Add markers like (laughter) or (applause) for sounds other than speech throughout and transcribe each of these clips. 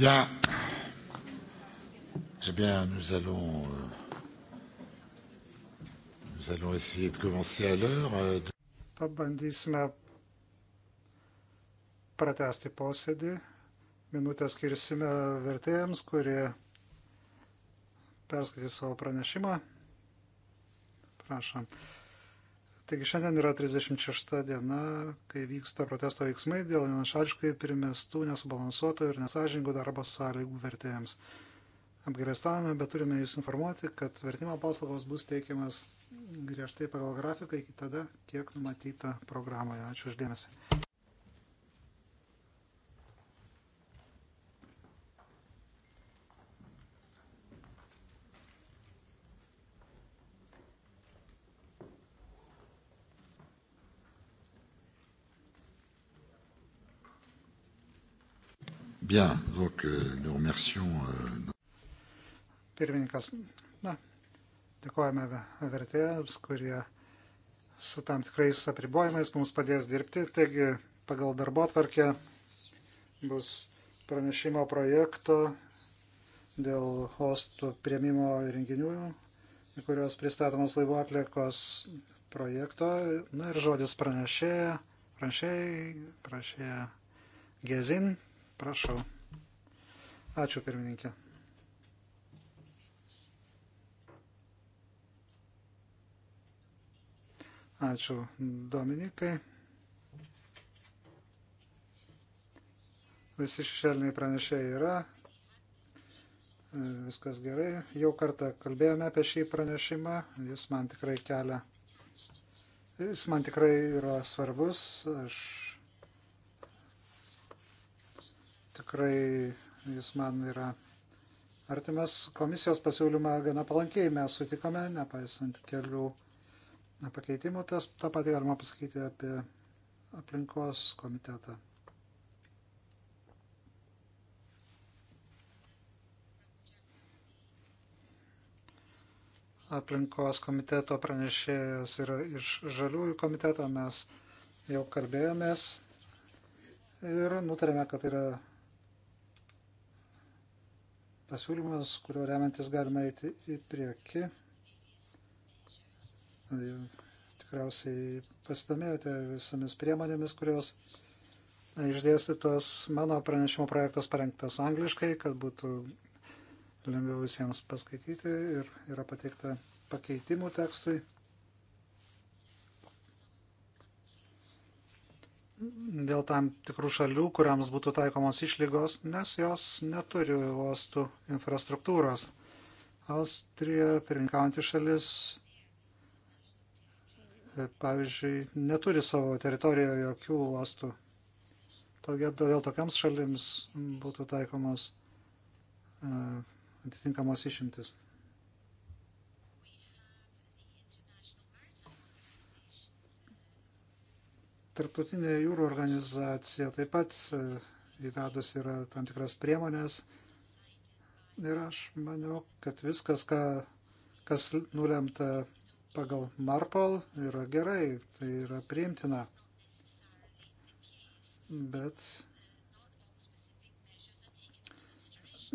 Bien. Eh bien, nous allons, euh, nous allons essayer de commencer à l'heure. Euh, Pabandysime pratesti posėdį. Minutę skirsime vertėjams, kurie perskaitys savo pranešimą. Prašom. Taigi šiandien yra 36 diena, kai vyksta protesto veiksmai dėl vienašališkai primestų nesubalansuotų ir nesažingų darbo sąlygų vertėjams. Apgailestavome, bet turime jūs informuoti, kad vertimo paslaugos bus teikiamas griežtai pagal grafiką iki tada, kiek numatyta programoje. Ačiū uždėmesi. Bien, donc euh, nous remercions. Euh, Pirmininkas, na, dėkojame vertėjams, kurie su tam tikrais apribojimais mums padės dirbti. Taigi, pagal darbo atvarkę bus pranešimo projekto dėl hostų prieimimo renginių, į kurios pristatomos laivų atliekos projekto. Na ir žodis pranešėja, pranešėjai, pranešėja Gezin. Prašau. Ačiū, pirmininkė. Ačiū, Dominikai. Visi šešėliniai pranešėjai yra. Viskas gerai. Jau kartą kalbėjome apie šį pranešimą. Jis man tikrai kelia. Jis man tikrai yra svarbus. Aš tikrai jis man yra artimas komisijos pasiūlymą gana palankiai mes sutikome, nepaisant kelių pakeitimų. Tas tą patį galima pasakyti apie aplinkos komitetą. Aplinkos komiteto pranešėjas yra iš žaliųjų komiteto, mes jau kalbėjomės ir nutarėme, kad tai yra pasiūlymas, kurio remiantis galima eiti į priekį. Tikriausiai pasidomėjote visomis priemonėmis, kurios išdėstytos mano pranešimo projektas parengtas angliškai, kad būtų lengviau visiems paskaityti ir yra pateikta pakeitimų tekstui. dėl tam tikrų šalių, kuriams būtų taikomos išlygos, nes jos neturi uostų infrastruktūros. Austrija, pirmininkaujantys šalis, e, pavyzdžiui, neturi savo teritorijoje jokių uostų. Todėl tokiams šalims būtų taikomos e, atitinkamos išimtis. Tarptautinė jūrų organizacija taip pat e, įvedus yra tam tikras priemonės. Ir aš maniau, kad viskas, ką, kas nulemta pagal Marpol, yra gerai, tai yra priimtina. Bet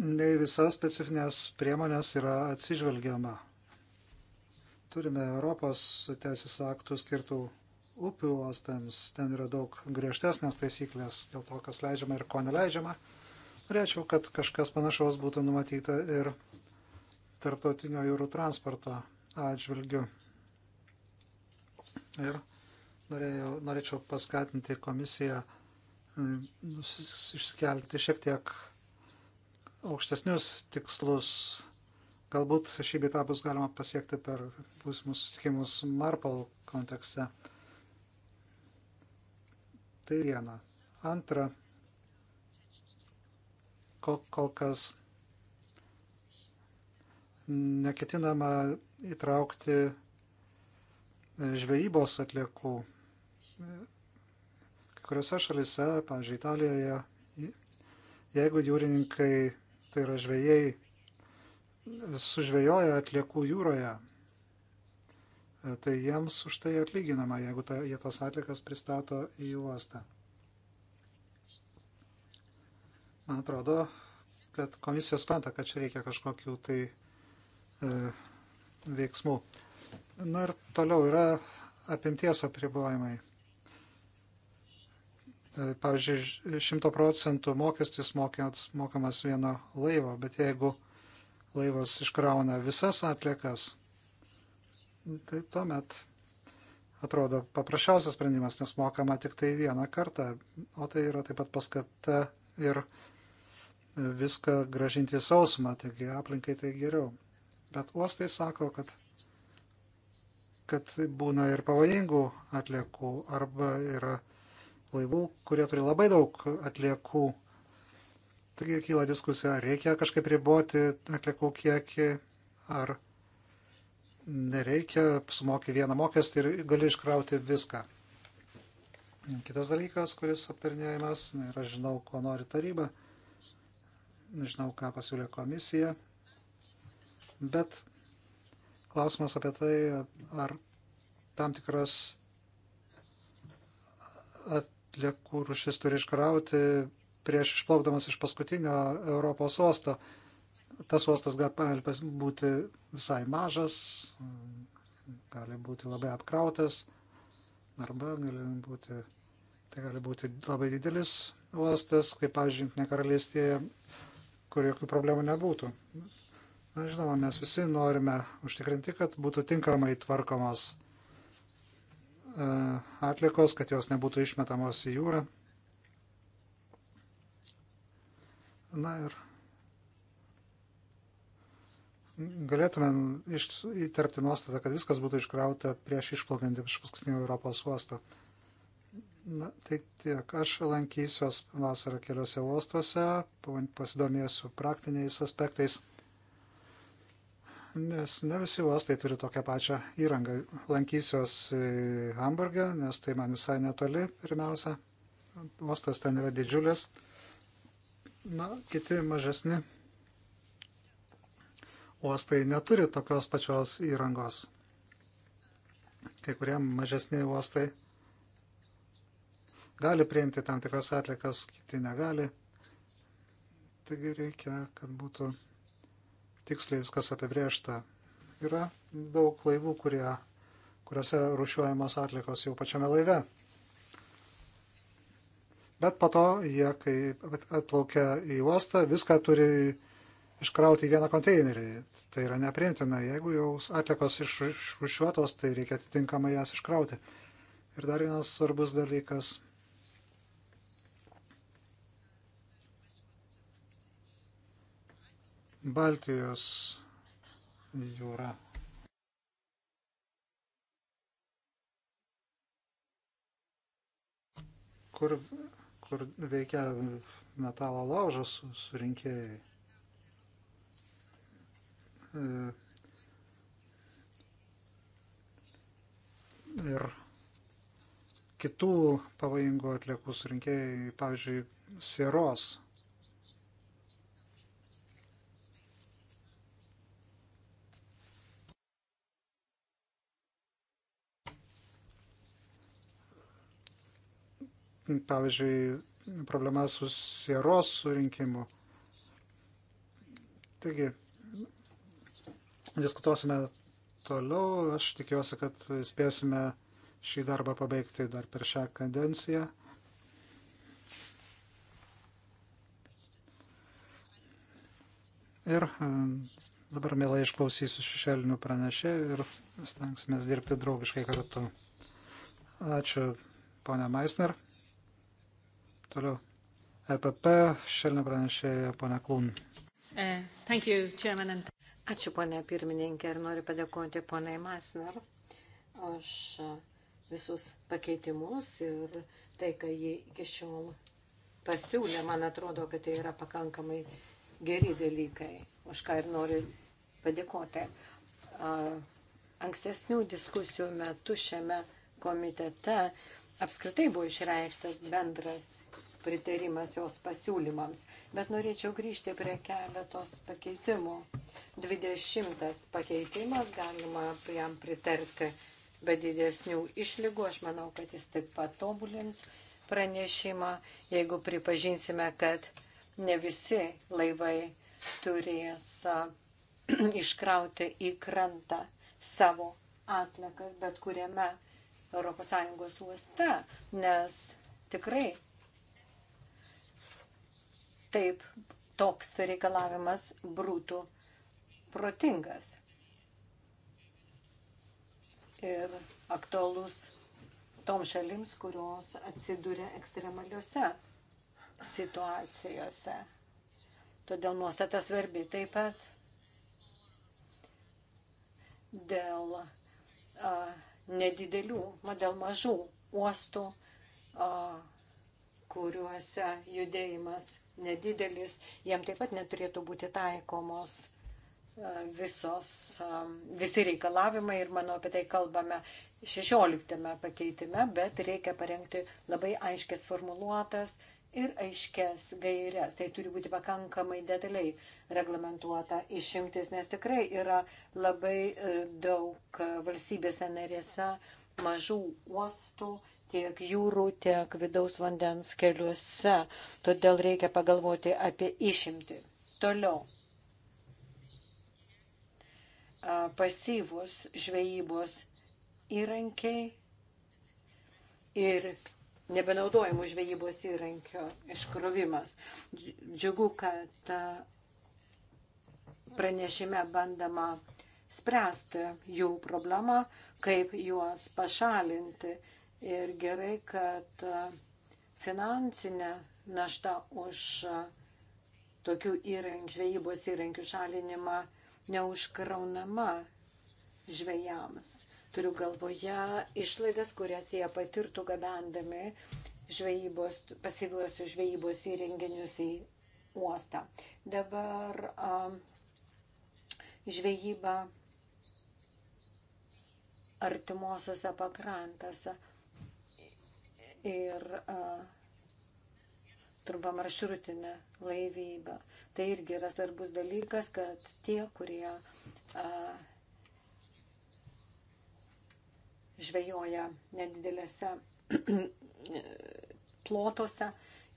ne visas specifines priemonės yra atsižvelgiama. Turime Europos teisės aktų skirtų upių uostams. Ten yra daug griežtesnės taisyklės dėl to, kas leidžiama ir ko neleidžiama. Norėčiau, kad kažkas panašaus būtų numatyta ir tarptautinio jūrų transporto atžvilgiu. Ir norėjau, norėčiau paskatinti komisiją mm, išskelti šiek tiek aukštesnius tikslus. Galbūt šį bitą bus galima pasiekti per būsimus susitikimus Marpal kontekste. Tai viena. Antra, kol kas neketinama įtraukti e, žvejybos atliekų. Kai kuriuose šalise, pavyzdžiui, Italijoje, jeigu jūrininkai, tai yra žvėjai, sužvejoja atliekų jūroje, E, tai jiems už tai atlyginama, jeigu ta, jie tas atlikas pristato į uostą. Man atrodo, kad komisija spanta, kad čia reikia kažkokių tai e, veiksmų. Na ir toliau yra apimties apribojimai. E, pavyzdžiui, 100 procentų mokestis mokamas vieno laivo, bet jeigu laivas iškrauna visas atliekas, tai tuomet atrodo paprasčiausias sprendimas, nes mokama tik tai vieną kartą, o tai yra taip pat paskata ir viską gražinti į sausumą, taigi aplinkai tai geriau. Bet uostai sako, kad, kad būna ir pavojingų atliekų arba yra laivų, kurie turi labai daug atliekų. Taigi kyla diskusija, ar reikia kažkaip riboti atliekų kiekį, ar nereikia, sumoki vieną mokestį ir gali iškrauti viską. Kitas dalykas, kuris aptarnėjimas, ir aš žinau, ko nori taryba, žinau, ką pasiūlė komisija, bet klausimas apie tai, ar tam tikras atliekų rušis turi iškrauti prieš išplaukdamas iš paskutinio Europos uosto tas uostas gali būti visai mažas, gali būti labai apkrautas, arba gali būti, tai gali būti labai didelis uostas, kaip, pavyzdžiui, Junktinė karalystėje, kur jokių problemų nebūtų. Na, žinoma, mes visi norime užtikrinti, kad būtų tinkamai tvarkomos e, atlikos, kad jos nebūtų išmetamos į jūrą. Na ir galėtume įterpti nuostatą, kad viskas būtų iškrauta prieš išplaukiant iš paskutinio Europos uosto. Na, tai tiek. Aš lankysiuos vasarą keliose uostuose, pasidomėsiu praktiniais aspektais, nes ne visi uostai turi tokią pačią įrangą. Lankysiuos Hamburgė, e, nes tai man visai netoli pirmiausia. Uostas ten yra didžiulis. Na, kiti mažesni uostai neturi tokios pačios įrangos. Kai kurie mažesni uostai gali priimti tam tikras atlikas, kiti negali. Taigi reikia, kad būtų tiksliai viskas apibriešta. Yra daug laivų, kurie, kuriuose rušiuojamos atlikos jau pačiame laive. Bet po to jie, kai atplaukia į uostą, viską turi iškrauti vieną konteinerį. Tai yra nepriimtina. Jeigu jau atlikos išrušiuotos, tai reikia atitinkamai jas iškrauti. Ir dar vienas svarbus dalykas. Baltijos jūra. Kur, kur veikia metalo laužas surinkėjai. E, ir kitų pavojingų atliekų surinkėjai, pavyzdžiui, sieros. Pavyzdžiui, problema su sieros surinkimu. Taigi, Diskutuosime toliau. Aš tikiuosi, kad spėsime šį darbą pabaigti dar per šią kadenciją. Ir um, dabar mielai išklausysiu šešėlinių pranešėjų ir stengsime dirbti draugiškai kartu. Ačiū, ponia Meisner. Toliau. EPP, šešėlinė pranešėja, ponia Klūn. Uh, thank you, Chairman. And... Ačiū, ponė pirmininkė, ir noriu padėkoti ponai Masner už visus pakeitimus ir tai, ką jie iki šiol pasiūlė. Man atrodo, kad tai yra pakankamai geri dalykai, už ką ir noriu padėkoti. Ankstesnių diskusijų metu šiame komitete apskritai buvo išreikštas bendras pritarimas jos pasiūlymams, bet norėčiau grįžti prie keletos pakeitimų 20 pakeitimas, galima jam pritarti be didesnių išlygų. Aš manau, kad jis tik patobulins pranešimą, jeigu pripažinsime, kad ne visi laivai turės (clears throat) iškrauti į krantą savo atlikas, bet kuriame ES uoste, nes tikrai taip toks reikalavimas būtų protingas ir aktualus tom šalims, kurios atsiduria ekstremaliuose situacijose. Todėl nuostata svarbi taip pat dėl a, nedidelių, dėl mažų uostų, a, kuriuose judėjimas nedidelis, jam taip pat neturėtų būti taikomos visos, visi reikalavimai ir manau apie tai kalbame 16 pakeitime, bet reikia parengti labai aiškės formuluotas ir aiškės gairias. Tai turi būti pakankamai detaliai reglamentuota išimtis, nes tikrai yra labai e, daug valstybėse narėse mažų uostų tiek jūrų, tiek vidaus vandens keliuose. Todėl reikia pagalvoti apie išimtį. Toliau pasyvus žvejybos įrankiai ir nebenaudojimų žvejybos įrankio iškrovimas. Džiugu, kad pranešime bandama spręsti jų problemą, kaip juos pašalinti. Ir gerai, kad finansinė našta už tokių įrank, žvejybos įrankių šalinimą neužkraunama žvėjams. Turiu galvoje išlaidas, kurias jie patirtų gabendami žvejybos, pasyviuosius žvejybos įrenginius į uostą. Dabar a, žvejyba artimuosiuose pakrantose ir a, trumpamaršrutinę laivybą. Tai irgi yra svarbus dalykas, kad tie, kurie a, žvejoja nedidelėse (clears throat) plotuose,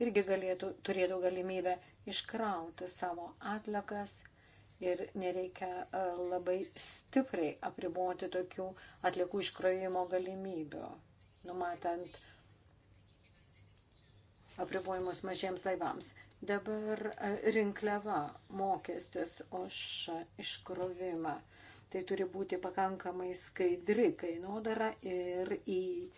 irgi galėtų, turėtų galimybę iškrauti savo atlikas ir nereikia labai stipriai apriboti tokių atliekų iškrovimo galimybių, numatant apribojimus mažiems laivams. Dabar e, rinkliava mokestis už iškrovimą. Tai turi būti pakankamai skaidri kainodara ir į e,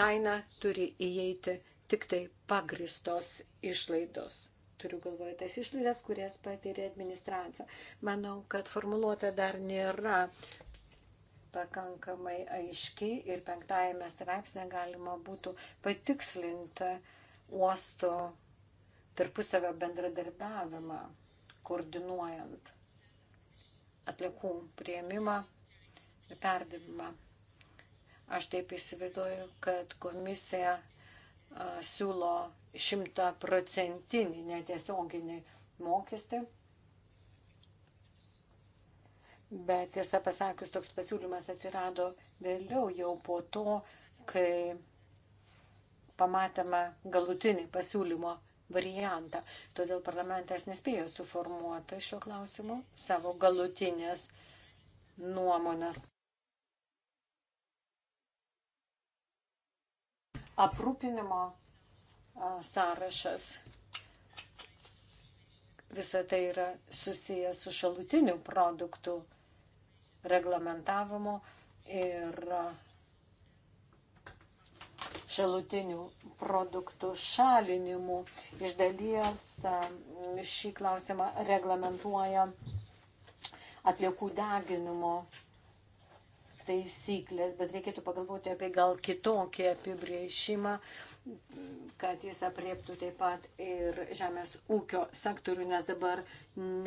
kainą turi įeiti tik tai pagristos išlaidos. Turiu galvoje tas išlaidas, kurias patiria administracija. Manau, kad formuluota dar nėra pakankamai aiški ir penktajame straipsnė galima būtų patikslinti uosto tarpusavio bendradarbiavimą, koordinuojant atliekų prieimimą ir perdirbimą. Aš taip įsivaizduoju, kad komisija siūlo šimtaprocentinį netiesioginį mokestį. Bet tiesą pasakius, toks pasiūlymas atsirado vėliau, jau po to, kai pamatėme galutinį pasiūlymo variantą. Todėl parlamentas nespėjo suformuoti šiuo klausimu savo galutinės nuomonės. Aprūpinimo sąrašas. Visa tai yra susijęs su šalutiniu produktų reglamentavimu ir šalutinių produktų šalinimu. Iš dalies šį klausimą reglamentuoja atliekų deginimo taisyklės, bet reikėtų pagalvoti apie gal kitokį apibrėžimą, kad jis apriektų taip pat ir žemės ūkio sektorių, nes dabar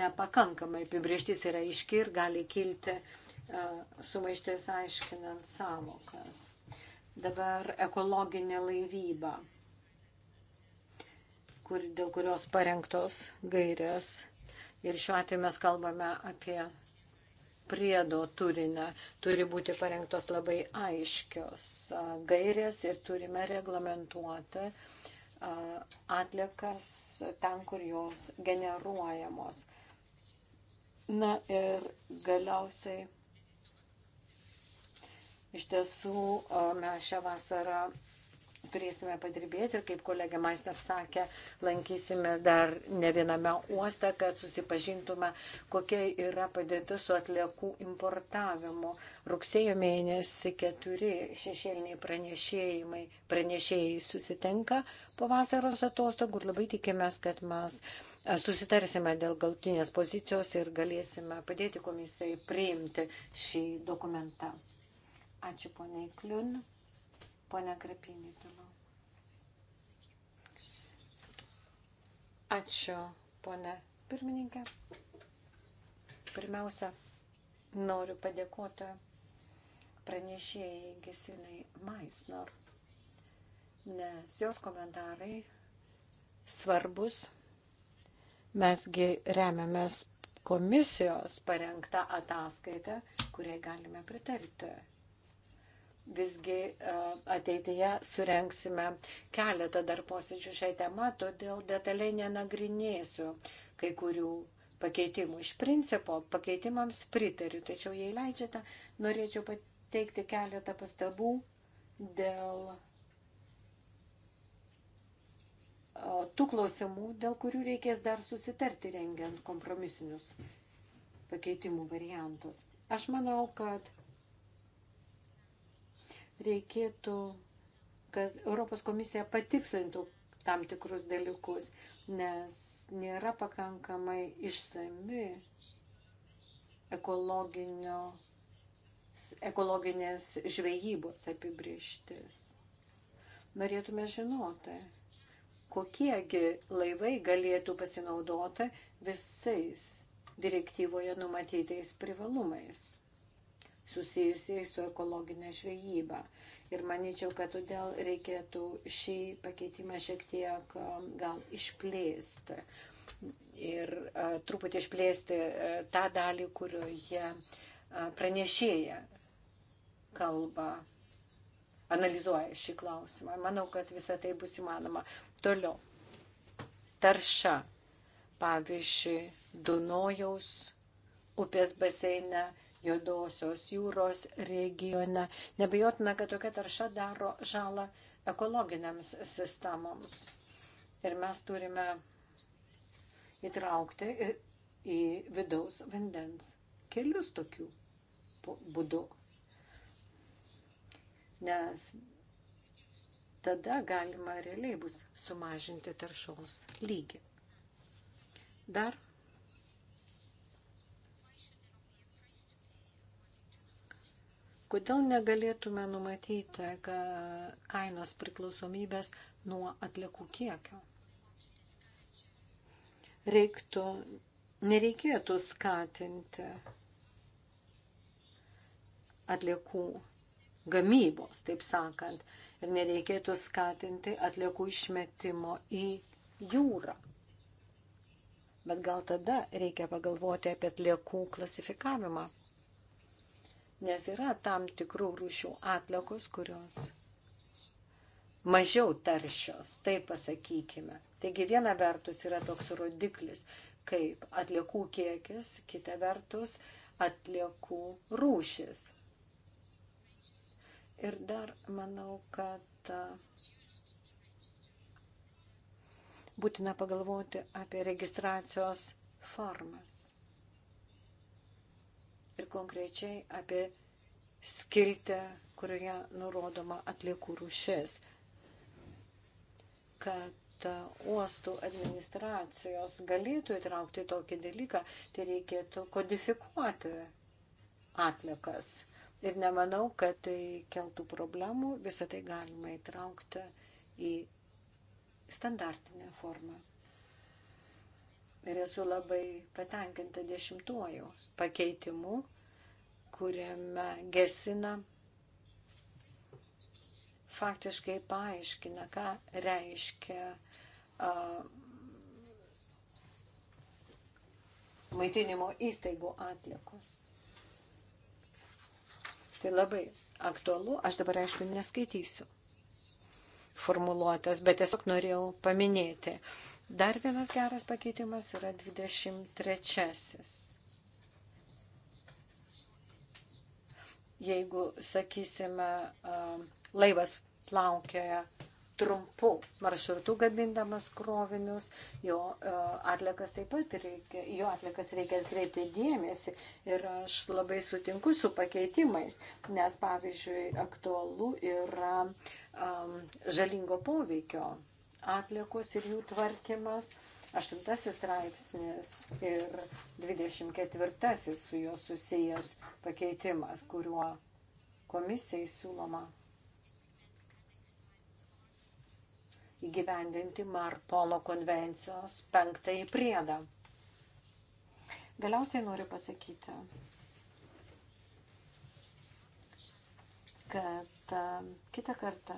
nepakankamai apibrėžtis yra iški ir gali kilti uh, sumaištis aiškinant savokas dabar ekologinė laivyba, kur, dėl kurios parengtos gairės. Ir šiuo atveju mes kalbame apie priedo turinę. Turi būti parengtos labai aiškios gairės ir turime reglamentuoti atlikas ten, kur jos generuojamos. Na ir galiausiai Iš tiesų, mes šią vasarą turėsime padirbėti ir, kaip kolegė Maisner sakė, lankysimės dar ne viename uoste, kad susipažintume, kokia yra padėtis su atliekų importavimu. Rugsėjo mėnesį keturi šešėliniai pranešėjai, pranešėjai susitinka po vasaros atostogų ir labai tikimės, kad mes susitarsime dėl galtinės pozicijos ir galėsime padėti komisijai priimti šį dokumentą. Ačiū poniai Kliun, ponia Grapinė toliau. Ačiū ponia pirmininkė. Pirmiausia, noriu padėkoti pranešėjai Gesinai Maisnor, nes jos komentarai svarbus. Mesgi remiamės komisijos parengtą ataskaitą, kuriai galime pritarti visgi e, ateityje surenksime keletą dar posėdžių šią temą, todėl detaliai nenagrinėsiu kai kurių pakeitimų. Iš principo pakeitimams pritariu, tačiau jei leidžiate, norėčiau pateikti keletą pastabų dėl e, tų klausimų, dėl kurių reikės dar susitarti rengiant kompromisinius pakeitimų variantus. Aš manau, kad reikėtų, kad Europos komisija patikslintų tam tikrus dalykus, nes nėra pakankamai išsami ekologinės žvejybos apibrieštis. Norėtume žinoti, kokiegi laivai galėtų pasinaudoti visais direktyvoje numatytais privalumais susijusiais su ekologinė žvejyba. Ir manyčiau, kad todėl reikėtų šį pakeitimą šiek tiek um, gal išplėsti. Ir a, uh, truputį išplėsti a, uh, tą dalį, kurioje a, uh, pranešėja kalba, analizuoja šį klausimą. Manau, kad visa tai bus įmanoma. Toliau. Tarša. Pavyzdžiui, Dunojaus upės baseina juodosios jūros regione. Nebejotina, kad tokia tarša daro žalą ekologiniams sistemoms. Ir mes turime įtraukti į vidaus vandens kelius tokių būdų. Nes tada galima realiai bus sumažinti taršos lygį. Dar Kodėl negalėtume numatyti kainos priklausomybės nuo atliekų kiekio? Reiktų, nereikėtų skatinti atliekų gamybos, taip sakant, ir nereikėtų skatinti atliekų išmetimo į jūrą. Bet gal tada reikia pagalvoti apie atliekų klasifikavimą nes yra tam tikrų rūšių atliekos, kurios mažiau taršios, taip pasakykime. Taigi viena vertus yra toks rodiklis, kaip atliekų kiekis, kita vertus atliekų rūšis. Ir dar manau, kad būtina pagalvoti apie registracijos formas ir konkrečiai apie skiltę, kurioje nurodoma atliekų rušis, kad e, uostų administracijos galėtų įtraukti tokį dalyką, tai reikėtų kodifikuoti atliekas. Ir nemanau, kad tai keltų problemų, visą tai galima įtraukti į standartinę formą ir esu labai patenkinta dešimtuoju pakeitimu, kuriame gesina faktiškai paaiškina, ką reiškia uh, maitinimo įstaigų atlikos. Tai labai aktualu, aš dabar aišku neskaitysiu formuluotas, bet tiesiog norėjau paminėti. Uh, Dar vienas geras pakeitimas yra 23. Jeigu, sakysime, laivas plaukioja trumpu maršrutu gamindamas krovinius, jo atlikas taip pat reikia, jo atlikas reikia atkreipti dėmesį ir aš labai sutinku su pakeitimais, nes pavyzdžiui aktualu yra um, žalingo poveikio atliekos ir jų tvarkymas, 8 straipsnis ir 24 su juo susijęs pakeitimas, kuriuo komisijai siūloma įgyvendinti Marpolo konvencijos penktąjį priedą. Galiausiai noriu pasakyti, kad um, kitą kartą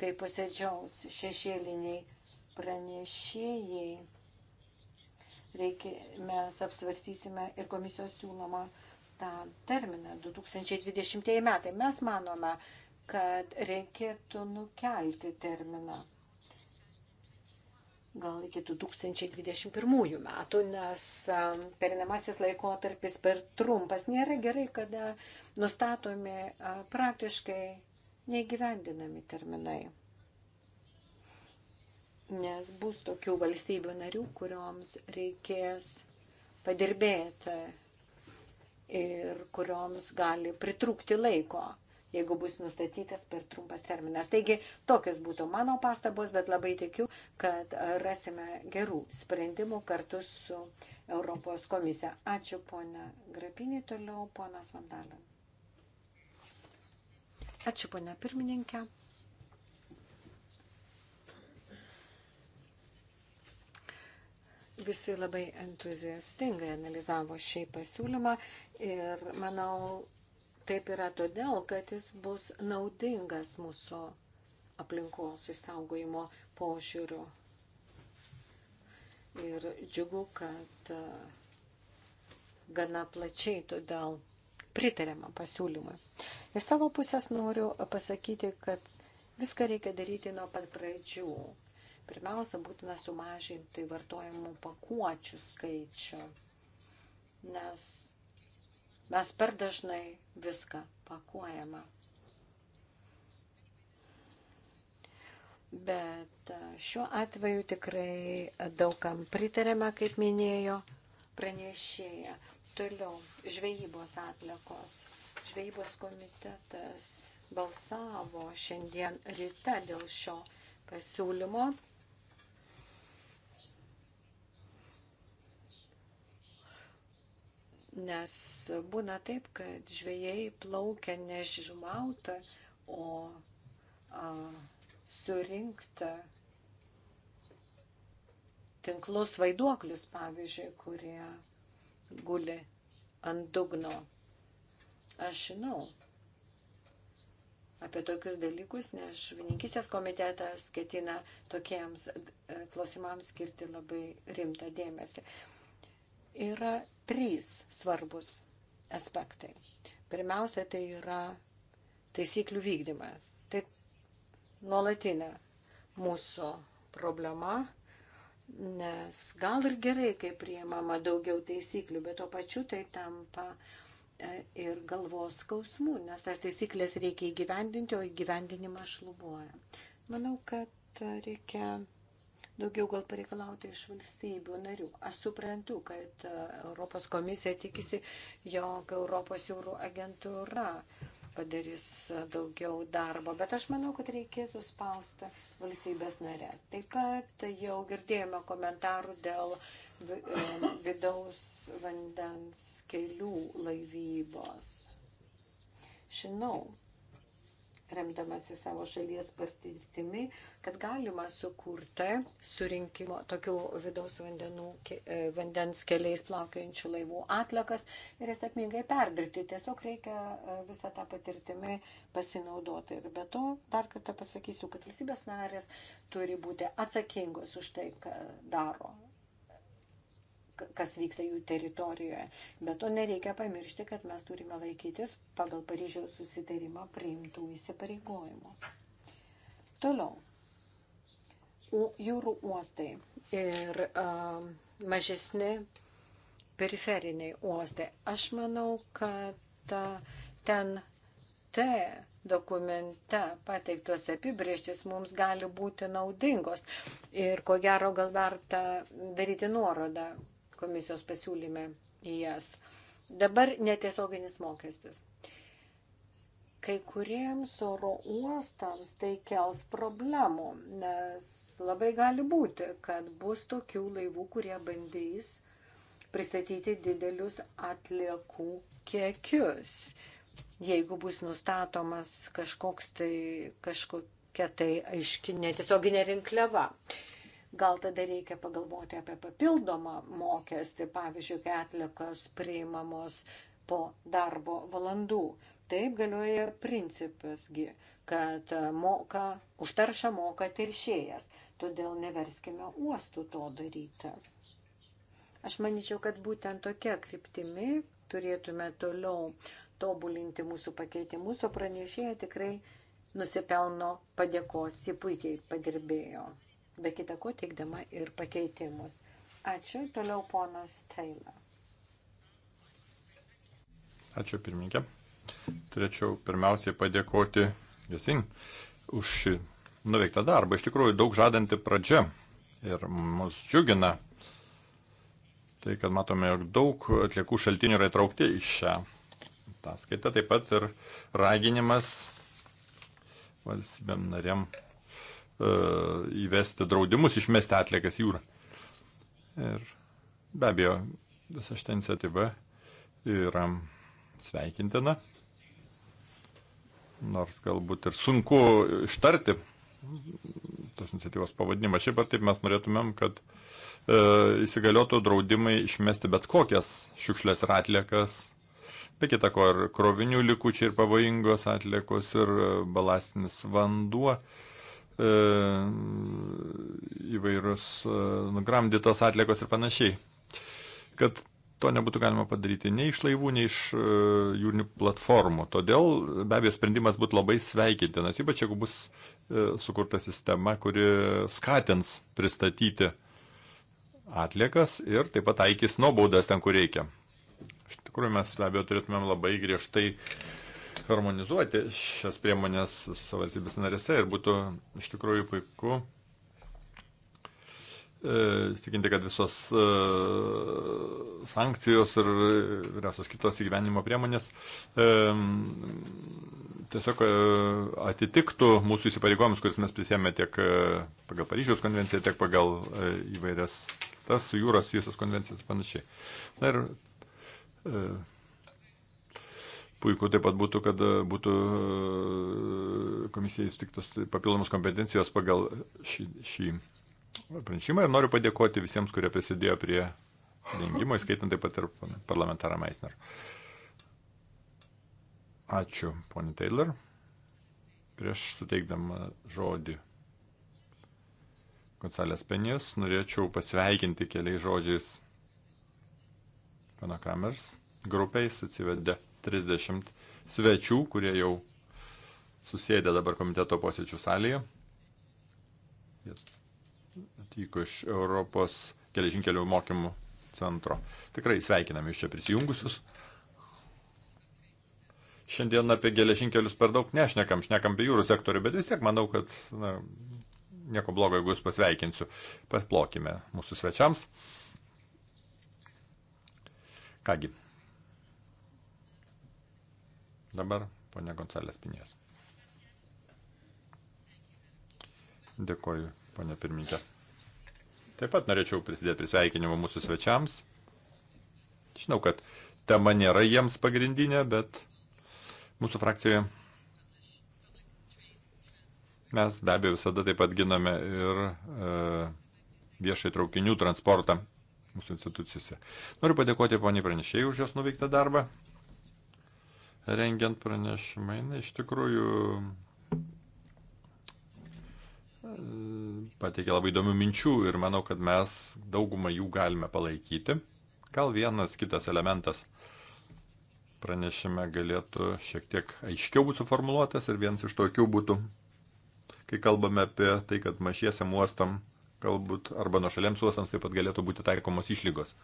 kai posėdžiaus šešėliniai pranešėjai. Reikia, mes apsvarstysime ir komisijos siūlomą tą terminą 2020 metai. Mes manome, kad reikėtų nukelti terminą gal iki 2021 metų, nes um, perinamasis laikotarpis per trumpas. Nėra gerai, kada nustatomi uh, praktiškai neįgyvendinami terminai. Nes bus tokių valstybių narių, kurioms reikės padirbėti ir kurioms gali pritrūkti laiko jeigu bus nustatytas per trumpas terminas. Taigi, tokias būtų mano pastabos, bet labai tikiu, kad rasime gerų sprendimų kartu su Europos komisija. Ačiū, ponia Grapinė, toliau ponas Vandalin. Ačiū, ponia pirmininkė. Visi labai entuziastingai analizavo šį pasiūlymą ir manau, taip yra todėl, kad jis bus naudingas mūsų aplinkos įsaugojimo požiūriu. Ir džiugu, kad uh, gana plačiai todėl pritariama pasiūlymui. Iš savo pusės noriu pasakyti, kad viską reikia daryti nuo pat pradžių. Pirmiausia, būtina sumažinti vartojimų pakuočių skaičių, nes mes per dažnai viską pakuojame. Bet šiuo atveju tikrai daugam pritarėme, kaip minėjo pranešėja. Toliau žvejybos atlikos. Žvejybos komitetas balsavo šiandien ryte dėl šio pasiūlymo. Nes būna taip, kad žvėjai plaukia ne žymauta, o a, surinkta tinklus vaiduoklius, pavyzdžiui, kurie guli ant dugno. Aš žinau apie tokius dalykus, nes žuvininkistės komitetas ketina tokiems e, klausimams skirti labai rimtą dėmesį. Yra trys svarbus aspektai. Pirmiausia, tai yra taisyklių vykdymas. Tai nuolatinė mūsų problema, nes gal ir gerai, kai priemama daugiau taisyklių, bet to pačiu tai tampa E, ir galvos skausmų, nes tas taisyklės reikia įgyvendinti, o įgyvendinimas šlubuoja. Manau, kad reikia daugiau gal pareikalauti iš valstybių narių. Aš suprantu, kad e, Europos komisija tikisi, jog Europos jūrų agentūra padarys daugiau darbo, bet aš manau, kad reikėtų spausti valstybės narės. Taip pat jau girdėjome komentarų dėl uh, E, vidaus vandens kelių laivybos. Žinau, remdamasi savo šalies patirtimi, kad galima sukurti surinkimo tokių vidaus vandenų, e, vandens keliais plaukiančių laivų atlikas ir jas sėkmingai perdirbti. Tiesiog reikia e, visą tą patirtimį pasinaudoti. Ir be to, dar kartą pasakysiu, kad valstybės narės turi būti atsakingos už tai, ką daro kas vyksta jų teritorijoje. Bet to nereikia pamiršti, kad mes turime laikytis pagal Paryžiaus susitarimą priimtų įsipareigojimų. Toliau. Jūrų uostai ir uh, mažesni periferiniai uostai. Aš manau, kad uh, ten T dokumente pateiktos apibrieštis mums gali būti naudingos. Ir ko gero gal verta daryti nuorodą komisijos pasiūlyme į jas. Dabar netiesioginis mokestis. Kai kuriems oro uostams tai kels problemų, nes labai gali būti, kad bus tokių laivų, kurie bandys pristatyti didelius atliekų kiekius. Jeigu bus nustatomas kažkoks tai, kažkokia tai aiški netiesioginė rinkliava. Uh, Gal tada reikia pagalvoti apie papildomą mokestį, pavyzdžiui, kai atlikas priimamos po darbo valandų. Taip galioja principasgi, kad moka, užtaršą moka teršėjas, todėl neverskime uostų to daryti. Aš manyčiau, kad būtent tokia kryptimi turėtume toliau tobulinti mūsų pakeitimus, o pranešėja tikrai nusipelno padėkos, ji puikiai padirbėjo be kita ko teikdama ir pakeitimus. Ačiū. Toliau ponas Taylor. Ačiū pirmininkė. Turėčiau pirmiausiai padėkoti Jasin už šį nuveiktą darbą. Iš tikrųjų daug žadanti pradžia ir mus džiugina tai, kad matome, jog daug atliekų šaltinių yra įtraukti į šią ataskaitą. Taip pat ir raginimas valstybėm narėm E, įvesti draudimus, išmesti atliekas jūrą. Ir be abejo, visa šitą iniciatyvą yra sveikintina, nors galbūt ir sunku ištarti tos iniciatyvos pavadinimą. Šiaip ar taip mes norėtumėm, kad e, įsigaliotų draudimai išmesti bet kokias šiukšlės ir atliekas, be kita ko ir krovinių likučiai ir pavojingos atliekos ir e, balastinis vanduo. E, E, įvairūs e, nugramdytos atlikos ir panašiai. Kad to nebūtų galima padaryti nei iš laivų, nei iš e, jūrinių platformų. Todėl be abejo sprendimas būtų labai sveikintinas, ypač jeigu bus sukurta sistema, kuri skatins pristatyti atliekas ir taip pat taikys nuobaudas ten, kur reikia. Iš tikrųjų, mes be abejo turėtumėm labai griežtai uh, harmonizuoti šias priemonės visose valstybės narėse ir būtų iš tikrųjų puiku. E, įsitikinti, kad visos e, sankcijos ir visos kitos įgyvenimo priemonės e, tiesiog atitiktų mūsų įsipareigojimus, kuris mes prisėmė tiek pagal Paryžiaus konvenciją, tiek pagal įvairias tas jūros jūsios konvencijas ir panašiai. Na ir Puiku taip pat būtų, kad e, būtų e, komisijai sutiktos papildomos kompetencijos pagal šį, šį pranešimą ir noriu padėkoti visiems, kurie prisidėjo prie rengimo, įskaitant taip pat ir parlamentarą Meisner. Ačiū, ponė Taylor. Prieš suteikdama žodį Gonsalės Penės, norėčiau pasveikinti keliais žodžiais Pana Kamers. Grupiais atsivedė 30 svečių, kurie jau susėdė dabar komiteto posėdžių salėje. Jie atvyko iš Europos geležinkelių mokymų centro. Tikrai sveikiname iš čia prisijungusius. Šiandien apie geležinkelius per daug nešnekam, šnekam apie jūrų sektorių, bet vis tiek manau, kad na, nieko blogo, jeigu jūs pasveikinsiu. Pasplokime mūsų svečiams. Kągi, Dabar ponia Gonsalės Pinės. Dėkoju, ponia pirmininkė. Taip pat norėčiau prisidėti prie sveikinimo mūsų svečiams. Žinau, kad tema nėra jiems pagrindinė, bet mūsų frakcijoje mes be abejo visada taip pat giname ir e, viešai traukinių transportą mūsų institucijose. Noriu padėkoti poniai pranešėjai už jos nuveiktą darbą rengiant pranešimą. Na, iš tikrųjų e, pateikė labai įdomių minčių ir manau, kad mes daugumą jų galime palaikyti. Gal vienas kitas elementas pranešime galėtų šiek tiek aiškiau būti suformuoluotas ir vienas iš tokių būtų, kai kalbame apie tai, kad mažiesiam uostam galbūt arba nuošalėms uostams taip pat galėtų būti taikomos išlygos.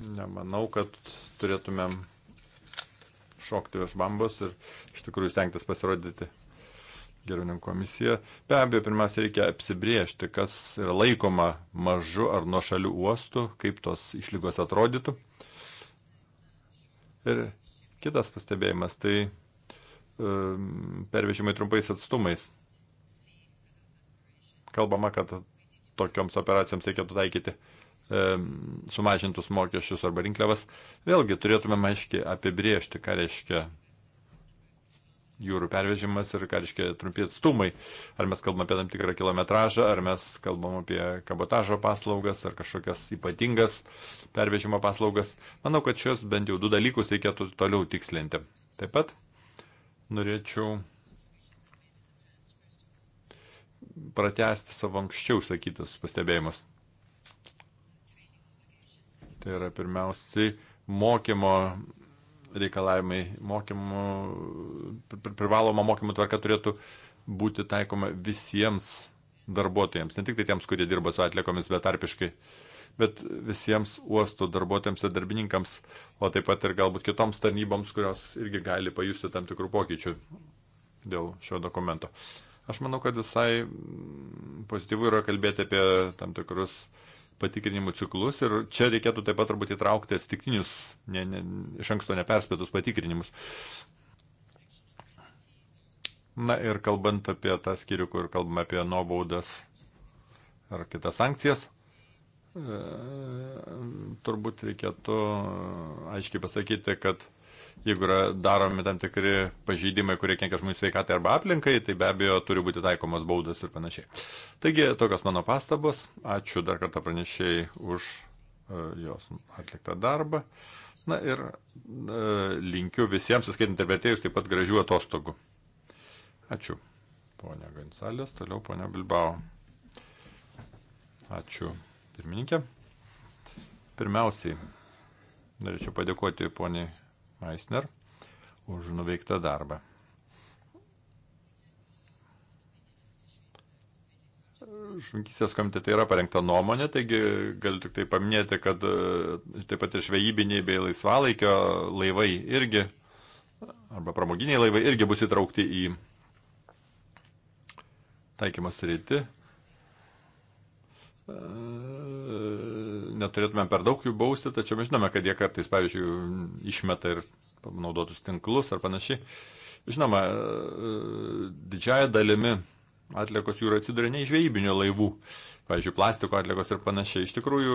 nemanau, kad turėtumėm šokti virš bambos ir iš tikrųjų stengtis pasirodyti geriau komisija. Be abejo, pirmiausia, reikia apsibriežti, kas yra laikoma mažu ar nuošaliu uostu, kaip tos išlygos atrodytų. Ir kitas pastebėjimas, tai um, pervežimai trumpais atstumais. Kalbama, kad tokioms operacijoms reikėtų taikyti uh, E, sumažintus mokesčius arba rinkliavas, vėlgi turėtume aiškiai apibriežti, ką reiškia jūrų pervežimas ir ką reiškia trumpi atstumai. Ar mes kalbam apie tam tikrą kilometražą, ar mes kalbam apie kabotažo paslaugas, ar kažkokias ypatingas pervežimo paslaugas. Manau, kad šios bent jau du dalykus reikėtų toliau tikslinti. Taip pat norėčiau pratesti savo anksčiau sakytus pastebėjimus. Tai yra pirmiausiai mokymo reikalavimai, mokymų, privaloma mokymų tvarka turėtų būti taikoma visiems darbuotojams, ne tik tai tiems, kurie dirba su atliekomis betarpiškai, bet visiems uosto darbuotojams ir darbininkams, o taip pat ir galbūt kitoms tarnyboms, kurios irgi gali pajusti tam tikrų pokyčių dėl šio dokumento. Aš manau, kad visai pozityvų yra kalbėti apie tam tikrus uh, patikrinimų ciklus ir čia reikėtų taip pat turbūt įtraukti atsitiktinius, ne, ne, iš anksto neperspėtus patikrinimus. Na ir kalbant apie tą skyrių, kur kalbame apie nuobaudas ar kitas sankcijas, e, turbūt reikėtų aiškiai pasakyti, kad Jeigu yra daromi tam tikri pažydimai, kurie kenkia žmonių sveikatai arba aplinkai, tai be abejo turi būti taikomas baudas ir panašiai. Taigi, tokios mano pastabos. Ačiū dar kartą pranešėjai už uh, jos atliktą darbą. Na ir uh, linkiu visiems, įskaitant ir vertėjus, taip pat gražių atostogų. Ačiū. Pone Gansalės, toliau pone Bilbao. Ačiū, pirmininkė. Pirmiausiai, norėčiau padėkoti poniai Meisner už nuveiktą darbą. Žvinkysės komitete yra parengta nuomonė, taigi galiu tik tai paminėti, kad e, taip pat ir žvejybiniai bei laisvalaikio laivai irgi, arba pramoginiai laivai irgi bus įtraukti į taikymas rytį. E, neturėtume per daug jų bausti, tačiau mes žinome, kad jie kartais, pavyzdžiui, išmeta ir naudotus tinklus ar panašiai. Žinoma, e, didžiaja dalimi atlikos jūra atsiduria ne iš žvejybinio laivų, pavyzdžiui, plastiko atlikos ir panašiai. Iš tikrųjų,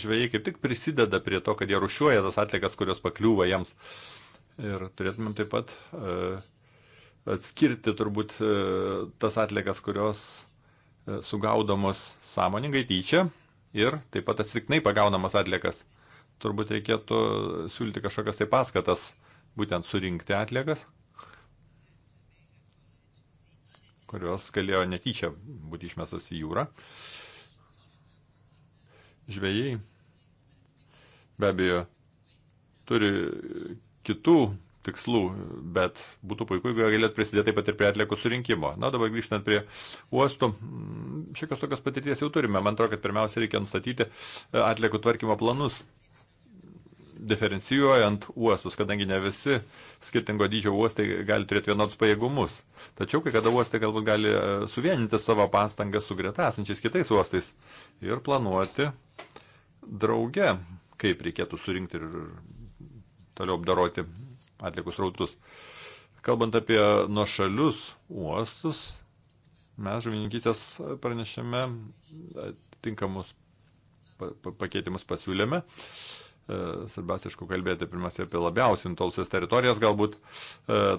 žvejai kaip tik prisideda prie to, kad jie rušiuoja tas atlikas, kurios pakliūva jiems. Ir turėtumėm taip pat uh, atskirti turbūt uh, tas atlikas, kurios uh, sugaudomos sąmoningai tyčia ir taip pat atsitiktinai pagaunamas atliekas. Turbūt reikėtų siūlyti kažkokias tai paskatas būtent surinkti atliekas, kurios galėjo netyčia būti išmestos į jūrą. Žvėjai be abejo turi kitų tikslų, bet būtų puiku, jeigu galėt prisidėti taip pat ir prie atliekų surinkimo. Na, dabar grįžtant prie uostų, mm, šiekios tokios patirties jau turime. Man atrodo, kad pirmiausia reikia nustatyti e, atliekų tvarkymo planus, diferencijuojant uostus, kadangi ne visi skirtingo dydžio uostai gali turėti vienodus pajėgumus. Tačiau kai kada uostai galbūt gali e, suvieninti savo pastangas su greta esančiais kitais uostais ir planuoti drauge, kaip reikėtų surinkti ir toliau apdaroti atlikus rautus. Kalbant apie nuošalius uostus, mes žuvininkystės pranešėme tinkamus pakeitimus pasiūlėme. E, svarbiausia, aišku, kalbėti pirmiausia apie labiausiai nutolusias teritorijas, galbūt e,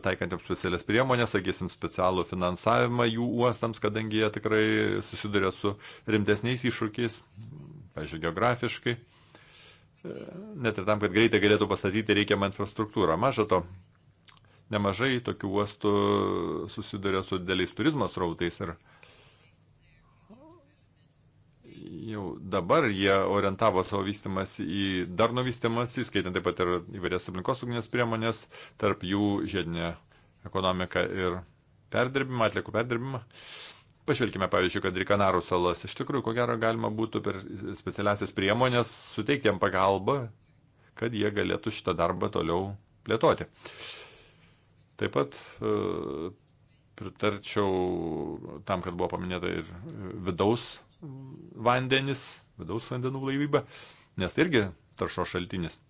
taikant jums specialias priemonės, sakysim, specialų finansavimą jų uostams, kadangi jie tikrai susiduria su rimtesniais iššūkiais, pažiūrėjau, geografiškai net ir tam, kad greitai galėtų pastatyti reikiamą infrastruktūrą. Maža to, nemažai tokių uostų susiduria su dėliais turizmo srautais ir jau dabar jie orientavo savo vystimas į darno vystimas, įskaitant taip pat ir įvairias aplinkosauginės priemonės, tarp jų žiedinė ekonomika ir perdirbimą, atliekų perdirbimą. Uh, Pažvelkime, pavyzdžiui, kad ir Kanarų salas. Iš tikrųjų, ko gero galima būtų per specialiasias priemonės suteikti jam pagalbą, kad jie galėtų šitą darbą toliau plėtoti. Taip pat e, pritarčiau tam, kad buvo paminėta ir vidaus vandenis, vidaus vandenų laivyba, nes tai irgi taršo šaltinis.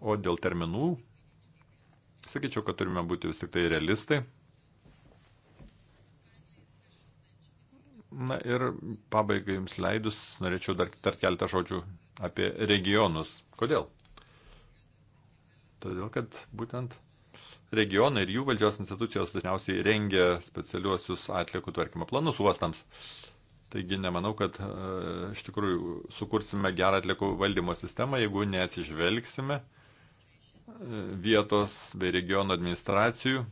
O dėl terminų, sakyčiau, kad turime būti vis tik tai realistai Na ir pabaigai jums leidus, norėčiau dar tart keletą žodžių apie regionus. Kodėl? Todėl, kad būtent regionai ir jų valdžios institucijos dažniausiai rengia specialiuosius atliekų tvarkymo planus uostams. Taigi nemanau, kad e, iš tikrųjų sukursime gerą atliekų valdymo sistemą, jeigu neatsižvelgsime e, vietos bei regiono administracijų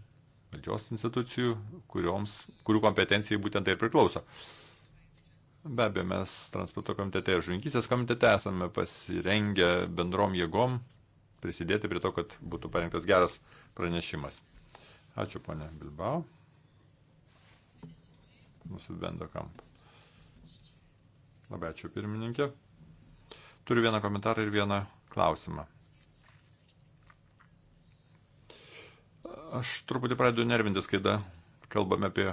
valdžios institucijų, kurioms, kurių kompetencijai būtent tai ir priklauso. Be abejo, mes transporto komitete ir žuvinkysės komitete esame pasirengę bendrom jėgom prisidėti prie to, kad būtų parengtas geras pranešimas. Ačiū, ponė Bilbao. Mūsų bendro kampo. Labai ačiū, pirmininkė. Turiu vieną komentarą ir vieną klausimą. Aš truputį pradedu nervintis, kai da, kalbame apie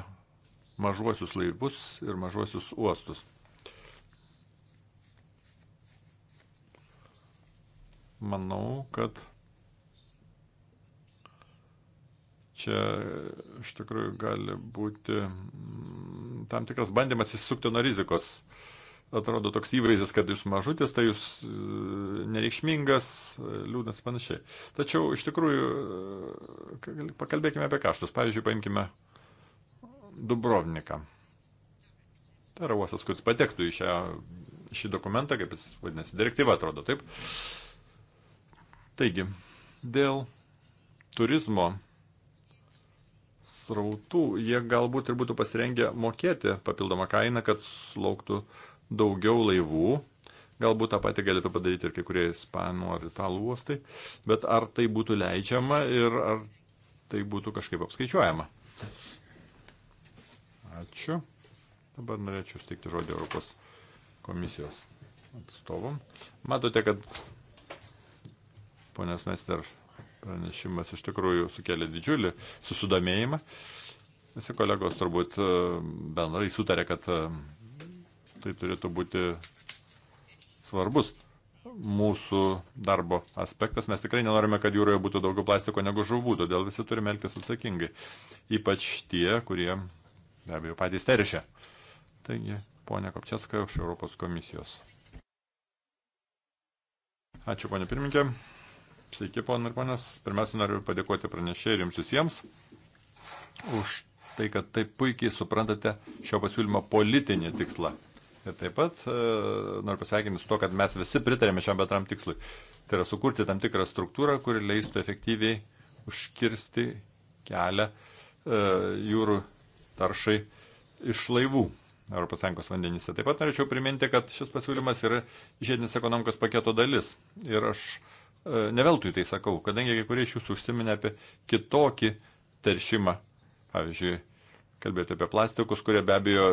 mažuosius laivus ir mažuosius uostus. Manau, kad čia iš tikrųjų gali būti mm, tam tikras bandymas įsisukti nuo rizikos. Uh, atrodo toks įvaizdis, kad jūs mažutis, tai jūs e, nereikšmingas, e, liūdnas panašiai. Tačiau iš tikrųjų, e, pakalbėkime apie kaštus. Pavyzdžiui, paimkime Dubrovniką. Tai yra uostas, kuris patektų į šią, šį dokumentą, kaip jis vadinasi, direktyva atrodo, taip. Taigi, dėl turizmo srautų, jie galbūt ir būtų pasirengę mokėti papildomą kainą, kad sulauktų uh, daugiau laivų. Galbūt tą patį galėtų padaryti ir kai kurie ispanų ar italų uostai, bet ar tai būtų leidžiama ir ar tai būtų kažkaip apskaičiuojama. Ačiū. Dabar norėčiau steikti žodį Europos komisijos atstovom. Matote, kad ponios Nester pranešimas iš tikrųjų sukėlė didžiulį susidomėjimą. Visi kolegos turbūt e, bendrai sutarė, kad e, tai turėtų būti svarbus mūsų darbo aspektas. Mes tikrai nenorime, kad jūroje būtų daugiau plastiko negu žuvų, todėl visi turime elgtis atsakingai. Ypač tie, kurie be abejo patys teršia. Taigi, ponia Kopčiaska iš Europos komisijos. Ačiū, ponia pirmininkė. Sveiki, ponai ir ponios. Pirmiausia, noriu padėkoti pranešėjai ir jums visiems už tai, kad taip puikiai suprantate šio pasiūlymo politinį tikslą. Ir taip pat e, noriu pasveikinti su to, kad mes visi pritarėme šiam bendram tikslui. Tai yra sukurti tam tikrą struktūrą, kuri leistų efektyviai užkirsti kelią e, jūrų taršai iš laivų. ES vandenyse. Taip pat norėčiau priminti, kad šis pasiūlymas yra žiedinės ekonomikos paketo dalis. Ir aš e, neveltui tai sakau, kadangi kai kurie iš jūsų užsiminė apie kitokį teršimą, pavyzdžiui, kalbėjote apie plastikus, kurie be abejo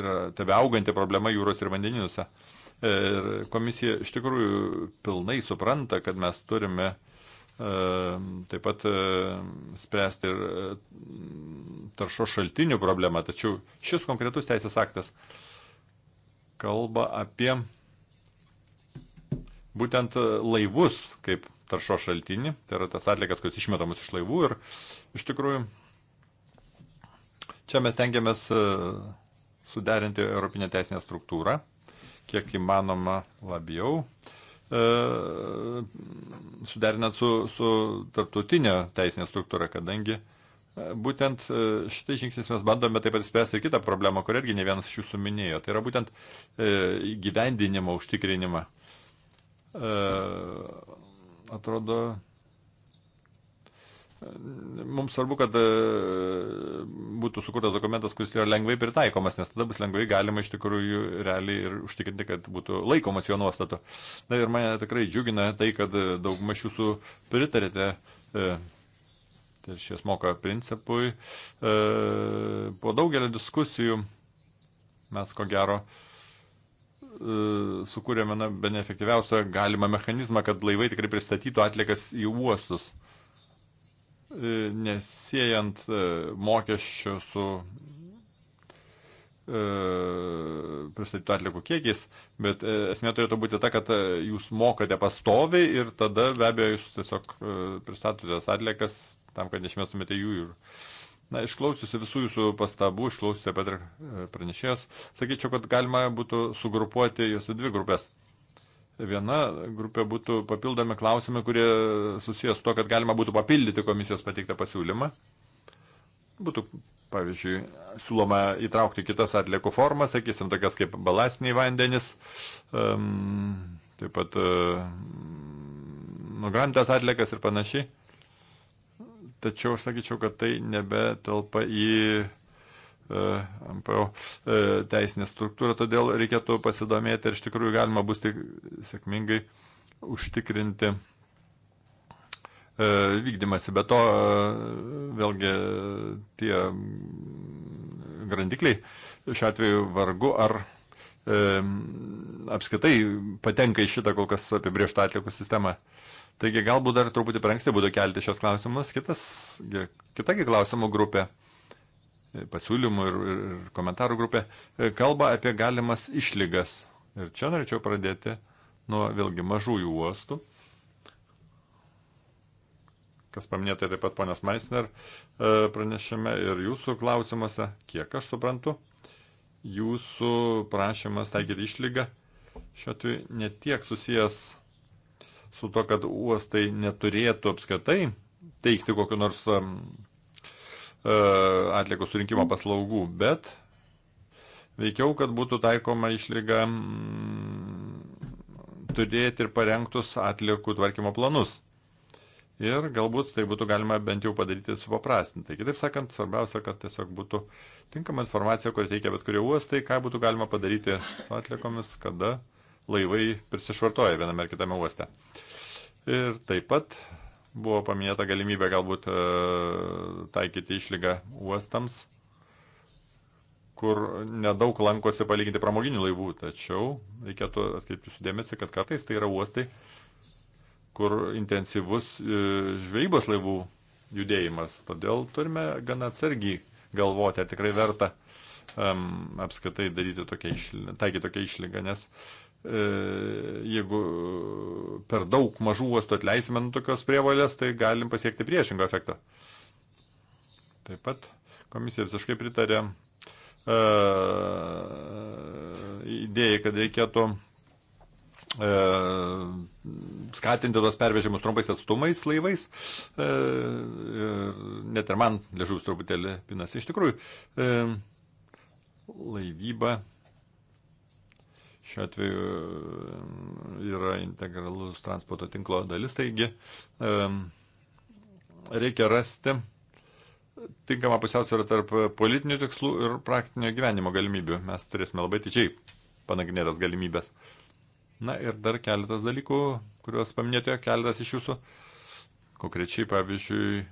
yra tebe auganti problema jūros ir vandeninuose. Ir komisija iš tikrųjų pilnai supranta, kad mes turime e, taip pat e, spręsti ir e, taršo šaltinių problemą. Tačiau šis konkretus teisės aktas kalba apie būtent laivus kaip taršo šaltinį, tai yra tas atlikas, kuris išmetamas iš laivų ir iš tikrųjų Čia mes tengiamės e, suderinti Europinę teisinę struktūrą, kiek įmanoma labiau, e, suderinant su, su tarptautinė teisinė struktūra, kadangi e, būtent šitai žingsnis mes bandome taip pat spręsti ir kitą problemą, kurią irgi ne vienas iš jūsų minėjo, tai yra būtent gyvendinimo užtikrinimą. Atrodo, Mums svarbu, kad e, būtų sukurtas dokumentas, kuris yra lengvai pritaikomas, nes tada bus lengvai galima iš tikrųjų realiai ir užtikrinti, kad būtų laikomas jo nuostatų. Na ir mane tikrai džiugina tai, kad daugumą iš jūsų pritarėte e, tai šies moka principui. E, po daugelio diskusijų mes ko gero sukūrėme na, benefektyviausią galimą mechanizmą, kad laivai tikrai pristatytų atlikas į uostus. E, nesiejant e, mokesčio su e, pristatytų atlikų kiekiais, bet esmė turėtų būti ta, kad jūs mokate pastoviai ir tada be abejo jūs tiesiog pristatote tas atlikas tam, kad nešmėstumėte jų ir. Na, išklausiusi visų jūsų pastabų, išklausiusi apie pranešėjos, sakyčiau, kad galima būtų sugrupuoti jūs į dvi grupės. Viena grupė būtų papildomi klausimai, kurie susijęs to, kad galima būtų papildyti komisijos pateiktą pasiūlymą. Būtų, pavyzdžiui, siūloma įtraukti kitas atliekų formas, sakysim, tokias kaip balastiniai vandenis, um, ehm, taip pat um, ehm, nugramtas atliekas ir panašiai. Tačiau aš sakyčiau, kad tai nebetelpa į E, MPO e, teisinė struktūra, todėl reikėtų pasidomėti, ar iš tikrųjų galima bus tik sėkmingai užtikrinti e, vykdymasi. Be to, vėlgi, tie grandikliai šiuo atveju vargu ar apskaitai patenka į šitą kol kas apibriežtą atliekų sistemą. Taigi galbūt dar truputį per anksti būtų kelti šios klausimus. Kitas, kitagi klausimų grupė pasiūlymų ir, ir komentarų grupė, e, kalba apie galimas išlygas. Ir čia norėčiau pradėti nuo vėlgi mažųjų uostų. Kas paminėta taip pat ponios Meisner e, pranešime ir jūsų klausimuose, kiek aš suprantu, jūsų prašymas taikyti išlygą šiuo atveju netiek susijęs su to, kad uostai neturėtų apskaitai teikti kokiu nors E, atliekų surinkimo paslaugų, bet veikiau, kad būtų taikoma išlyga mm, turėti ir parengtus atliekų tvarkymo planus. Ir galbūt tai būtų galima bent jau padaryti supaprastintai. Kitaip sakant, svarbiausia, kad tiesiog būtų tinkama informacija, kur teikia bet kurie uostai, ką būtų galima padaryti su atliekomis, kada laivai prisišvartoja viename ar kitame uoste. Ir taip pat Buvo paminėta galimybė galbūt e, taikyti išlygą uostams, kur nedaug lankosi palyginti pramoginių laivų, tačiau reikėtų atkreipti sudėmėsi, kad kartais tai yra uostai, kur intensyvus e, žvejybos laivų judėjimas. Todėl turime gana atsargiai galvoti, ar tikrai verta um, apskritai daryti tokią išlygą, taikyti tokią išlygą, nes uh, E, jeigu per daug mažų uostų atleisime nuo tokios prievalės, tai galim pasiekti priešingą efektą. Taip pat komisija visiškai pritarė e, idėjai, kad reikėtų e, skatinti tos pervežimus trumpais atstumais laivais. E, ir net ir man lėžus truputėlį pinasi. Iš tikrųjų, e, laivyba šiuo atveju yra integralus transporto tinklo dalis, taigi reikia rasti tinkamą pusiausvyrą tarp politinių tikslų ir praktinio gyvenimo galimybių. Mes turėsime labai tyčiai panagrinėtas galimybės. Na ir dar keletas dalykų, kuriuos paminėjote, keletas iš jūsų. Konkrečiai, pavyzdžiui,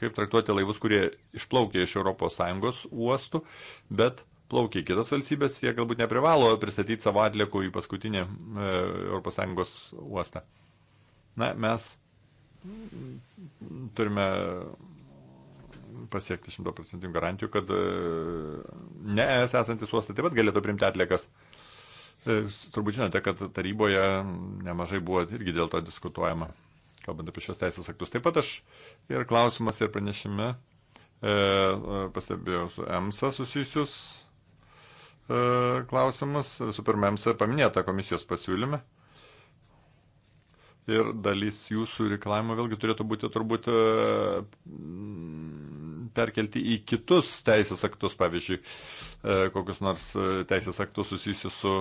kaip traktuoti laivus, kurie išplaukia iš ES uostų, bet plaukia į kitas valstybės, jie galbūt neprivalo pristatyti savo atliekų į paskutinį ES uostą. Na, mes turime pasiekti 100% garantijų, kad e, ne es esantis uostai taip pat galėtų primti atliekas. E, turbūt žinote, kad taryboje nemažai buvo irgi dėl to diskutuojama, kalbant apie šios teisės aktus. Taip pat aš ir klausimas ir pranešime e, pastebėjau su EMSA susijusius E, klausimus. Visų pirma, MC paminėta komisijos pasiūlyme. Ir dalis jūsų reikalavimo vėlgi turėtų būti turbūt e, perkelti į kitus teisės aktus, pavyzdžiui, e, kokius nors teisės aktus susijusius su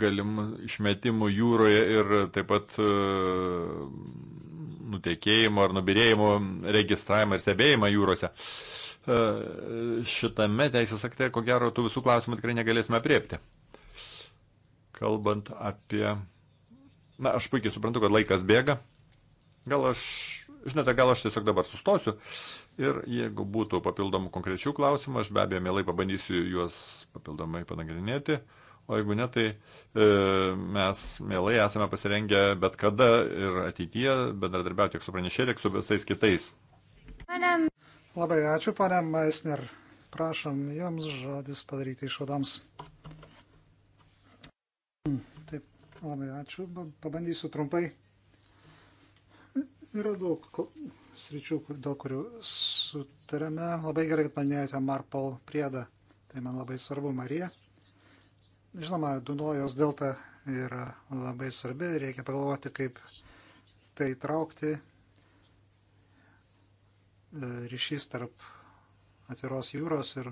galimų išmetimų jūroje ir taip pat nutekėjimo ar nubirėjimo registravimą ir stebėjimą jūrose. Uh, E, šitame teisės akte, ko gero, tų visų klausimų tikrai negalėsime apriepti. Kalbant apie... Na, aš puikiai suprantu, kad laikas bėga. Gal aš, žinote, gal aš tiesiog dabar sustosiu. Ir jeigu būtų papildomų konkrečių klausimų, aš be abejo mielai pabandysiu juos papildomai panagrinėti. O jeigu ne, tai e, mes mielai esame pasirengę bet kada ir ateityje bendradarbiauti tiek su pranešėjai, tiek su visais kitais. Madame. Labai ačiū, ponė Maisner. Prašom jums žodis padaryti išvadams. Taip, labai ačiū. Pabandysiu trumpai. Yra daug sričių, dėl kurių sutarėme. Labai gerai, kad paminėjote Marpol priedą. Tai man labai svarbu, Marija. Žinoma, Dunojos delta yra labai svarbi, reikia pagalvoti, kaip tai traukti ryšys tarp atviros jūros ir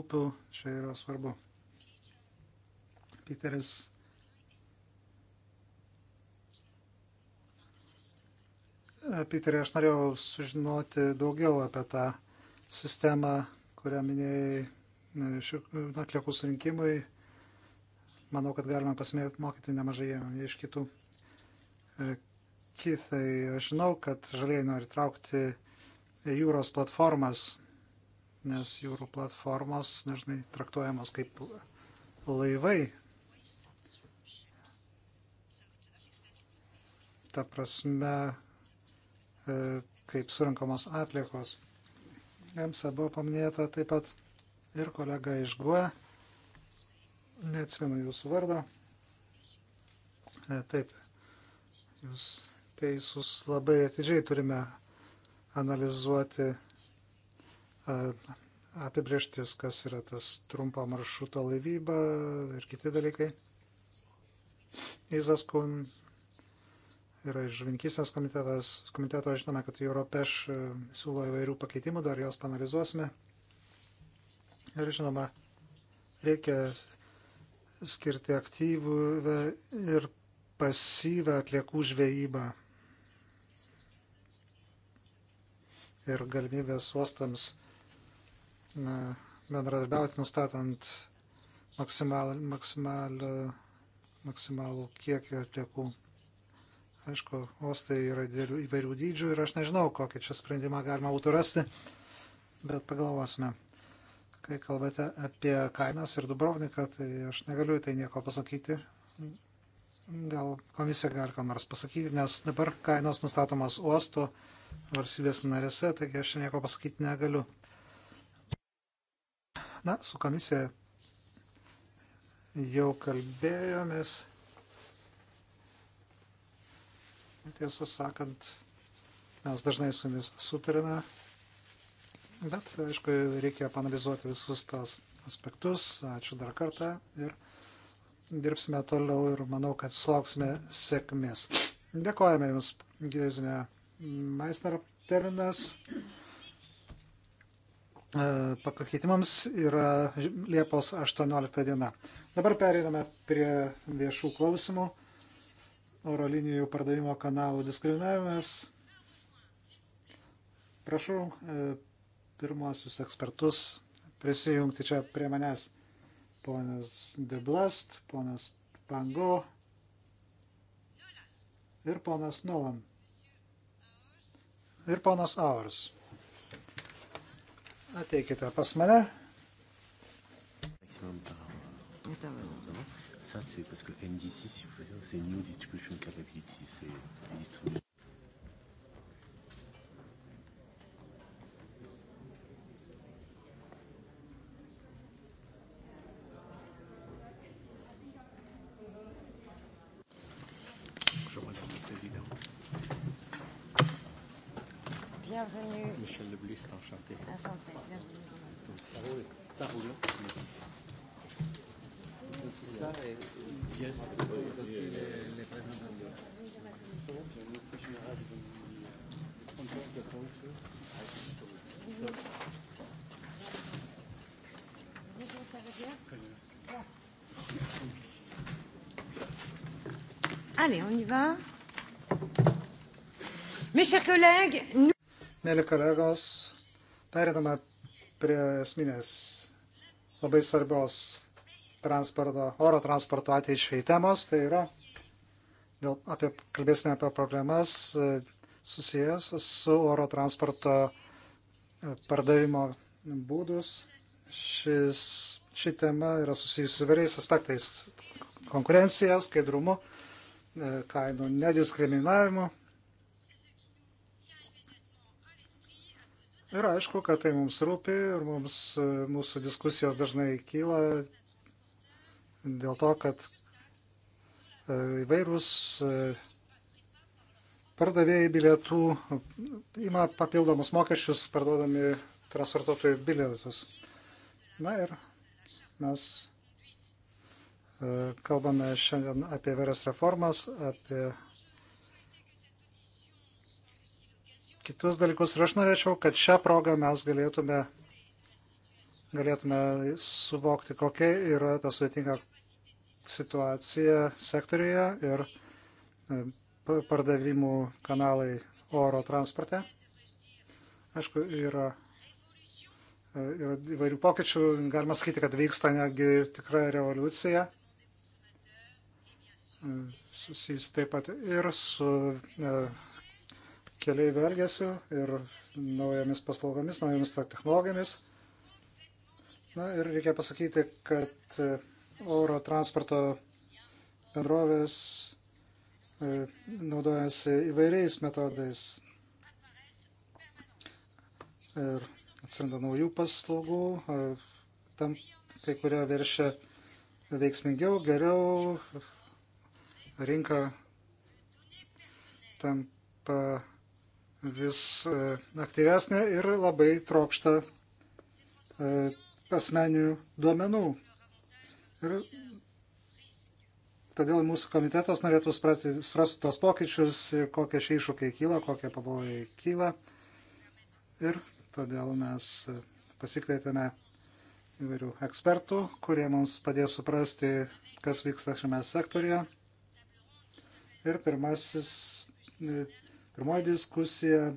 upių čia yra svarbu. Piteris Piterį, aš norėjau sužinoti daugiau apie tą sistemą, kurią minėjai atliekų surinkimui. Manau, kad galime pasimokyti nemažai iš kitų. E, Kitai, aš žinau, kad žaliai nori traukti uh, jūros platformas, nes jūrų platformos dažnai traktuojamos kaip laivai. Ta prasme, e, kaip surinkamos atliekos. EMSA buvo paminėta taip pat ir kolega iš GUE, neatsimenu jūsų vardo. E, taip, jūs teisus labai atidžiai turime analizuoti apibrieštis, kas yra tas trumpo maršruto laivyba ir kiti dalykai. Izas Kun yra iš žvinkysės komiteto, žinome, kad Europeš e, siūlo įvairių pakeitimų, dar juos panalizuosime. Ir žinoma, reikia skirti aktyvų ir pasyvę atliekų žvejybą. ir galimybės uostams bendradarbiauti, nustatant maksimal, maksimal, maksimalų kiekį atliekų. Aišku, uostai yra dėlių, įvairių dydžių ir aš nežinau, kokį čia sprendimą galima būtų rasti, bet pagalvosime. Kai kalbate apie kainas ir Dubrovniką, tai aš negaliu tai nieko pasakyti. Gal komisija gali ką nors pasakyti, nes dabar kainos nustatomas uostų valstybės narėse, taigi aš nieko pasakyti negaliu. Na, su komisija jau kalbėjomės. Tiesą sakant, mes dažnai su jumis sutarėme, bet, aišku, reikia panalizuoti visus tos aspektus. Ačiū dar kartą ir dirbsime toliau ir manau, kad sulauksime sėkmės. Dėkojame Jums, Gėzinė. Meister terminas e, pakeitimams yra Liepos 18 diena. Dabar pereiname prie viešų klausimų. Oro linijų pardavimo kanalų diskriminavimas. Prašau e, pirmosius ekspertus prisijungti čia prie manęs. Ponas Deblast, ponas Pango ir ponas Nolan ir ponas Auras. Ateikite pas mane. Ça, c'est parce que NDC, si vous voulez, c'est New Distribution Capability, c'est distribution. Ça roule. Donc tout ça est... Yes. Aussi les, les présentations. Bonjour, ça va bien Très bien. Allez, on y va. Mes chers collègues, nous... Mėly kolegos, perėdama prie esminės labai svarbios transporto, oro transporto ateičiai temos, tai yra, dėl, apie, kalbėsime apie problemas e, susijęs su oro transporto e, pardavimo būdus. Šis, ši tema yra susijusi su vairiais aspektais - konkurencija, skaidrumu, e, kainų nediskriminavimu Ir aišku, kad tai mums rūpi ir mums e, mūsų diskusijos dažnai kyla dėl to, kad e, įvairūs e, pardavėjai bilietų ima papildomus mokesčius, parduodami transportuotojų bilietus. Na ir mes kalbame šiandien apie vėras reformas, apie kitus dalykus. Ir aš norėčiau, kad šią progą mes galėtume, galėtume suvokti, kokia yra ta sudėtinga situacija sektorija ir e, pardavimų kanalai oro transporte. Aišku, yra, e, yra įvairių pokyčių, galima sakyti, kad vyksta netgi tikra revoliucija e, susijusi taip pat ir su keliaivių elgesiu ir naujomis paslaugomis, naujomis technologijomis. Na ir reikia pasakyti, kad e, oro transporto bendrovės e, naudojasi įvairiais metodais. Ir atsiranda naujų paslaugų, e, tam kai kurie veršia veiksmingiau, geriau, rinka tampa vis e, aktyvesnė ir labai trokšta e, asmeninių duomenų. Ir todėl mūsų komitetas norėtų suprasti tos pokyčius ir kokie šie iššūkiai kyla, kokie pavojai kyla. Ir todėl mes pasikvietėme įvairių ekspertų, kurie mums padės suprasti, kas vyksta šiame sektorija. Ir pirmasis e, Pirmoji diskusija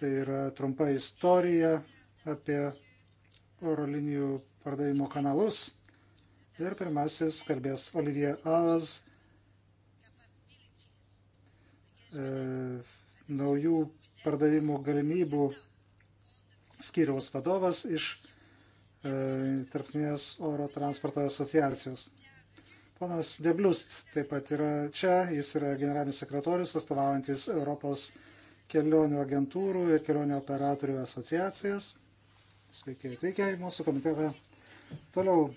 tai yra trumpa istorija apie oro linijų pardavimo kanalus. Ir pirmasis kalbės Olivier Avas, e, naujų pardavimo galimybių skyriaus vadovas iš e, Tarpinės oro transporto asociacijos. Ponas Debliust taip pat yra čia, jis yra generalinis sekretorius, atstovaujantis Europos kelionių agentūrų ir kelionių operatorių asociacijas. Sveiki atvykę į mūsų komitetą. Toliau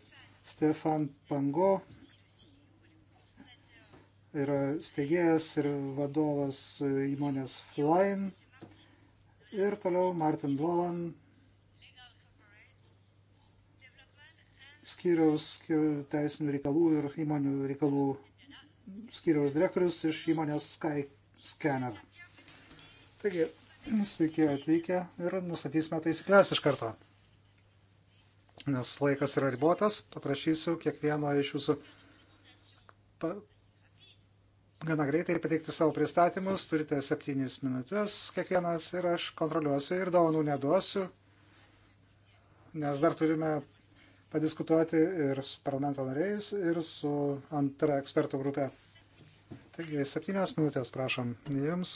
Stefan Pango yra steigėjas ir vadovas įmonės Flyn. Ir toliau Martin Dolan, skyriaus teisinių reikalų ir įmonių reikalų skyriaus direktorius iš įmonės Sky Scanner. Taigi, sveiki atvykę ir nustatysime taisyklės iš karto. Nes laikas yra ribotas, paprašysiu kiekvieno iš jūsų pa... gana greitai pateikti savo pristatymus. Turite septynis minutės kiekvienas ir aš kontroliuosiu ir daunų neduosiu, nes dar turime padiskutuoti ir su parlamento nariais, ir su antra ekspertų grupė. Taigi, septynios minutės, prašom, jums.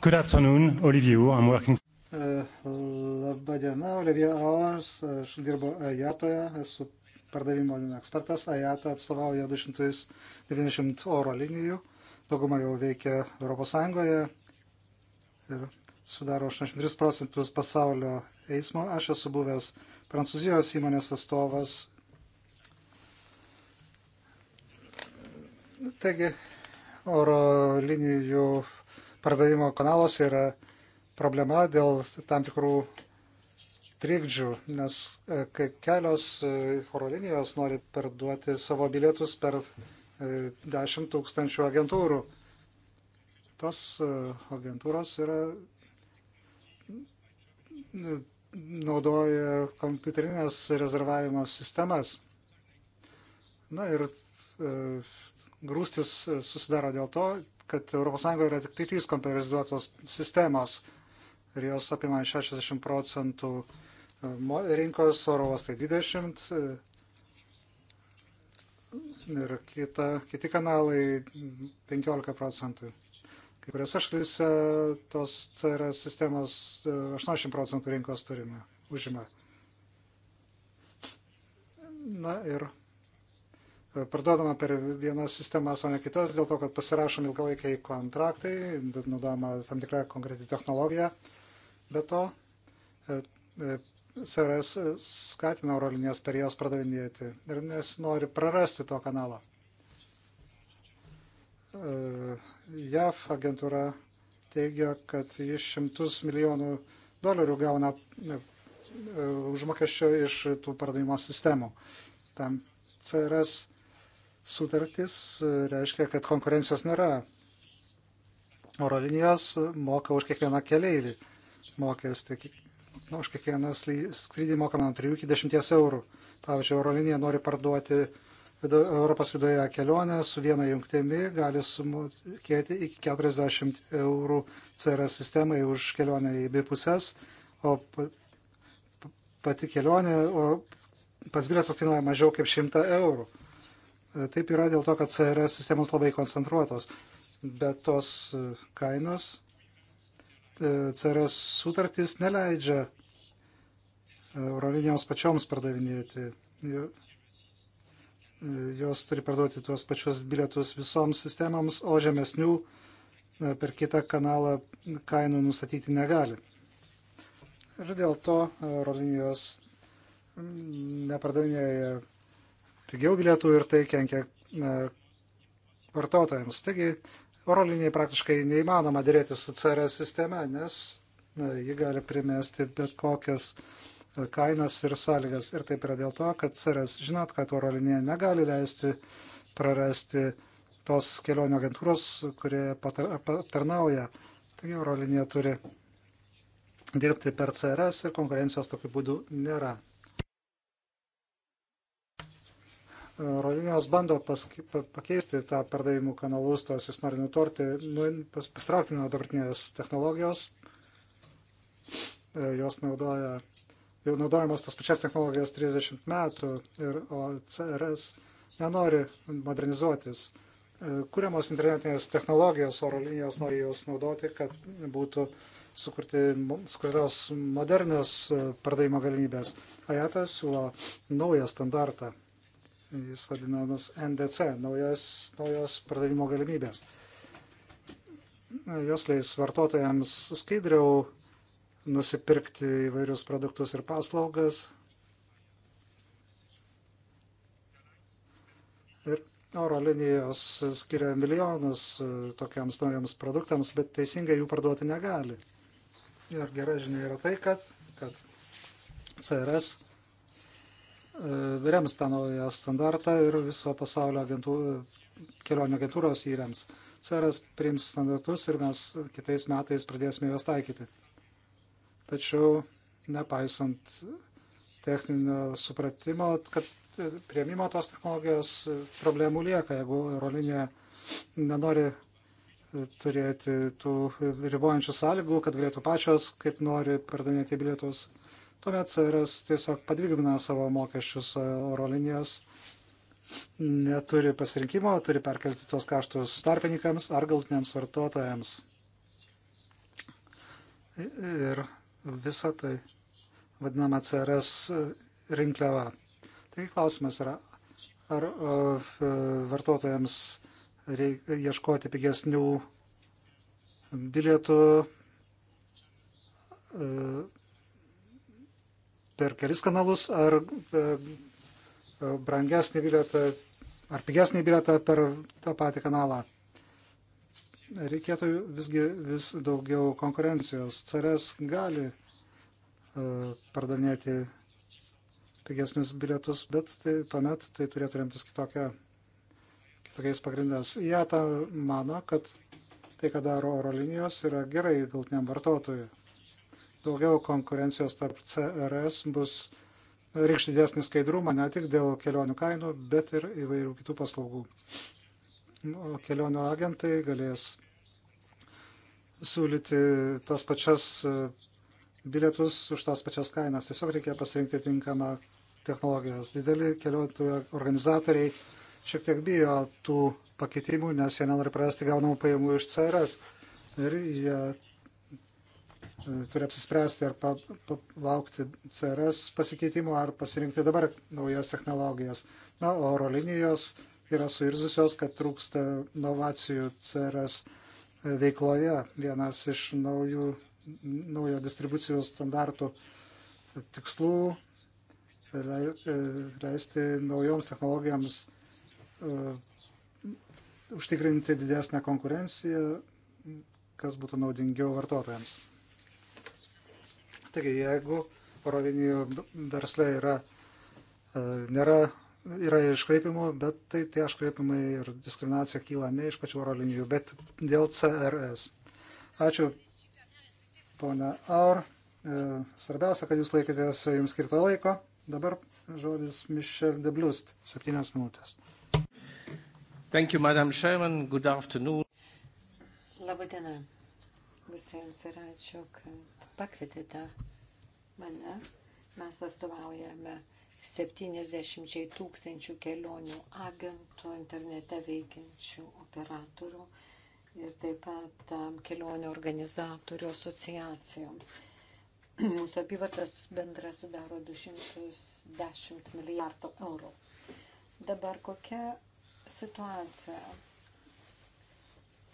Good afternoon, Olivier. I'm working. Eh, Labą dieną, Olivier Aors. Aš dirbu Ajatoje, esu pardavimo ekspertas. Ajata atstovauja 290 oro linijų. Dauguma jau veikia ES. Ir sudaro 83 procentus pasaulio eismo. Aš esu buvęs Prancūzijos įmonės atstovas. Taigi, oro linijų pardavimo kanalos yra problema dėl tam tikrų trikdžių, nes e, kai kelios e, oro linijos nori parduoti savo bilietus per 10 e, tūkstančių agentūrų. Tos agentūros yra naudoja kompiuterinės rezervavimo sistemas. Na ir e, grūstis e, susidaro dėl to, kad ES yra tik tai trys kompiuterizuotos sistemos ir jos apima 60 procentų e, rinkos, oro uostai 20 e, ir kita, kiti kanalai 15 procentų. Kai kuriuose šalise tos CRS sistemos 80 e, procentų rinkos turime, užima. Na ir e, parduodama per vienas sistemas, o ne kitas, dėl to, kad pasirašom ilgalaikiai kontraktai, naudojama tam tikra konkreti technologija. Be to, e, CRS skatina eurolinijas per jas pradavinėti ir nesinori prarasti to kanalo. E, JAV agentūra teigia, kad jis šimtus milijonų dolerių gauna e, e, užmokesčio iš tų pardavimo sistemų. Tam CRS sutartis reiškia, kad konkurencijos nėra. Oro linijos moka už kiekvieną keleivį mokestį. Nu, už kiekvieną skrydį mokama nuo 3 iki 10 eurų. Pavyzdžiui, oro linija nori parduoti uh, Europos viduje kelionę su viena jungtimi gali sumokėti iki 40 eurų CRS sistemai už kelionę į abi pusės, o pati kelionė, o pats bilietas kainuoja mažiau kaip 100 eurų. E, taip yra dėl to, kad CRS sistemos labai koncentruotos, bet tos e, kainos e, CRS sutartys neleidžia Eurolinijoms pačioms pardavinėti jos turi parduoti tuos pačius bilietus visoms sistemams, o žemesnių e, per kitą kanalą kainų nustatyti negali. Ir dėl to e, Rodinijos nepardavinėja pigiau bilietų ir tai kenkia e, vartotojams. Taigi oro linijai praktiškai neįmanoma dėrėti su CRS sistema, nes na, ji gali primesti bet kokias uh, kainas ir sąlygas. Ir taip yra dėl to, kad CRS žinot, kad oro linija negali leisti prarasti tos kelionių agentūros, kurie patarnauja. Taigi oro linija turi dirbti per CRS ir konkurencijos tokiu būdu nėra. Oro linijos bando paske, pakeisti tą pardavimų kanalus, tos jis nori nutorti, nu, pastraukti nuo dabartinės technologijos, e, jos naudoja jau naudojamos tas pačias technologijas 30 metų ir CRS nenori modernizuotis. E, Kūriamos internetinės technologijos, oro linijos nori jos naudoti, kad būtų sukurti, sukurtos modernios e, pardavimo galimybės. AJATA siūlo naują standartą, jis vadinamas NDC, naujas, naujos pardavimo galimybės. E, jos leis vartotojams skaidriau nusipirkti įvairius produktus ir paslaugas. Ir oro linijos skiria milijonus e, tokiams naujams produktams, bet teisingai jų parduoti negali. Ir gera žinia yra tai, kad, kad CRS e, rems tą naują standartą ir viso pasaulio agentų, kelionių agentūros įrems. CRS priims standartus ir mes kitais metais pradėsime juos taikyti. Tačiau nepaisant techninio supratimo, kad prieimimo tos technologijos problemų lieka, jeigu aerolinija nenori turėti tų ribojančių sąlygų, kad galėtų pačios, kaip nori, pardavinėti bilietus. Tuomet CRS tiesiog padvigubina savo mokesčius oro linijas, neturi pasirinkimo, turi perkelti tuos kaštus tarpininkams ar galutiniams vartotojams. Ir visą tai vadinama CRS rinkliava. Taigi klausimas yra, ar vartotojams reikia ieškoti pigesnių bilietų e, per kelis kanalus, ar e, brangesnį bilietą, ar pigesnį bilietą per tą patį kanalą reikėtų visgi vis daugiau konkurencijos. CRS gali uh, pardavinėti pigesnius bilietus, bet tai, tuomet tai turėtų remtis kitokia, kitokiais pagrindais. Jie tą mano, kad tai, ką daro oro linijos, yra gerai galtiniam vartotojui. Daugiau konkurencijos tarp CRS bus reikš didesnį skaidrumą ne tik dėl kelionių kainų, bet ir įvairių kitų paslaugų kelionių agentai galės siūlyti tas pačias e, bilietus už tas pačias kainas. Tiesiog reikia pasirinkti tinkamą technologijos. Dideli kelionių organizatoriai šiek tiek bijo tų pakeitimų, nes jie nenori prarasti gaunamų pajamų iš CRS. Ir jie e, turi apsispręsti ar pa, pa, laukti CRS pasikeitimo, ar pasirinkti dabar naujas technologijas. Na, oro linijos yra suirzusios, kad trūksta inovacijų CRS veikloje. Vienas iš naujų, naujo distribucijos standartų tikslų e, leisti naujoms technologijoms e, užtikrinti didesnę konkurenciją, kas būtų naudingiau vartotojams. Taigi, jeigu oro linijų verslai yra, e, nėra yra iškreipimų, bet tai tie iškreipimai ir diskriminacija kyla ne iš pačių oro linijų, bet dėl CRS. Ačiū, ponia Aur. E, svarbiausia, kad jūs laikėtės jums skirto laiko. Dabar žodis Michel de Blust, septynias minutės. Thank you, Madam Chairman. Good afternoon. Labadiena visiems ir ačiū, kad pakvietėte mane. Mes atstovaujame uh, 70 tūkstančių kelionių agentų internete veikiančių operatorių ir taip pat um, kelionių organizatorių asociacijoms. (clears throat) Mūsų apyvartas bendra sudaro 210 milijardų eurų. Dabar kokia situacija,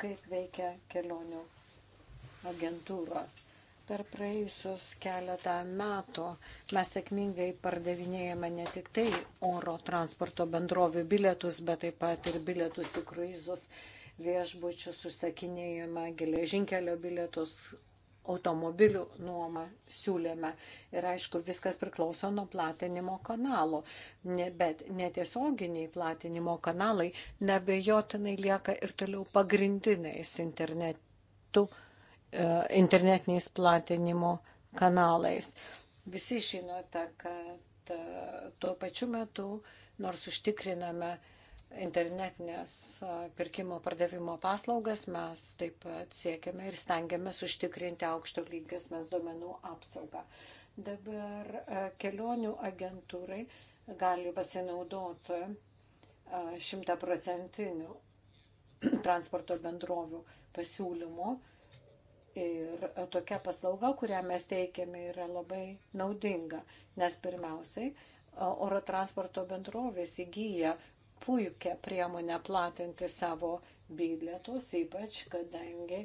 kaip veikia kelionių agentūros. Per praėjusius keletą metų mes sėkmingai pardavinėjame ne tik tai oro transporto bendrovių bilietus, bet taip pat ir bilietus į kruizus, viešbučius, užsakinėjame geležinkelio bilietus, automobilių nuomą siūlėme. Ir aišku, viskas priklauso nuo platinimo kanalo. Ne, bet netiesioginiai platinimo kanalai nebejotinai lieka ir toliau pagrindiniais internetu E, internetiniais platinimo kanalais. Visi žinote, kad e, tuo pačiu metu, nors užtikriname internetinės e, pirkimo pardavimo paslaugas, mes taip pat siekiame ir stengiamės užtikrinti aukšto lygio asmens duomenų apsaugą. Dabar kelionių agentūrai gali pasinaudoti šimtaprocentinių transporto bendrovių pasiūlymų Ir tokia paslauga, kurią mes teikiame, yra labai naudinga, nes pirmiausiai oro transporto bendrovės įgyja puikią priemonę platinti savo bilietus, ypač kadangi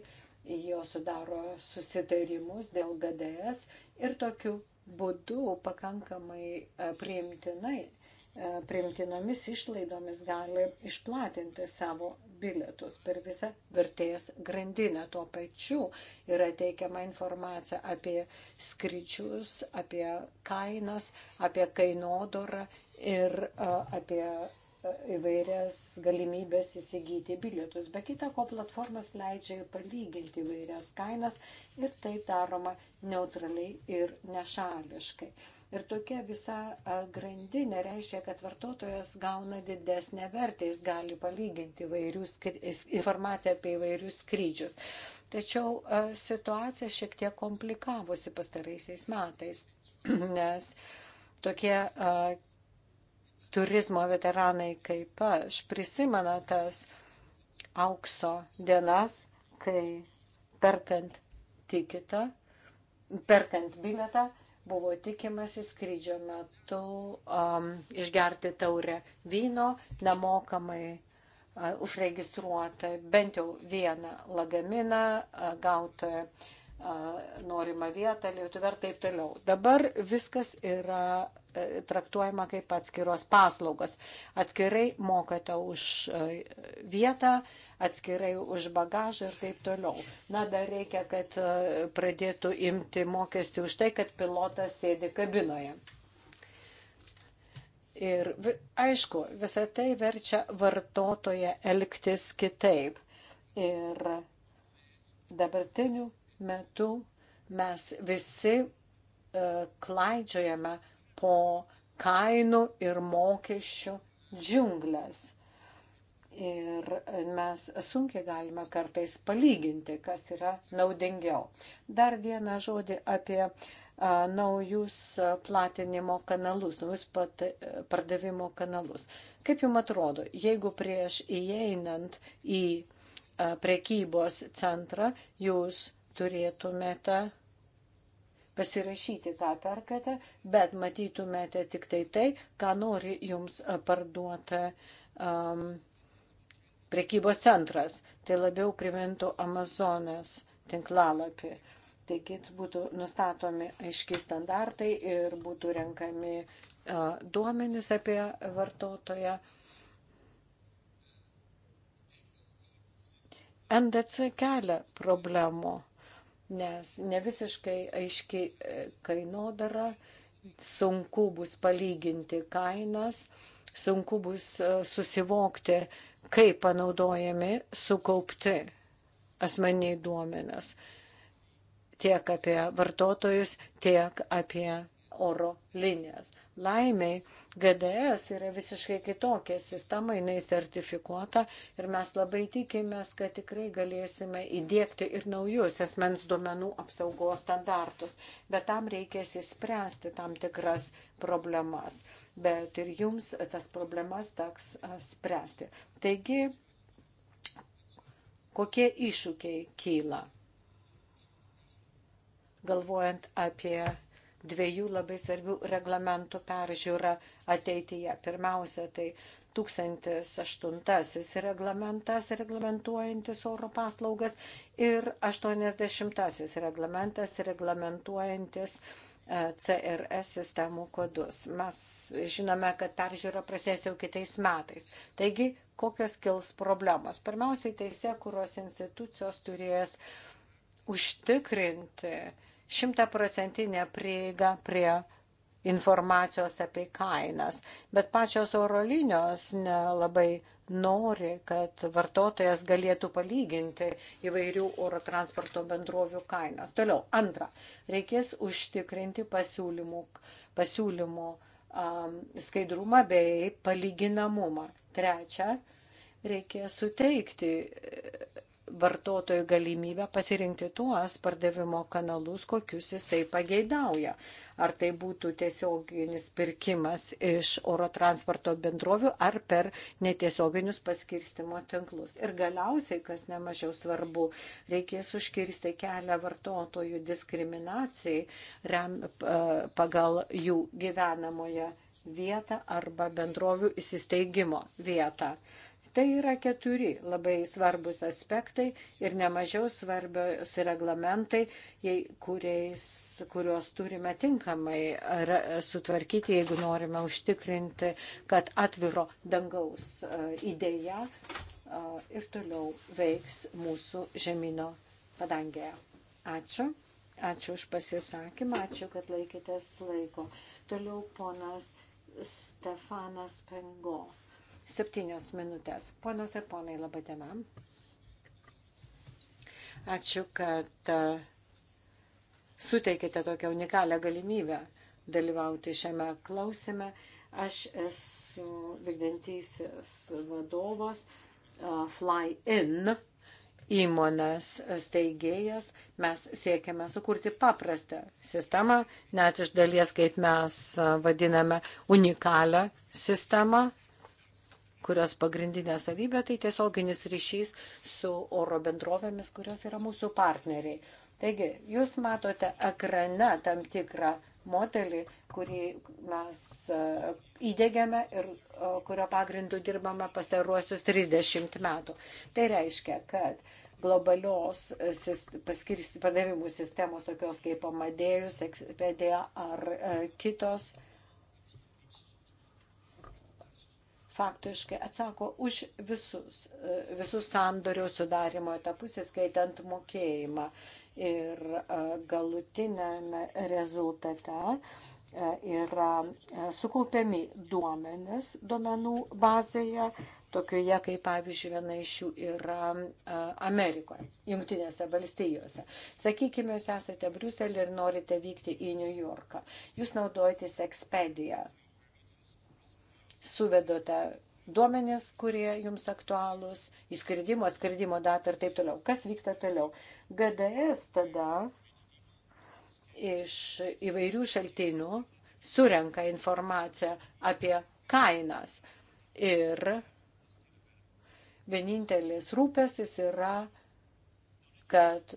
jos sudaro susitarimus dėl GDS ir tokiu būdu pakankamai priimtinai E, priimtinomis išlaidomis gali išplatinti savo bilietus per visą vertėjas grandinę. Tuo pačiu yra teikiama informacija apie skrydžius, apie kainas, apie kainodorą ir e, apie e, įvairias galimybės įsigyti bilietus. Be kita ko, platformos leidžia palyginti įvairias kainas ir tai daroma neutraliai ir nešališkai. Ir tokia visa grandinė reiškia, kad vartotojas gauna didesnę vertę, jis gali palyginti įvairius, informaciją apie įvairius skrydžius. Tačiau situacija šiek tiek komplikavosi pastaraisiais metais, (clears throat) nes tokie turizmo veteranai kaip aš prisimena tas aukso dienas, kai perkant tikitą, perkant biletą, buvo tikimasi skrydžio metu um, išgerti taurę vyno nemokamai uh, užregistruotą bent jau vieną lagaminą, uh, gautą uh, norimą vietą, lietuvę ir taip toliau. Dabar viskas yra E, traktuojama kaip atskiros paslaugos. Atskirai mokate už e, vietą, atskirai už bagažą ir taip toliau. Na, dar reikia, kad e, pradėtų imti mokestį už tai, kad pilotas sėdi kabinoje. Ir aišku, visą tai verčia vartotoje elgtis kitaip. Ir dabartiniu metu mes visi klaidžiojame po kainų ir mokesčių džiunglės. Ir mes sunkiai galime kartais palyginti, kas yra naudingiau. Dar vieną žodį apie a, naujus platinimo kanalus, naujus pat, pardavimo kanalus. Kaip jums atrodo, jeigu prieš įeinant į a, prekybos centrą jūs turėtumėte pasirašyti, ką perkate, bet matytumėte tik tai tai, ką nori jums parduoti um, prekybos centras. Tai labiau primintų Amazonės tinklalapį. Taigi būtų nustatomi aiški standartai ir būtų renkami uh, duomenys apie vartotoją. NDC kelia problemų nes ne visiškai aiški e, kainodara, sunku bus palyginti kainas, sunku bus e, susivokti, kaip panaudojami sukaupti asmeniai duomenas tiek apie vartotojus, tiek apie oro linijas. Laimiai, GDS yra visiškai kitokia sistema, jinai sertifikuota ir mes labai tikimės, kad tikrai galėsime įdėkti ir naujus esmens duomenų apsaugos standartus, bet tam reikės įspręsti tam tikras problemas, bet ir jums tas problemas teks spręsti. Taigi, kokie iššūkiai kyla? galvojant apie dviejų labai svarbių reglamentų peržiūra ateityje. Pirmiausia, tai 1008 reglamentas reglamentuojantis oro paslaugas ir 80 reglamentas reglamentuojantis e, CRS sistemų kodus. Mes žinome, kad peržiūra prasės jau kitais metais. Taigi, kokios kils problemos? Pirmiausiai, teisė, kurios institucijos turės užtikrinti uh, šimtaprocentinę prieigą prie informacijos apie kainas. Bet pačios oro linijos nelabai nori, kad vartotojas galėtų palyginti įvairių oro transporto bendrovių kainas. Toliau, antra, reikės užtikrinti pasiūlymų, pasiūlymų um, skaidrumą bei palyginamumą. Trečia, reikės suteikti vartotojui galimybę pasirinkti tuos pardavimo kanalus, kokius jisai pageidauja. Ar tai būtų tiesioginis pirkimas iš oro transporto bendrovių ar per netiesioginius paskirstimo tinklus. Ir galiausiai, kas nemažiau svarbu, reikės užkirsti kelią vartotojų diskriminacijai rem, pagal jų gyvenamoje vietą arba bendrovių įsisteigimo vietą. Tai yra keturi labai svarbus aspektai ir nemažiau svarbios reglamentai, jei, kuriais, kuriuos turime tinkamai sutvarkyti, jeigu norime užtikrinti, kad atviro dangaus e, idėja e, ir toliau veiks mūsų žemino padangėje. Ačiū. Ačiū už pasisakymą, ačiū, kad laikėtės laiko. Toliau ponas Stefanas Pengo septynios minutės. Ponos ir ponai, laba diena. Ačiū, kad e, suteikėte tokią unikalią galimybę dalyvauti šiame klausime. Aš esu vykdantysis vadovas e, Fly In įmonės steigėjas, mes siekiame sukurti paprastą sistemą, net iš dalies, kaip mes e, vadiname, unikalią sistemą, kurios pagrindinė savybė tai tiesioginis ryšys su oro bendrovėmis, kurios yra mūsų partneriai. Taigi, jūs matote ekrane tam tikrą modelį, kurį mes e, įdėgiame ir e, kurio pagrindų dirbame pastaruosius 30 metų. Tai reiškia, kad globalios e, pardavimų sistemos, tokios kaip Amadėjus, Expedia ar kitos, faktiškai atsako už visus, e, visus sandorio sudarimo etapus, įskaitant mokėjimą. Ir e, galutinėme rezultate e, yra sukaupiami duomenis duomenų bazėje, tokioje kaip pavyzdžiui viena iš jų yra Amerikoje, Junktinėse valstijose. Sakykime, jūs esate Briuselį ir norite vykti į New Yorką. Jūs naudojatės ekspediją suvedote duomenis, kurie jums aktualūs, įskridimo, atskridimo datą ir taip toliau. Kas vyksta toliau? GDS tada iš įvairių šaltinių surenka informaciją apie kainas ir vienintelis rūpesis yra, kad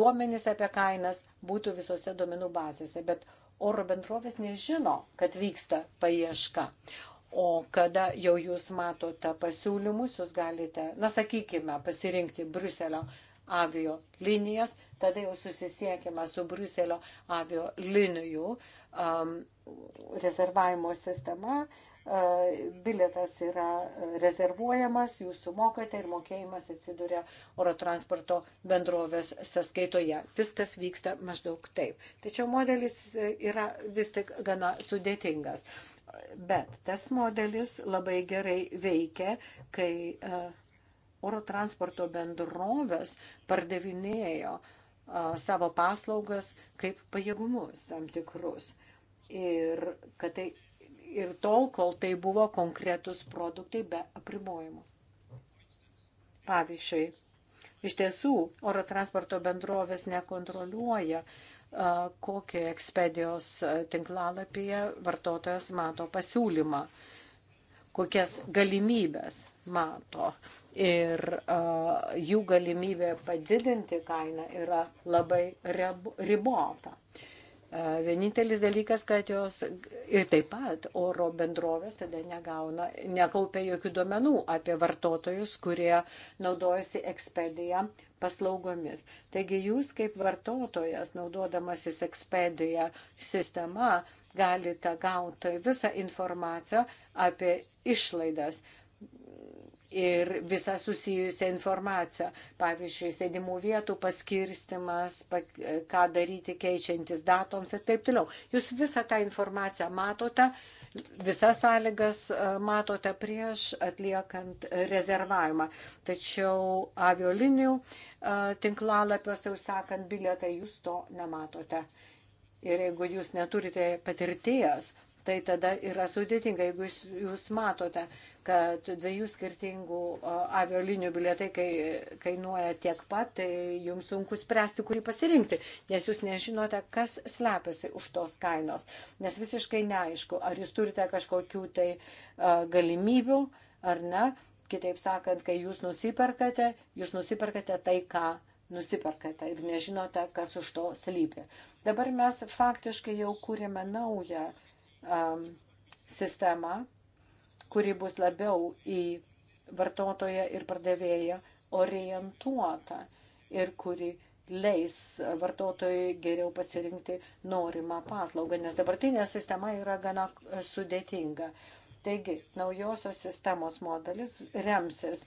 duomenys apie kainas būtų visose duomenų bazėse, bet oro bendrovės nežino, kad vyksta paieška. O kada jau jūs matote pasiūlymus, jūs galite, na sakykime, pasirinkti Bruselio avio linijas, tada jau susisiekime su Bruselio avio linijų um, rezervavimo sistema. Uh, bilietas yra rezervuojamas, jūs sumokate ir mokėjimas atsiduria oro transporto bendrovės sąskaitoje. Viskas vyksta maždaug taip. Tačiau modelis e, yra vis tik gana sudėtingas. Uh, bet tas modelis labai gerai veikia, kai e, oro transporto bendrovės pardavinėjo e, savo paslaugas kaip pajėgumus tam tikrus. Ir, tai, ir tol, kol tai buvo konkretus produktai be apribojimų. Pavyzdžiui, iš tiesų oro transporto bendrovės nekontroliuoja uh, kokį ekspedijos tinklalapyje vartotojas mato pasiūlymą, kokias galimybės mato. Ir uh, jų galimybė padidinti kainą yra labai ribota. Uh, vienintelis dalykas, kad jos ir taip pat oro bendrovės tada negauna, nekaupia jokių duomenų apie vartotojus, kurie naudojasi ekspediją paslaugomis. Taigi jūs kaip vartotojas, naudodamasis ekspedija sistema, galite gauti visą informaciją apie išlaidas. Ir visa susijusia informacija, pavyzdžiui, sėdimų vietų paskirstimas, ką daryti keičiantis datoms ir taip toliau. Jūs visą tą informaciją matote Visas sąlygas e, matote prieš atliekant rezervavimą. Tačiau aviolinių e, tinklalapiuose užsakant bilietą jūs to nematote. Ir jeigu jūs neturite patirties, tai tada yra sudėtinga, jeigu jūs, jūs matote, kad dviejų skirtingų aviolinių bilietai kai, kainuoja tiek pat, tai jums sunku spręsti, kurį pasirinkti, nes jūs nežinote, kas slepiasi už tos kainos, nes visiškai neaišku, ar jūs turite kažkokių tai galimybių ar ne. Kitaip sakant, kai jūs nusiperkate, jūs nusiperkate tai, ką nusiperkate ir nežinote, kas už to slypi. Dabar mes faktiškai jau kūrėme naują um, sistemą, kuri bus labiau į vartotoją ir pardavėją orientuota ir kuri leis vartotojui geriau pasirinkti norimą paslaugą, nes dabartinė sistema yra gana e, sudėtinga. Taigi, naujosios sistemos modelis remsis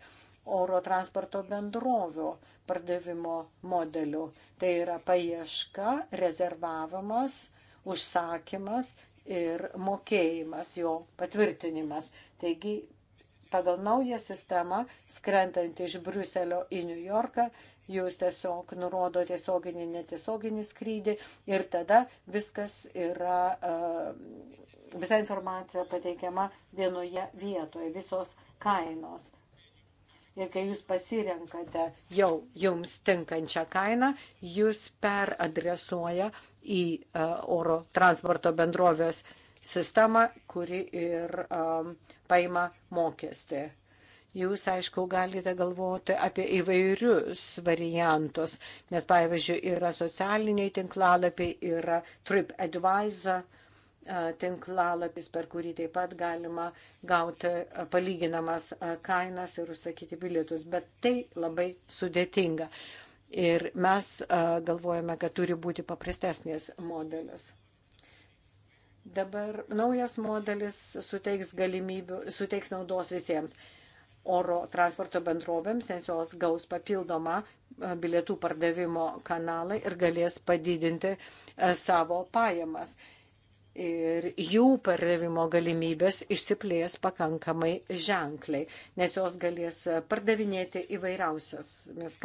oro transporto bendrovių pardavimo modeliu. Tai yra paieška, rezervavimas, užsakymas ir mokėjimas, jo patvirtinimas. Taigi, pagal naują sistemą, skrendant iš Bruselio į New Yorką, jūs tiesiog nurodo tiesioginį, netiesioginį skrydį ir tada viskas yra, e, visa informacija pateikiama vienoje vietoje, visos kainos ir kai jūs pasirenkate jau jums tinkančią kainą, jūs peradresuoja į e, oro transporto bendrovės sistemą, kuri ir um, paima mokestį. Jūs, aišku, galite galvoti apie įvairius variantus, nes, pavyzdžiui, yra socialiniai tinklalapiai, yra TripAdvisor, tinklalapis, per kurį taip pat galima gauti palyginamas kainas ir užsakyti bilietus, bet tai labai sudėtinga. Ir mes galvojame, kad turi būti paprastesnės modelis. Dabar naujas modelis suteiks galimybių, suteiks naudos visiems oro transporto bendrovėms, nes jos gaus papildomą bilietų pardavimo kanalą ir galės padidinti savo pajamas ir jų pardavimo galimybės išsiplės pakankamai ženkliai, nes jos galės pardavinėti įvairiausios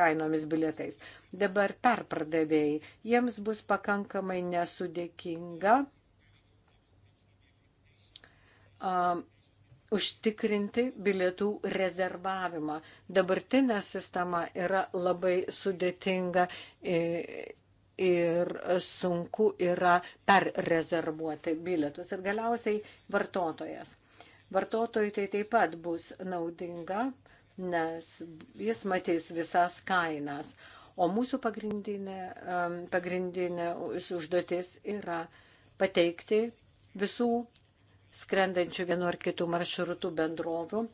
kainomis bilietais. Dabar perpardavėjai, jiems bus pakankamai nesudėkinga. Um, užtikrinti bilietų rezervavimą. Dabartinė sistema yra labai sudėtinga ir sunku yra perrezervuoti bilietus. Ir galiausiai vartotojas. Vartotojui tai taip pat bus naudinga, nes jis matys visas kainas. O mūsų pagrindinė, pagrindinė užduotis yra pateikti visų skrendančių vienu ar kitų maršrutų bendrovių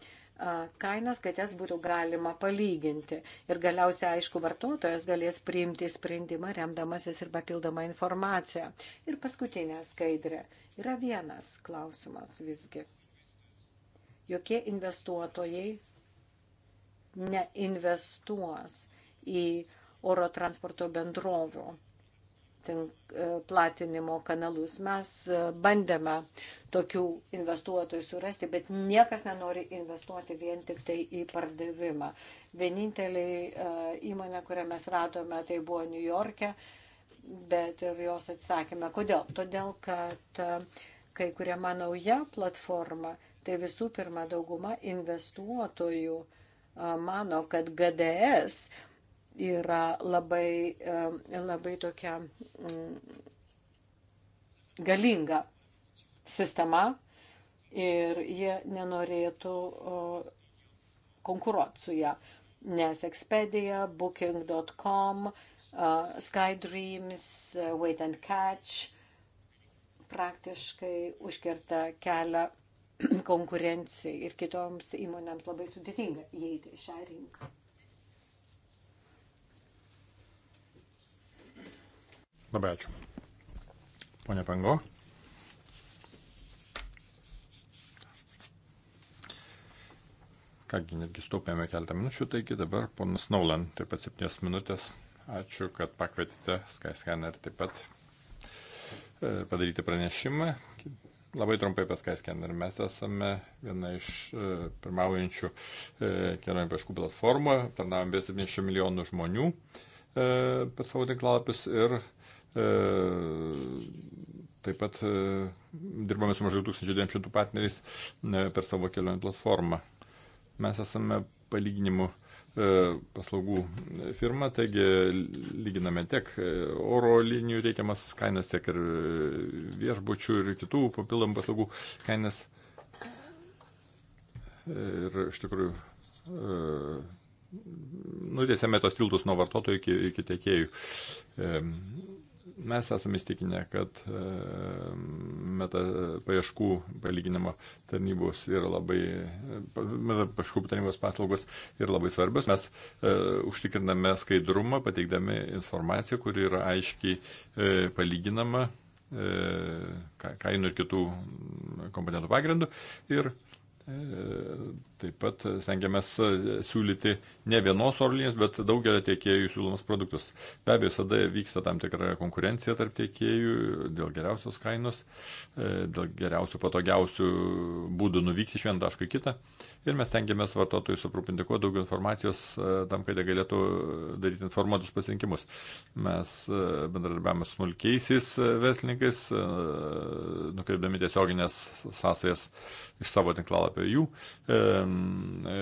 kainas, kad jas būtų galima palyginti. Ir galiausiai, aišku, vartotojas galės priimti sprendimą remdamasis ir papildomą informaciją. Ir paskutinė skaidrė. Yra vienas klausimas visgi. Jokie investuotojai neinvestuos į oro transporto bendrovių E, platinimo kanalus. Mes e, bandėme tokių investuotojų surasti, bet niekas nenori investuoti vien tik tai į pardavimą. Vieninteliai e, įmonė, kurią mes radome, tai buvo New York'e, bet ir jos atsakėme. Kodėl? Todėl, kad kai kuriama nauja platforma, tai visų pirma dauguma investuotojų mano, kad GDS yra labai, labai tokia mm, galinga sistema ir jie nenorėtų konkuruoti su ją, nes Expedia, Booking.com, SkyDreams, Wait and Catch praktiškai užkerta kelią (clears throat) konkurencijai ir kitoms įmonėms labai sudėtinga įeiti į šią rinką. Labai ačiū. Pone Pango. Kągi, netgi staupėme keletą minučių, taigi dabar ponas Naulan, taip pat septynios minutės. Ačiū, kad pakvietėte Skyscanner taip pat e, padaryti pranešimą. Labai trumpai apie Skyscanner. Mes esame viena iš e, pirmaujančių e, kelionių paieškų platformų, tarnaujame apie 70 milijonų žmonių per savo tinklalapius ir E, taip pat e, dirbame su maždaug 1900 partneriais e, per savo kelionių platformą. Mes esame palyginimų paslaugų firma, taigi lyginame tiek oro linijų reikiamas kainas, tiek ir viešbučių ir kitų papildomų paslaugų kainas. Ir iš tikrųjų nutiesėme tos tiltus nuo vartotojų iki, iki tiekėjų. Mes esame įstikinę, kad e, meta paieškų palyginimo tarnybos yra labai, meta paieškų tarnybos paslaugos yra labai svarbios. Mes e, užtikriname skaidrumą, pateikdami informaciją, kuri yra aiškiai e, palyginama kainų ir kitų komponentų pagrindų. Ir Taip pat e, stengiamės e, siūlyti ne vienos orlinės, bet daugelio tiekėjų siūlomas produktus. Be abejo, visada vyksta tam tikra konkurencija tarp tiekėjų dėl geriausios kainos, e, dėl geriausių, patogiausių būdų nuvykti iš vieno taško į kitą. Ir mes stengiamės vartotojus aprūpinti kuo daugiau informacijos tam, kad jie galėtų daryti informuotus pasirinkimus. Mes bendradarbiavame smulkiaisiais verslininkais, nukreipdami tiesioginės sąsajas iš savo tinklalapio jų. E, E,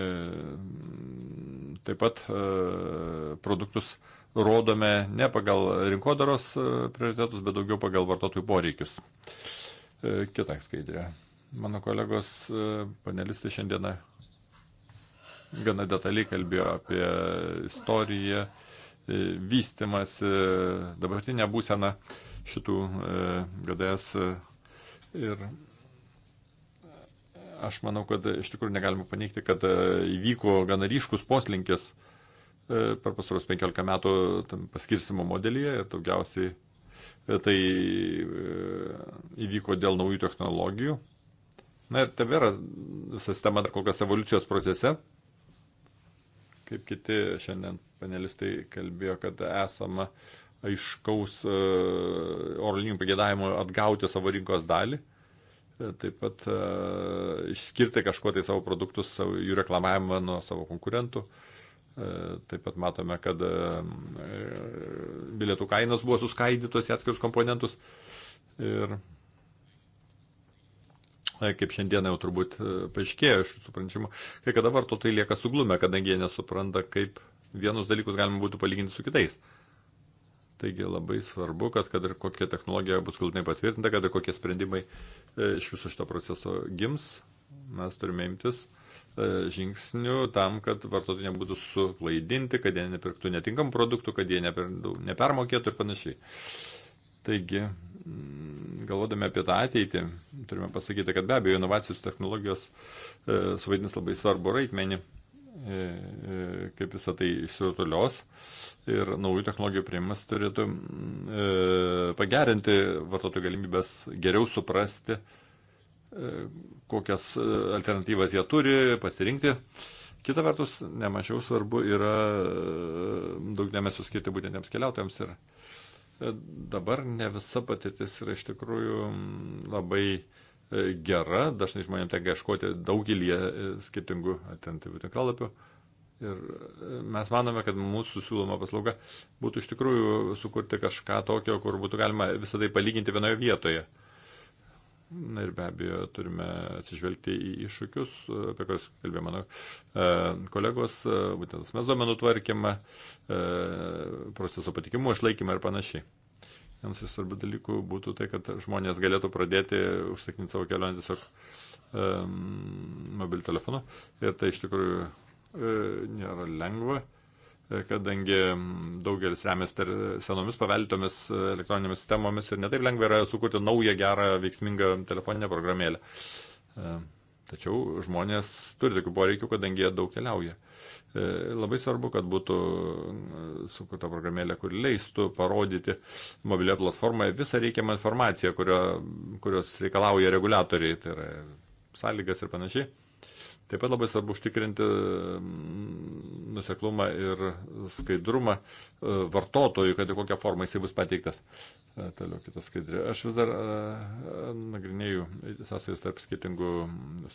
taip pat e, produktus rodome ne pagal rinkodaros e, prioritetus, bet daugiau pagal vartotojų poreikius. Kita skaidrė. Mano kolegos panelistai šiandieną gana detaliai kalbėjo apie istoriją, vystimas, dabartinę būseną šitų GDS ir Aš manau, kad iš tikrųjų negalima paneigti, kad e, įvyko gana ryškus poslinkis e, per pasarus 15 metų paskirstimo modelyje ir daugiausiai e, tai įvyko dėl naujų technologijų. Na ir tebėra sistema dar kol kas evoliucijos procese. Kaip kiti šiandien panelistai kalbėjo, kad esama aiškaus oro linijų pagėdavimo atgauti savo rinkos dalį taip pat e, išskirti kažkuo tai savo produktus, savo, jų reklamavimą nuo savo konkurentų. E, taip pat matome, kad e, bilietų kainos buvo suskaidytos į atskirius komponentus. Ir kaip šiandieną jau turbūt paaiškėjo iš suprančių, kai kada vartotojai lieka suglumę, kadangi jie nesupranta, kaip vienus dalykus galima būtų palyginti su kitais. Taigi labai svarbu, kad kad ir kokia technologija bus galutinai patvirtinta, kad ir kokie sprendimai e, iš viso šito proceso gims, mes turime imtis e, žingsnių tam, kad vartotojai nebūtų suklaidinti, kad jie nepirktų netinkamų produktų, kad jie neper, nepermokėtų ir panašiai. Taigi, mm, galvodami apie tą ateitį, turime pasakyti, kad be abejo inovacijos technologijos e, suvaidins labai svarbu raitmenį. E, E, e, kaip visą tai išsirutulios ir naujų technologijų prieimas turėtų e, pagerinti vartotojų galimybės geriau suprasti, kokias alternatyvas jie turi pasirinkti. Kita vertus, nemažiau svarbu yra daug dėmesio skirti būtentiems keliautojams ir dabar ne visa patirtis yra iš tikrųjų labai uh, E, gera, dažnai žmonėms tenka ieškoti daugelį e, skirtingų alternatyvų tinklalapių. Ir e, mes manome, kad mūsų siūloma paslauga būtų iš tikrųjų sukurti kažką tokio, kur būtų galima visą tai palyginti vienoje vietoje. Na ir be abejo, turime atsižvelgti į iššūkius, apie kuriuos kalbėjo mano kolegos, būtent mes duomenų tvarkymą, proceso patikimų išlaikymą ir panašiai vienas iš svarbių dalykų būtų tai, kad žmonės galėtų pradėti užsakinti savo kelionę tiesiog um, mobiliu telefonu. Ir tai iš tikrųjų e, nėra lengva, e, kadangi daugelis remės senomis paveldytomis e, elektroninėmis sistemomis ir netaip lengva yra sukurti naują, gerą, veiksmingą telefoninę programėlę. E, tačiau žmonės turi tokių poreikių, kadangi jie daug keliauja. E, E, labai svarbu, kad būtų e, sukurta programėlė, kuri leistų parodyti mobilioje platformoje visą reikiamą informaciją, kurio, kurios reikalauja reguliatoriai, tai yra sąlygas ir panašiai. Taip pat labai svarbu užtikrinti mm, nuseklumą ir skaidrumą e, vartotojui, kad ir kokią formą jisai bus pateiktas. E, toliau kitas skaidrė. Aš vis dar e, nagrinėjau sąsajas tarp skirtingų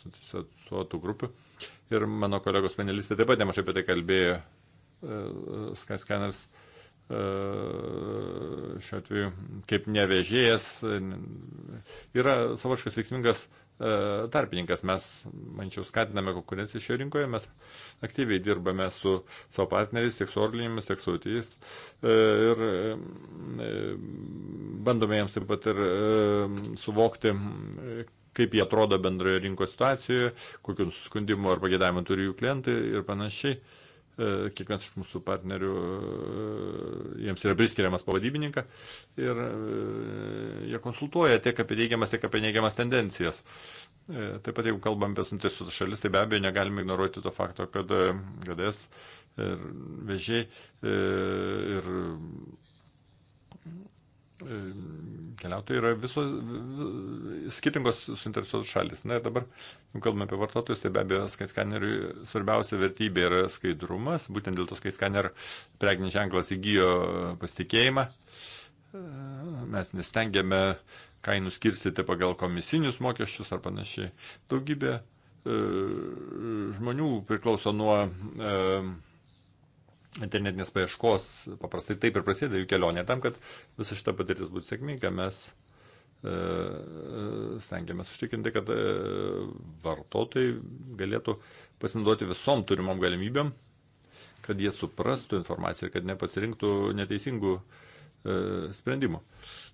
suinteresuotų grupių ir mano kolegos panelistė taip pat nemažai apie tai kalbėjo. Skyscanners šiuo atveju kaip nevėžėjas yra savaškas veiksmingas E, tarpininkas. Mes, mančiau, skatiname konkurenciją šioje rinkoje, mes aktyviai dirbame su savo partneriais, tiek su orlinėmis, tiek su autys e, ir e, bandome jiems taip pat ir suvokti, kaip jie atrodo bendroje rinkos situacijoje, kokius skundimų ar pagėdavimų turi jų klientai ir panašiai. E, kiekvienas iš mūsų partnerių, e, jiems yra priskiriamas pavadybininkas ir e, jie konsultuoja tiek apie teigiamas, tiek apie neigiamas tendencijas. Taip pat, jeigu kalbam apie suntesius šalis, tai be abejo negalime ignoruoti to fakto, kad GDS ir vežiai ir keliautojai yra visos skirtingos suinteresuotos šalis. Na ir dabar, jau kalbame apie vartotojus, tai be abejo, skaiskaneriui svarbiausia vertybė yra skaidrumas, būtent dėl to skaiskanerio prekinis ženklas įgyjo pasitikėjimą. Mes nestengiame kainų skirstyti pagal komisinius mokesčius ar panašiai. Daugybė e, žmonių priklauso nuo e, internetinės paieškos paprastai taip ir prasideda jų kelionė. Tam, kad visa šita patirtis būtų sėkminga, mes e, e, stengiamės užtikrinti, kad e, vartotojai galėtų pasinaudoti visom turimom galimybėm, kad jie suprastų informaciją ir kad nepasirinktų neteisingų uh, E, sprendimų.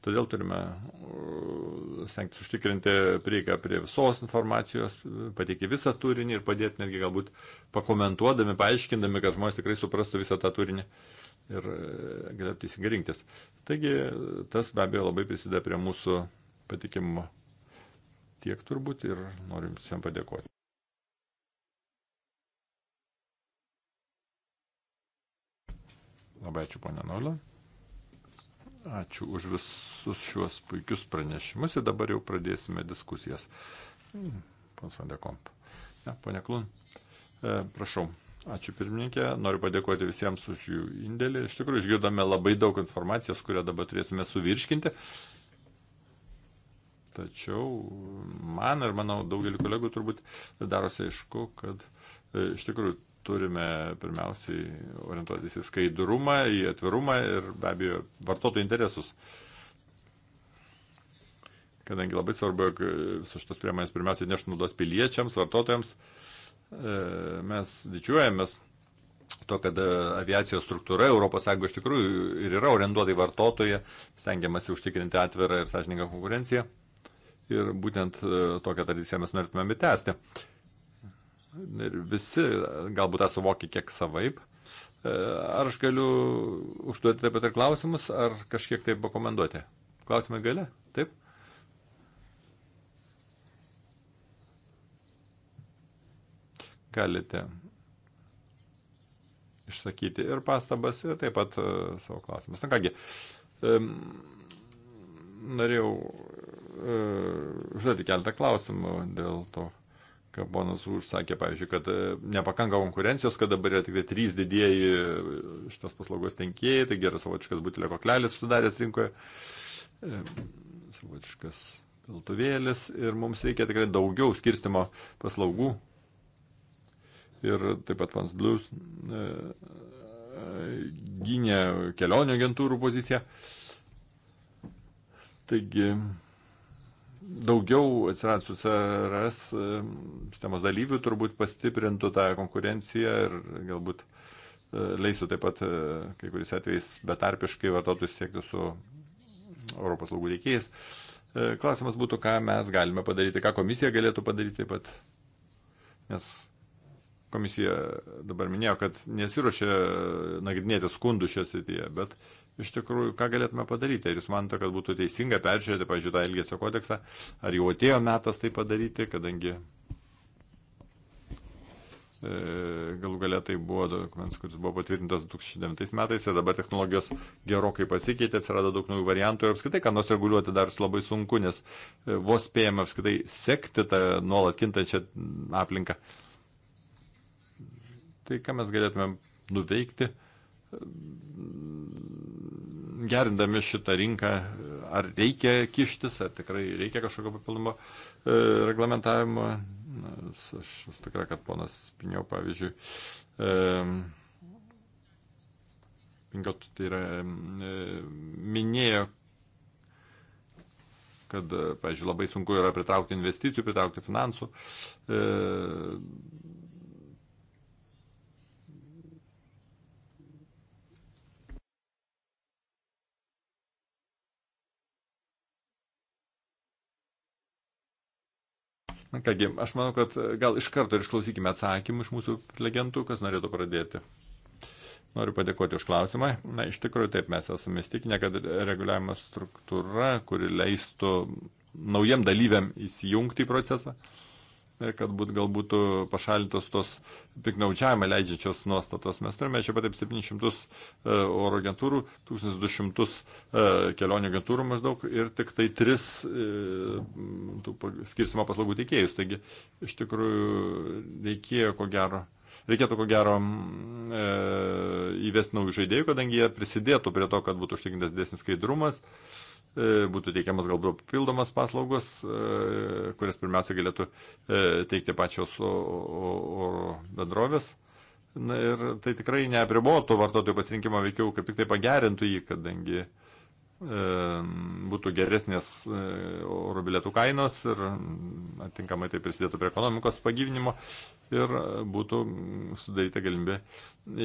Todėl turime e, stengtis užtikrinti prieigą prie visos informacijos, pateikti visą turinį ir padėti netgi galbūt pakomentuodami, paaiškindami, kad žmonės tikrai suprastų visą tą turinį ir e, galėtų teisingai rinktis. Taigi tas be abejo labai prisideda prie mūsų patikimumo. Tiek turbūt ir norim visiems padėkoti. Labai ačiū, ponia Nolė. Ačiū už visus šiuos puikius pranešimus ir dabar jau pradėsime diskusijas. Hmm, Ponsandekomp. Ne, ponė Klun. E, prašau. Ačiū pirmininkė, noriu padėkoti visiems už jų indėlį. Iš tikrųjų, išgirdome labai daug informacijos, kurią dabar turėsime suvirškinti. Tačiau man ir, manau, daugeliu kolegų turbūt darosi aišku, kad e, iš tikrųjų turime pirmiausiai orientuotis į skaidrumą, į atvirumą ir be abejo vartotojų interesus. Kadangi labai svarbu, jog visos šitos priemonės pirmiausiai neš naudos piliečiams, vartotojams, e, mes didžiuojamės to, kad e, aviacijos struktūra ES iš tikrųjų ir yra orientuota į vartotoją, stengiamasi užtikrinti atvirą ir sąžininką konkurenciją. Ir būtent e, tokią tradiciją mes norėtumėm įtęsti ir visi galbūt tą suvokia kiek savaip. E, ar aš galiu užduoti taip pat ir klausimus, ar kažkiek tai pakomenduoti? Klausimai gale? Taip? Galite išsakyti ir pastabas, ir taip pat uh, savo klausimus. Na kągi, um, norėjau uh, užduoti keletą klausimų dėl to. Uh, ką ponas užsakė, pavyzdžiui, kad e, nepakanka konkurencijos, kad dabar yra tik tai trys didieji e, šitos paslaugos tenkėjai, taigi yra savotiškas butelio koklelis sudaręs rinkoje, e, savotiškas piltuvėlis ir mums reikia tikrai daugiau skirstimo paslaugų. Ir taip pat Pans Blues gynė kelionių agentūrų poziciją. Taigi, daugiau atsiradusių CRS sistemos dalyvių turbūt pastiprintų tą konkurenciją ir galbūt e, leisų taip pat e, kai kuriais atvejais betarpiškai vartotojus siekti su Europos laugų teikėjais. E, klausimas būtų, ką mes galime padaryti, ką komisija galėtų padaryti taip pat. Nes komisija dabar minėjo, kad nesiuošia nagrinėti skundų šią srityje, bet iš tikrųjų, ką galėtume padaryti. Ar jūs manote, kad būtų teisinga peržiūrėti, pažiūrėjau, tą Elgesio kodeksą, ar jau atėjo metas tai padaryti, kadangi e, galų galia tai buvo dokumentas, kuris buvo patvirtintas 2009 metais ir dabar technologijos gerokai pasikeitė, atsirado daug naujų variantų ir apskaitai, ką nors reguliuoti dar labai sunku, nes e, vos spėjame apskaitai sekti tą nuolat kintančią aplinką. Tai ką mes galėtume nuveikti? gerindami šitą rinką, ar reikia kištis, ar tikrai reikia kažkokio papildomo e, reglamentavimo. Nes aš tikrai, kad ponas Pinio, pavyzdžiui, e, Pingot tai yra e, minėjo, kad, pažiūrėjau, labai sunku yra pritraukti investicijų, pritraukti finansų. E, Na kągi, aš manau, kad e, gal iš karto ir išklausykime atsakymų iš mūsų legendų, kas norėtų pradėti. Noriu padėkoti už klausimą. Na, iš tikrųjų, taip mes esame įstikinę, kad reguliavimo struktūra, kuri leistų naujam dalyviam įsijungti į procesą, uh, kad būt, gal būtų pašalintos tos piknaudžiavimą leidžiančios nuostatos. Mes turime čia pat 700 e, oro agentūrų, 1200 e, kelionių agentūrų maždaug ir tik tai 3 e, skirsimo paslaugų teikėjus. Taigi iš tikrųjų reikėjo ko gero. Reikėtų ko gero e, įvesti naujų žaidėjų, kadangi jie prisidėtų prie to, kad būtų užtikrintas dėsnis skaidrumas, e, E, būtų teikiamas galbūt papildomas paslaugos, e, kurias pirmiausia galėtų e, teikti pačios oro bendrovės. Na ir tai tikrai neapribotų vartotojų pasirinkimo veikiau, kaip tik tai pagerintų jį, kadangi e, būtų geresnės e, oro bilietų kainos ir mm, atinkamai tai prisidėtų prie ekonomikos pagyvinimo ir būtų sudaryta galimybė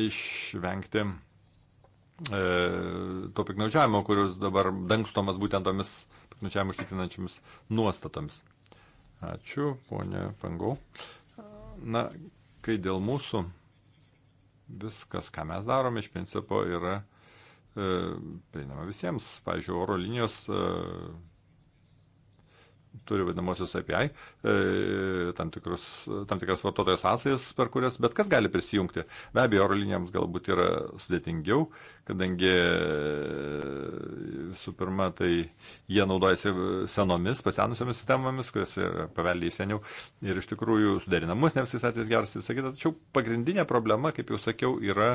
išvengti E, to piknaudžiavimo, kuris dabar dangstomas būtent tomis piknaudžiavimo užtikrinančiomis nuostatomis. Ačiū, ponė Pangau. Na, kai dėl mūsų viskas, ką mes darome, iš principo yra e, prieinama visiems. Pavyzdžiui, oro linijos e, turi vadinamosios API, e, tam, tikrus, tam tikras vartotojo sąsajas, per kurias bet kas gali prisijungti. Be abejo, oro linijoms galbūt yra sudėtingiau, kadangi e, visų pirma, tai jie naudojasi e, senomis, pasenusiomis sistemomis, kurias paveldėjai seniau ir iš tikrųjų suderinamus ne visais atvejais geras ir visą kitą. Tačiau pagrindinė problema, kaip jau sakiau, yra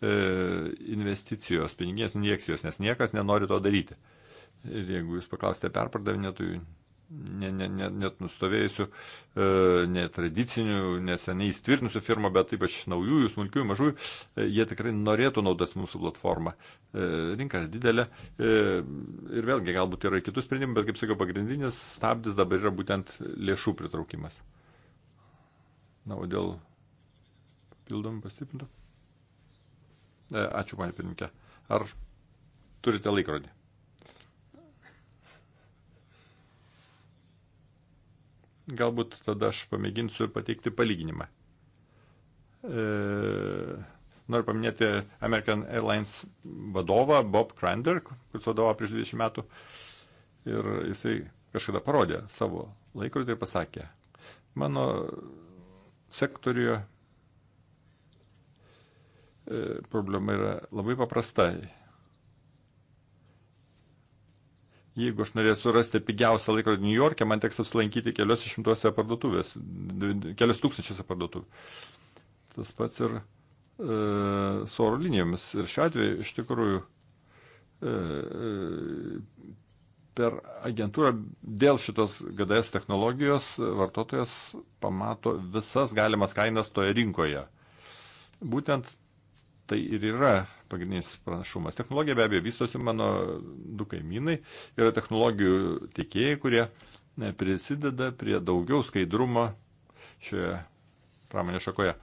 investicijos, piniginės injekcijos, nes niekas nenori to daryti. Ir jeigu jūs paklausite perpardavinėtojų, ne, ne, ne, net nustovėjusių, e, ne tradicinių, neseniai įtvirtinusių firmų, bet ypač naujųjų, smulkiųjų, mažųjų, e, jie tikrai norėtų naudas mūsų platformą. E, rinka yra didelė e, ir vėlgi galbūt yra kitų sprendimų, bet kaip sakiau, pagrindinis stabdis dabar yra būtent lėšų pritraukimas. Na, o dėl pildom pastiprintų. E, ačiū, panė pirmininkė. Ar turite laikrodį? Galbūt tada aš pamėginsiu pateikti palyginimą. E, noriu paminėti American Airlines vadovą Bob Crander, kuris vadovavo prieš 20 metų. Ir jisai kažkada parodė savo laikrodį ir pasakė, mano sektoriuje e, problema yra labai paprasta. Jeigu aš norėsiu surasti pigiausią laikrodį New York'e, man teks apsilankyti keliose šimtuose parduotuvės, kelios tūkstančiose parduotuvės. Tas pats ir e, su oro linijomis. Ir šiuo atveju iš tikrųjų e, e, per agentūrą dėl šitos GDS technologijos vartotojas pamato visas galimas kainas toje rinkoje. Būtent Tai ir yra pagrindinis pranašumas. Technologija be abejo vystosi, mano du kaimynai yra technologijų tiekėjai, kurie prisideda prie daugiau skaidrumo šioje pramonės šakoje.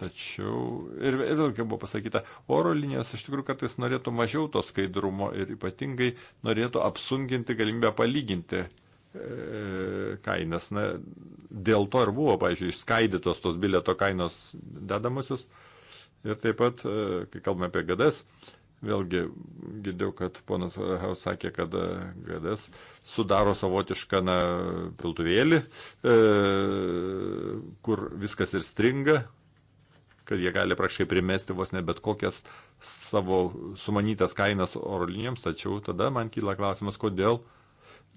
Tačiau ir, ir vėlgi buvo pasakyta, oro linijos iš tikrųjų kartais norėtų mažiau to skaidrumo ir ypatingai norėtų apsunginti galimybę palyginti e, kainas. Na, dėl to ir buvo, pavyzdžiui, išskaidytos tos bilieto kainos dedamosios. E, Ir taip pat, e, kai kalbame apie gadas, vėlgi girdėjau, kad ponas Haus sakė, kad e, gadas sudaro savotišką na, piltuvėlį, e, kur viskas ir stringa, kad jie gali praktiškai primesti vos ne bet kokias savo sumanytas kainas oro linijoms, tačiau tada man kyla klausimas, kodėl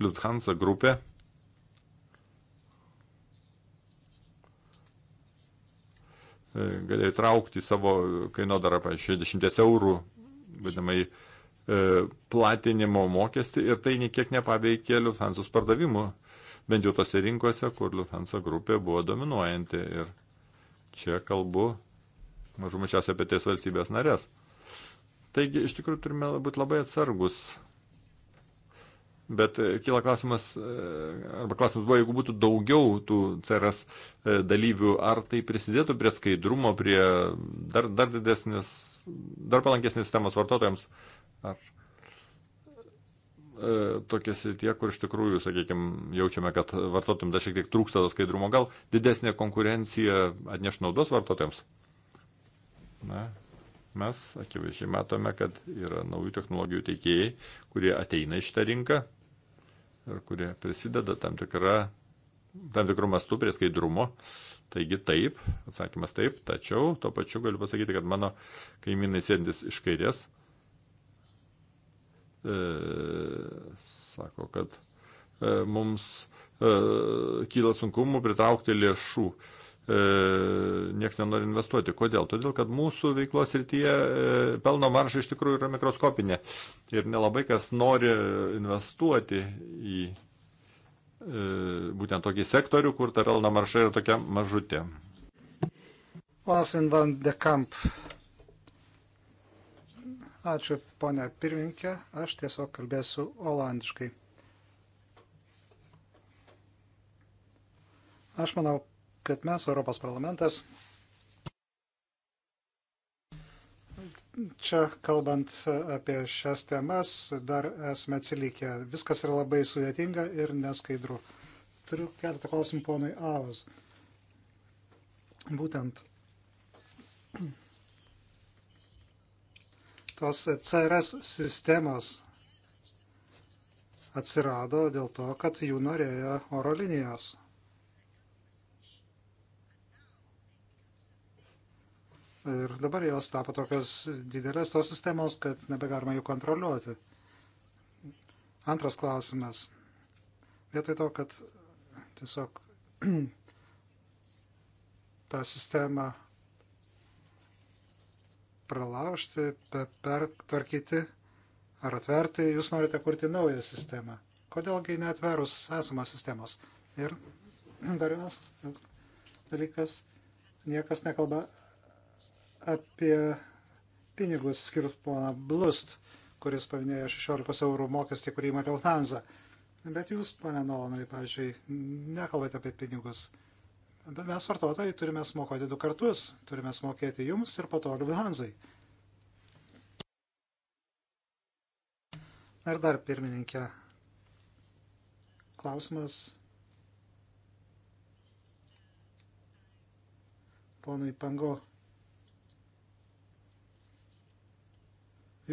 Lufthansa grupė E, galėjo įtraukti savo kainodarą, pavyzdžiui, 60 eurų, vadinamai, e, platinimo mokestį ir tai niekiek nepaveikė Lufthansa pardavimų, bent jau tose rinkose, kur Lufthansa grupė buvo dominuojanti. Ir čia kalbu mažų mažiausiai apie ties valstybės narės. Taigi, iš tikrųjų, turime būti labai atsargus Bet e, kyla klausimas, e, arba klausimas buvo, jeigu būtų daugiau tų CRS e, dalyvių, ar tai prisidėtų prie skaidrumo, prie dar, dar didesnės, dar palankesnės sistemos vartotojams, ar e, tokie srityje, kur iš tikrųjų, sakykime, jaučiame, kad vartotojams dar šiek tiek trūksta to skaidrumo, gal didesnė konkurencija atneš naudos vartotojams? Na, mes akivaizdžiai matome, kad yra naujų technologijų teikėjai, kurie ateina į šitą rinką ir kurie prisideda tam, tikra, tam tikrų mastų prie skaidrumo. Taigi taip, atsakymas taip, tačiau tuo pačiu galiu pasakyti, kad mano kaimynai sėdintis iš kairės e, sako, kad e, mums e, kyla sunkumų pritraukti lėšų. E, E, nieks nenori investuoti. Kodėl? Todėl, kad mūsų veiklos rytyje e, pelno marža iš tikrųjų yra mikroskopinė ir nelabai kas nori investuoti į e, būtent tokį sektorių, kur ta pelno marža yra tokia mažutė. Vasin van de Kamp. Ačiū, ponia pirmininkė. Aš tiesiog kalbėsiu olandiškai. Aš manau, kad mes, Europos parlamentas, čia kalbant apie šias temas, dar esame atsilikę. Viskas yra labai sudėtinga ir neskaidru. Turiu keletą klausimų ponui Avas. Būtent tos CRS sistemos atsirado dėl to, kad jų norėjo oro linijos. Ir dabar jos tapo tokios didelės tos sistemos, kad nebegalima jų kontroliuoti. Antras klausimas. Vietoj to, kad tiesiog (clears throat) tą sistemą pralaužti, pertvarkyti ar atverti, jūs norite kurti naują sistemą. Kodėlgi netverus esamos sistemos? Ir (clears throat) dar vienas dalykas, niekas nekalba apie pinigus skirtus poną Blust, kuris paminėjo 16 eurų mokestį, kurį įmatė Lufthansa. Bet jūs, pane Nolanai, pavyzdžiui, nekalbate apie pinigus. Bet mes vartotojai turime smokoti du kartus. Turime smokėti jums ir po to Lufthansa. Ir dar pirmininkė. Klausimas. Ponui Pango.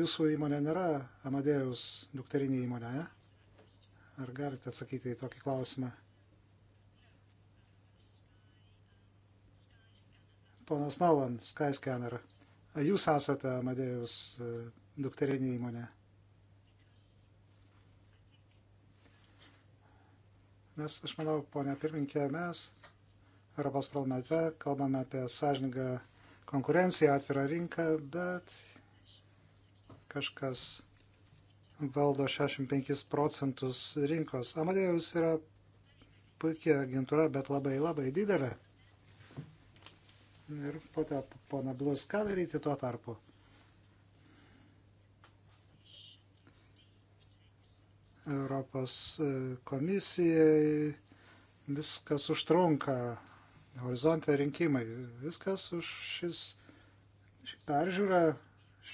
Jūsų įmonė nėra Amadėjus dukterinė įmonė, ne? Ar galite atsakyti į tokį klausimą? Ponas Nolan, Skyscanner. Jūs esate Amadėjus e, dukterinė įmonė. Nes aš manau, ponia pirminkė, mes Europos parlamente kalbame apie sąžiningą konkurenciją, atvirą rinką, bet kažkas valdo 65 procentus rinkos. Amadėjus yra puikia agentūra, bet labai labai didelė. Ir po to, pona Blus, ką daryti tuo tarpu? Europos e, komisijai viskas užtrunka, horizontė rinkimai, viskas už šis, šį peržiūrą,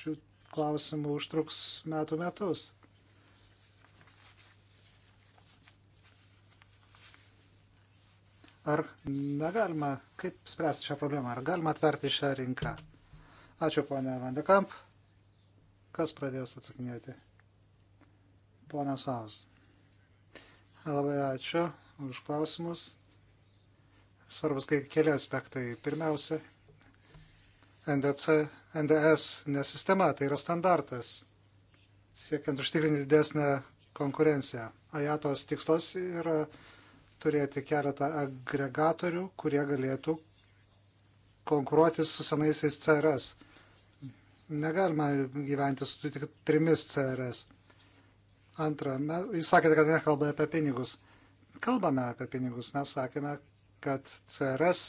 šių klausimų užtruks metų metus. Ar negalima, kaip spręsti šią problemą, ar galima atverti šią rinką? Ačiū, ponia Vandekamp. Kas pradės atsakinėti? Pone Saus. Labai ačiū už klausimus. Svarbus keli aspektai. Pirmiausia, NDC, NDS ne sistema, tai yra standartas, siekiant užtikrinti didesnę konkurenciją. Ajatos tikslas yra turėti keletą agregatorių, kurie galėtų konkuruoti su senaisiais CRS. Negalima gyventi su tik trimis CRS. Antra, mes, jūs sakėte, kad nekalbame apie pinigus. Kalbame apie pinigus. Mes sakėme, kad CRS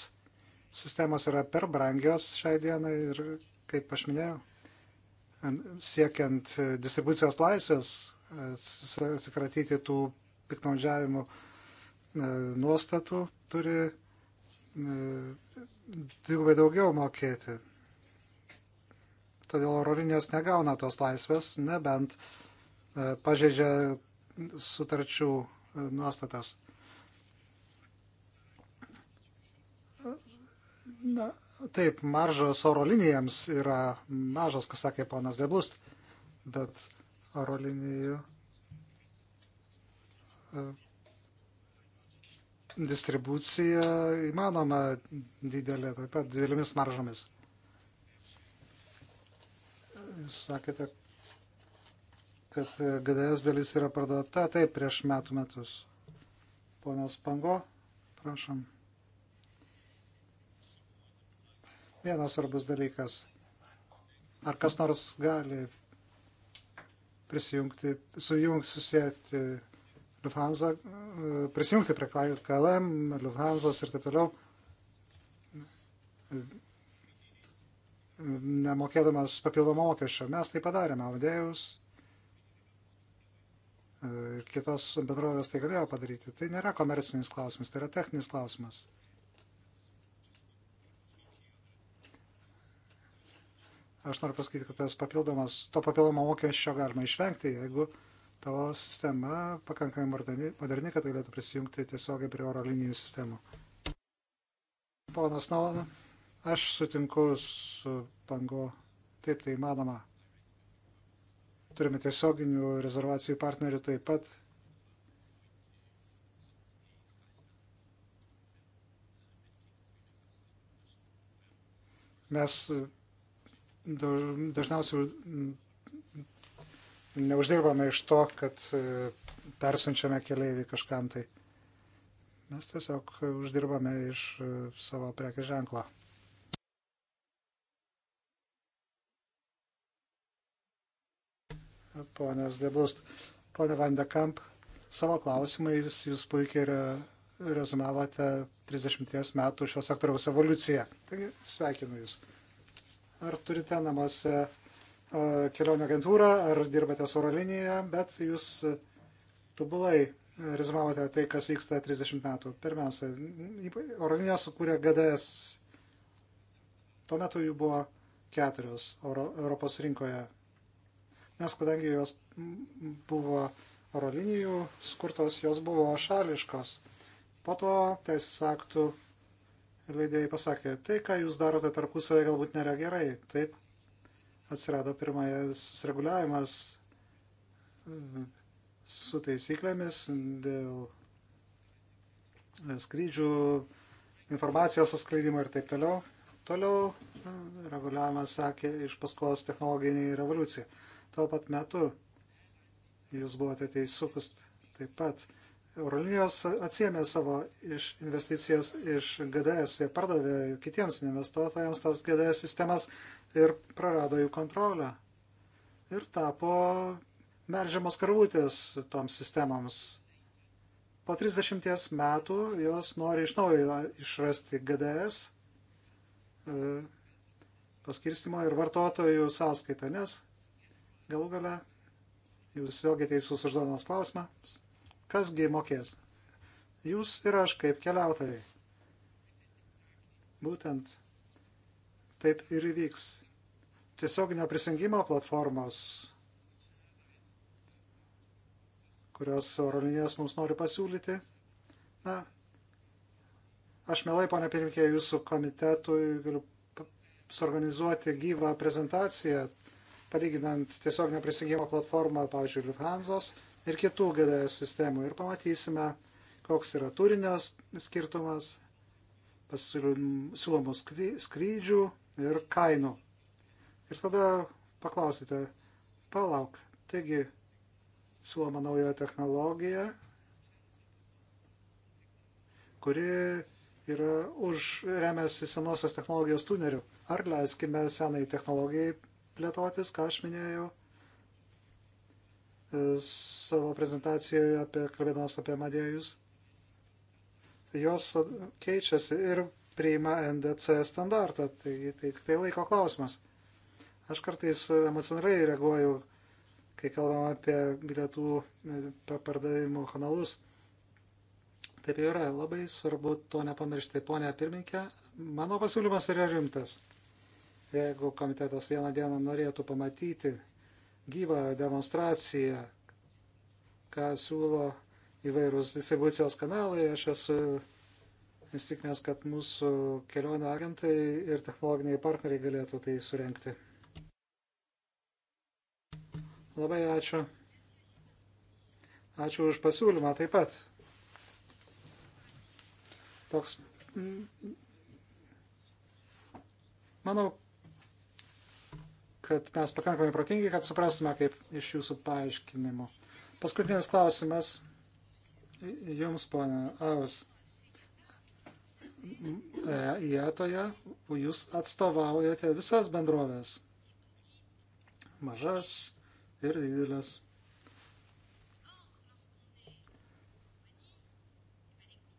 sistemos yra per brangios šiai dienai ir, kaip aš minėjau, siekiant e, distribucijos laisvės e, atsikratyti tų piknaudžiavimų e, nuostatų turi dvigubai daugiau mokėti. Todėl oro linijos negauna tos laisvės, nebent pažeidžia sutarčių nuostatas. Na, taip, maržos oro linijams yra mažos, kas sakė ponas Deblust, bet oro linijų e, distribucija įmanoma didelė, taip pat didelėmis maržomis. Jūs sakėte, kad GDS dalis yra parduota, taip, prieš metų metus. Ponas Pango, prašom. Vienas svarbus dalykas. Ar kas nors gali prisijungti, sujungti, susijęti Lufthansa, prisijungti prie KLM, Lufthansos ir taip toliau, nemokėdamas papildomo mokesčio. Mes tai padarėme, Audėjus ir kitos bendrovės tai galėjo padaryti. Tai nėra komercinis klausimas, tai yra techninis klausimas. Aš noriu pasakyti, kad tas papildomas, to papildomo mokesčio galima išvengti, jeigu tavo sistema pakankamai moderni, moderni kad galėtų prisijungti tiesiogiai prie oro linijų sistemų. Ponas Nolana, aš sutinku su Pango, taip tai įmanoma. Turime tiesioginių rezervacijų partnerių taip pat. Mes dažniausiai neuždirbame iš to, kad e, persiunčiame keliaivį kažkam tai. Mes tiesiog uždirbame iš e, savo prekės ženklą. Ponas Deblust, ponė Vandekamp, savo klausimais jūs puikiai rezumavote 30 metų šios sektoriaus evoliuciją. Taigi sveikinu jūs ar turite namuose kelionio agentūrą, ar dirbate su oro linija, bet jūs tobulai rezumavote tai, kas vyksta 30 metų. Pirmiausia, oro linija sukūrė GDS. Tuo metu jų buvo keturios oro, Europos rinkoje. Nes kadangi jos buvo oro linijų skurtos, jos buvo šališkos. Po to teisės aktų Ir leidėjai pasakė, tai, ką jūs darote tarpusavėje, galbūt nėra gerai. Taip atsirado pirmasis reguliavimas mm, su taisyklėmis dėl e, skrydžių, informacijos atskleidimo ir taip toliau. Toliau mm, reguliavimas sakė iš paskos technologinį revoliuciją. Tuo pat metu jūs buvote teisukus taip pat. Eurolinijos atsiemė savo iš investicijas iš GDS, jie pardavė kitiems investuotojams tas GDS sistemas ir prarado jų kontrolę. Ir tapo meržiamos karvutės toms sistemoms. Po 30 metų jos nori iš naujo išrasti GDS e, paskirstimo ir vartotojų sąskaitą, nes galų gale jūs vėlgi teisus užduodamas klausimas Kasgi mokės? Jūs ir aš kaip keliautojai. Būtent taip ir įvyks. Tiesioginio prisijungimo platformos, kurios Eurolinijas mums nori pasiūlyti. Na, aš mielai, ponė pirmininkė, jūsų komitetui galiu suorganizuoti gyvą prezentaciją, palyginant tiesioginio prisijungimo platformą, pavyzdžiui, Lufthansa's ir kitų GDS sistemų ir pamatysime, koks yra turinio skirtumas, pasiūlomų skrydžių ir kainų. Ir tada paklausite, palauk, taigi siūloma nauja technologija, kuri yra už remiasi senosios technologijos tuneriu. Ar leiskime senai technologijai plėtotis, ką aš minėjau, savo prezentacijoje, apie, kalbėdamas apie Madėjus. Jos keičiasi ir priima NDC standartą, tai, tai tik tai laiko klausimas. Aš kartais emocionaliai reaguoju, kai kalbam apie bilietų e, pardavimų kanalus. Taip jau yra, labai svarbu to nepamiršti. Pone pirminkė, mano pasiūlymas yra rimtas. Jeigu komitetas vieną dieną norėtų pamatyti gyvą demonstraciją, ką siūlo įvairūs distribucijos kanalai. Aš esu įstikinęs, kad mūsų kelionio agentai ir technologiniai partneriai galėtų tai surenkti. Labai ačiū. Ačiū už pasiūlymą taip pat. Toks. Manau, kad mes pakankamai protingi, kad suprastume, kaip iš jūsų paaiškinimų. Paskutinis klausimas jums, ponia Aus. Jėtoje jūs atstovaujate visas bendrovės. Mažas ir didelės.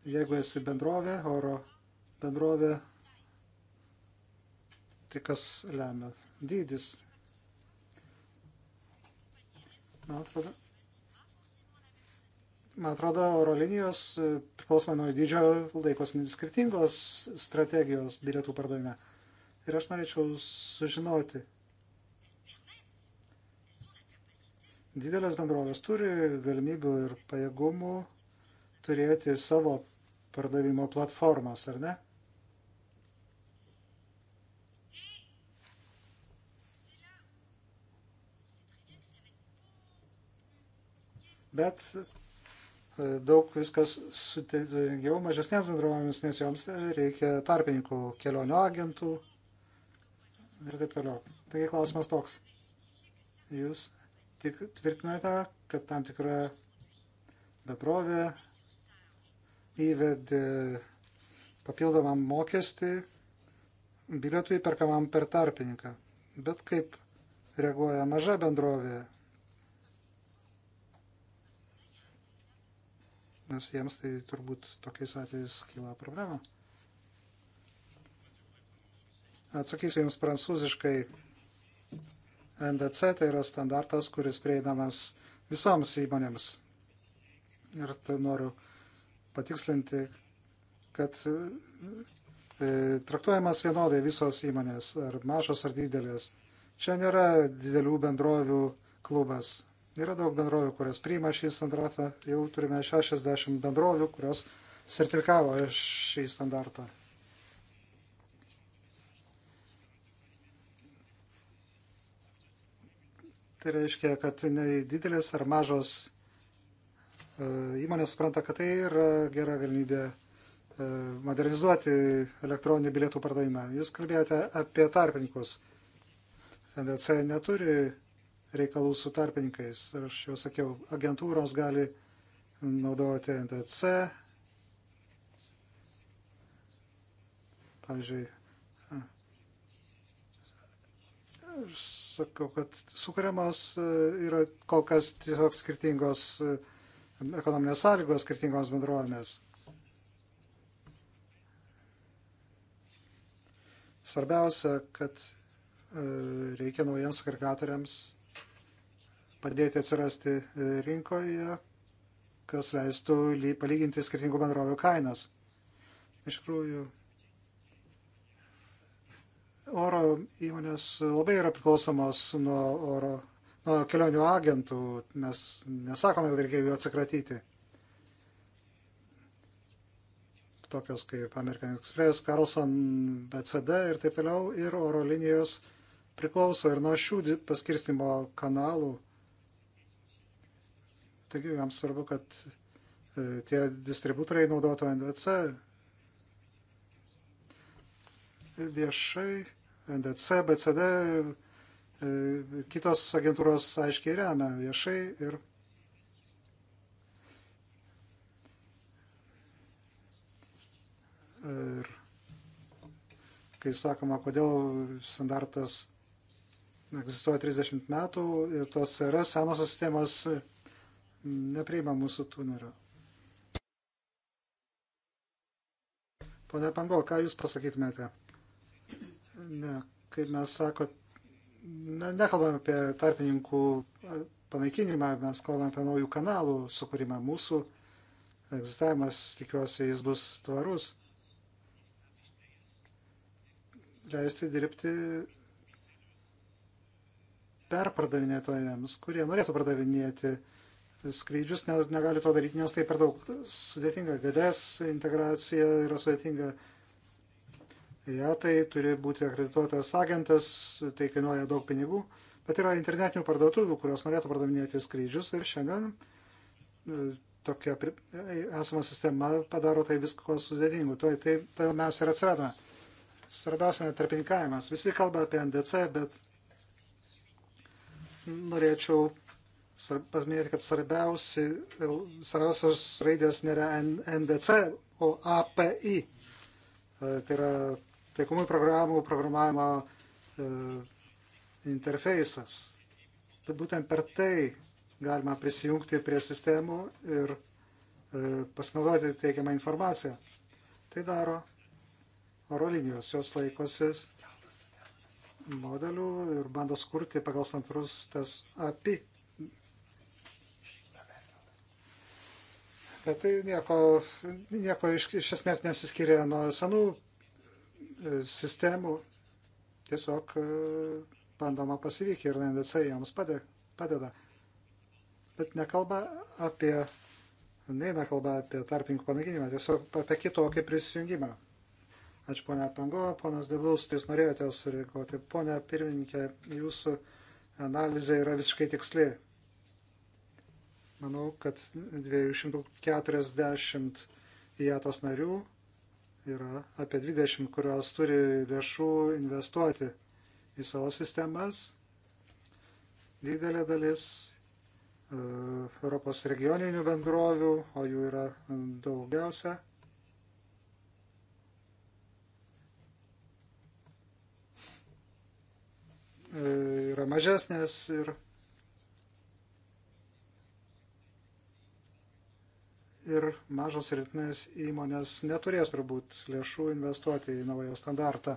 Jeigu esi bendrovė, oro bendrovė, tai kas lemia dydis. Man atrodo, man atrodo orolinijos e, priklausomai nuo dydžio laikos skirtingos strategijos bilietų pardavime. Ir aš norėčiau sužinoti. Didelės bendrovės turi galimybių ir pajėgumų turėti savo pardavimo platformas, ar ne? bet e, daug viskas sudėtingiau mažesnėms bendrovėms, nes joms reikia tarpininkų, kelionių agentų ir taip toliau. Taigi klausimas toks. Jūs tik tvirtinate, kad tam tikra bendrovė įvedė papildomam mokestį bilietui perkamam per tarpininką. Bet kaip reaguoja maža bendrovė nes jiems tai turbūt tokiais atvejais kyla problema. Atsakysiu jums prancūziškai. NDC tai yra standartas, kuris prieinamas visoms įmonėms. Ir tai noriu patikslinti, kad e, traktuojamas vienodai visos įmonės, ar mažos, ar didelės. Čia nėra didelių bendrovių klubas. Tai yra daug bendrovių, kurios priima šį standartą. Jau turime 60 bendrovių, kurios sertifikavo šį standartą. Tai reiškia, kad didelis ar mažos e, įmonės supranta, kad tai yra gera galimybė e, modernizuoti elektroninį bilietų pardavimą. Jūs kalbėjote apie tarpininkus. NDC neturi reikalų su tarpininkais. Aš jau sakiau, agentūros gali naudoti NTC, pavyzdžiui, aš sakau, kad sukūriamos e, yra kol kas tiesiog skirtingos e, ekonominės sąlygos skirtingoms bendrovėmis. Svarbiausia, kad e, reikia naujiems agregatoriams padėti atsirasti e, rinkoje, kas leistų palyginti skirtingų bendrovių kainas. Iš tikrųjų, oro įmonės labai yra priklausomos nuo oro, nuo kelionių agentų, mes nesakome, kad reikia jų atsikratyti. Tokios kaip American Express, Carlson, BCD ir taip toliau, ir oro linijos priklauso ir nuo šių paskirstimo kanalų Taigi jam svarbu, kad e, tie distributoriai naudotų NDC viešai, NDC, BCD, e, kitos agentūros aiškiai remia viešai ir Ir kai sakoma, kodėl standartas egzistuoja 30 metų ir tos yra senosios sistemos nepriima mūsų tunerio. Pone Pango, ką Jūs pasakytumėte? Ne, kaip mes sakot, ne, nekalbame apie tarpininkų panaikinimą, mes kalbame apie naujų kanalų sukūrimą. Mūsų egzistavimas, tikiuosi, jis bus tvarus. Leisti dirbti perpardavinėtojams, kurie norėtų pardavinėti uh, skrydžius, nes negali to daryti, nes tai per daug sudėtinga. GDS integracija yra sudėtinga. Ja, tai turi būti akredituotas agentas, tai kainuoja daug pinigų, bet yra internetinių parduotuvių, kurios norėtų pardavinėti skrydžius ir šiandien e, tokia e, esama sistema padaro tai visko sudėtingų. Tai, tai, tai mes ir atsiradome. Svarbiausia, netarpininkavimas. Visi kalba apie NDC, bet norėčiau paminėti, kad svarbiausi, svarbiausios raidės nėra NDC, o API. E, tai yra taikomųjų programų programavimo e, interfejsas. Bet būtent per tai galima prisijungti prie sistemų ir e, pasinaudoti teikiamą informaciją. Tai daro oro linijos, jos laikosi modelių ir bando skurti pagal standartus tas API kad tai nieko, nieko iš, iš esmės nesiskiria nuo senų e, sistemų. Tiesiog e, bandoma pasivykti ir NDC jiems padeda. Bet nekalba apie, neina kalba apie tarpininkų panaginimą, tiesiog apie kitokį prisijungimą. Ačiū ponia Pango, ponas Devlaus, tai jūs norėjote sureaguoti. Pone pirmininkė, jūsų analizė yra visiškai tiksli. Manau, kad 240 IATOS narių yra apie 20, kurios turi lėšų investuoti į savo sistemas. Didelė dalis e, Europos regioninių bendrovių, o jų yra daugiausia. E, yra mažesnės ir mažos ir rytinės įmonės neturės turbūt lėšų investuoti į naują standartą.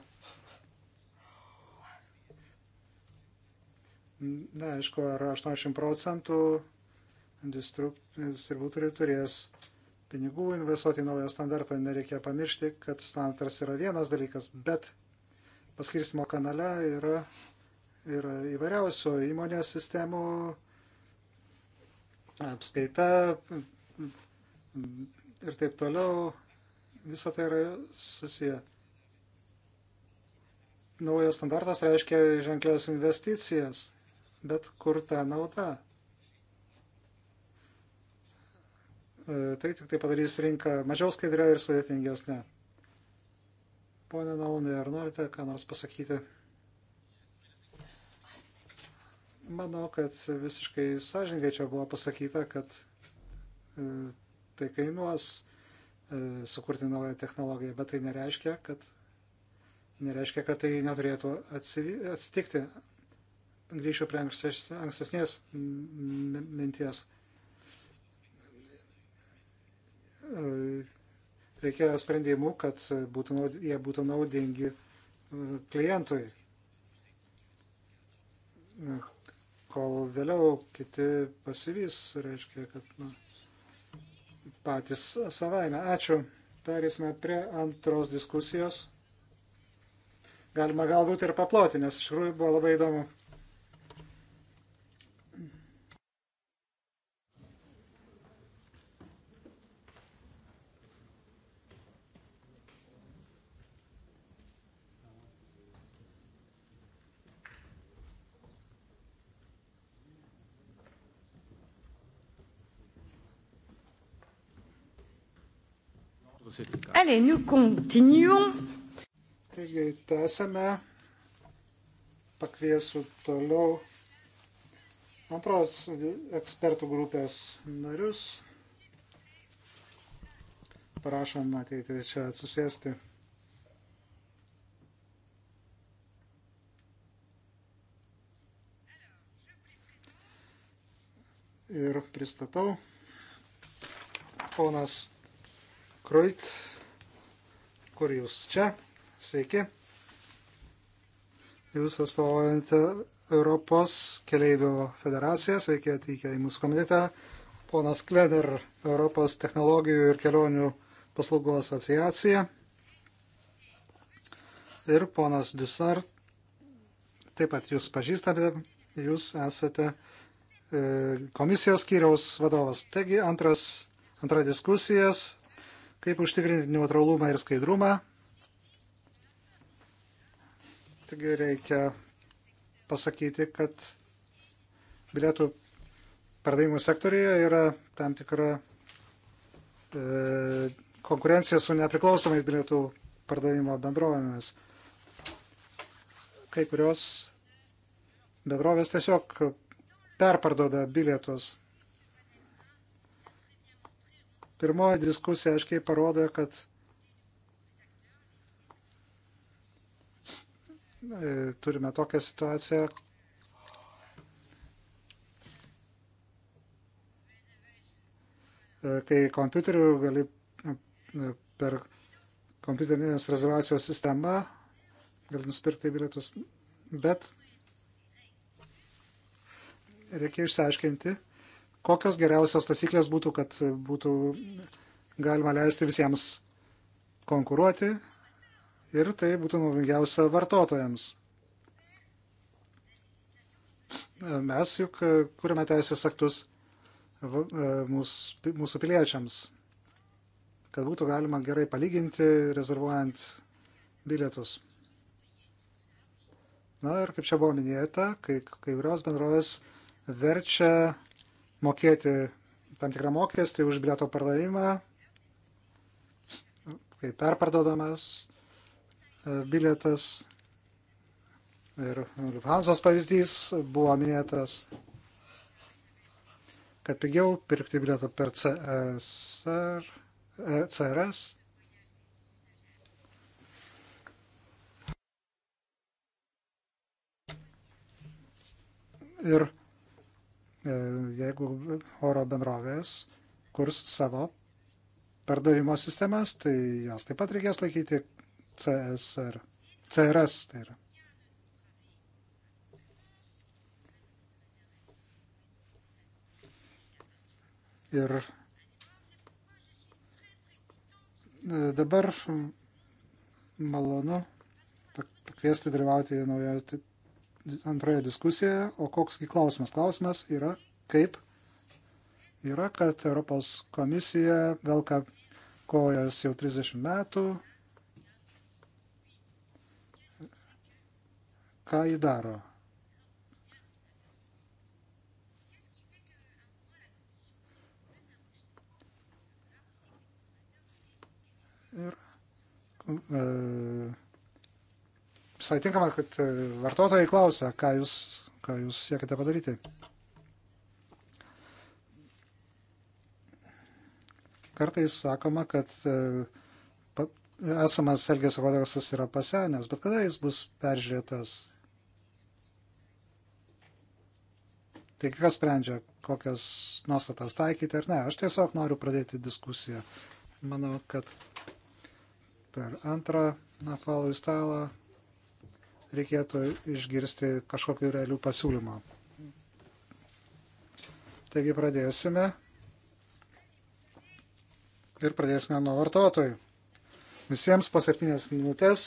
Na, aišku, ar 80 procentų distributoriai turės pinigų investuoti į naują standartą. Nereikia pamiršti, kad standartas yra vienas dalykas, bet paskirstimo kanale yra, yra įvairiausių įmonės sistemų apskaita, ir taip toliau. Visą tai yra susiję. Naujas standartas reiškia ženklias investicijas, bet kur ta nauda? E, tai tik tai padarys rinką mažiau skaidrę ir sudėtingesnę. Pone Naunė, ar norite ką nors pasakyti? Manau, kad visiškai sąžininkai čia buvo pasakyta, kad e, tai kainuos e, sukurti naują technologiją, bet tai nereiškia, kad, nereiškia, kad tai neturėtų atsitikti. Grįšiu prie ankstesnės minties. E, reikėjo sprendimų, kad būtų, jie būtų naudingi e, klientui. Kol vėliau kiti pasivys, reiškia, kad na, patys savaime. Ačiū. Perėsime prie antros diskusijos. Galima galbūt ir paploti, nes iš tikrųjų buvo labai įdomu. Allez, nous continuons. Taigi, tęsame. Pakviesiu toliau antros ekspertų grupės narius. Prašom ateiti čia atsisėsti. Ir pristatau ponas Kruit, kur jūs čia? Sveiki. Jūs atstovaujate Europos keleivių federaciją. Sveiki atvykę į mūsų komitetą. Ponas Kleder, Europos technologijų ir kelionių paslaugų asociacija. Ir ponas Dusart, taip pat jūs pažįstate, jūs esate e, komisijos skyriaus vadovas. Taigi antras, antra diskusijas Kaip užtikrinti neutralumą ir skaidrumą? Taigi reikia pasakyti, kad bilietų pardavimų sektorija yra tam tikra e, konkurencija su nepriklausomais bilietų pardavimo bendrovėmis. Kai kurios bendrovės tiesiog perparduoda bilietus Pirmoji diskusija aiškiai parodo, kad e, turime tokią situaciją, e, kai kompiuteriu gali e, per kompiuterinės rezervacijos sistemą gali nusipirkti bilietus, bet reikia išsiaiškinti, Kokios geriausios taisyklės būtų, kad būtų galima leisti visiems konkuruoti ir tai būtų naudingiausia vartotojams. Mes juk e, kuriame teisės aktus e, mūsų piliečiams, kad būtų galima gerai palyginti, rezervuojant bilietus. Na ir kaip čia buvo minėta, kai, kai kurios bendrovės verčia mokėti tam tikrą mokestį už bilieto pardavimą, kai perparduodamas e, bilietas. Ir Lufthansa's pavyzdys buvo minėtas, kad pigiau pirkti bilietą per CSR, e, CRS ir E, jeigu oro bendrovės kurs savo pardavimo sistemas, tai jos taip pat reikės laikyti CSR, CRS. Tai yra. Ir e, dabar malonu pakviesti dalyvauti naujoje antroje diskusijoje, o koksgi klausimas? Klausimas yra, kaip yra, kad Europos komisija velka kojas jau 30 metų. Ką jį daro? Ir e, visai tinkama, kad e, vartotojai klausia, ką jūs, ką jūs siekite padaryti. Kartais sakoma, kad e, esamas Elgėsio kodeksas yra pasenęs, bet kada jis bus peržiūrėtas? Tai kas sprendžia, kokias nuostatas taikyti ar ne? Aš tiesiog noriu pradėti diskusiją. Manau, kad per antrą apvalų stalą reikėtų išgirsti kažkokiu realių pasiūlymą. Taigi pradėsime. Ir pradėsime nuo vartotojų. Visiems po septynės minutės.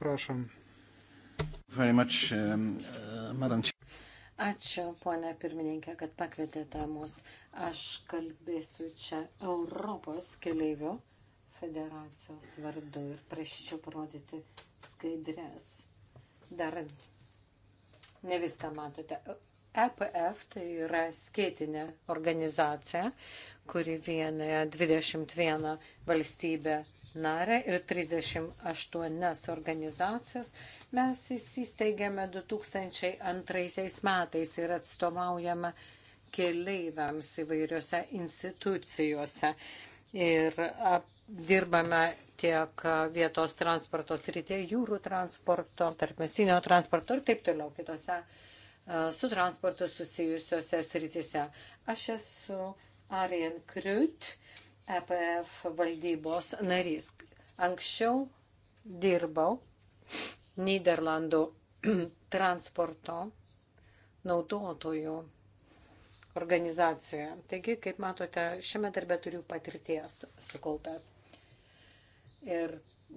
Prašom. Much, um, uh, Ačiū, ponia pirmininkė, kad pakvietėte mus. Aš kalbėsiu čia Europos keliaivių federacijos vardu ir prašyčiau parodyti skaidrės. Dar ne viską matote. EPF tai yra skėtinė organizacija, kuri vienyje 21 valstybę narę ir 38 organizacijas. Mes įsisteigėme 2002 metais ir atstovaujame keleiviams įvairiose institucijose ir dirbame tiek vietos transporto srityje, jūrų transporto, tarpmesinio transporto ir taip toliau kitose e, su transportu susijusiose srityse. Aš esu Arjen Kriut, EPF valdybos narys. Anksčiau dirbau Niderlandų (clears throat) transporto naudotojų organizacijoje. Taigi, kaip matote, šiame darbe turiu patirties sukaupęs. Ir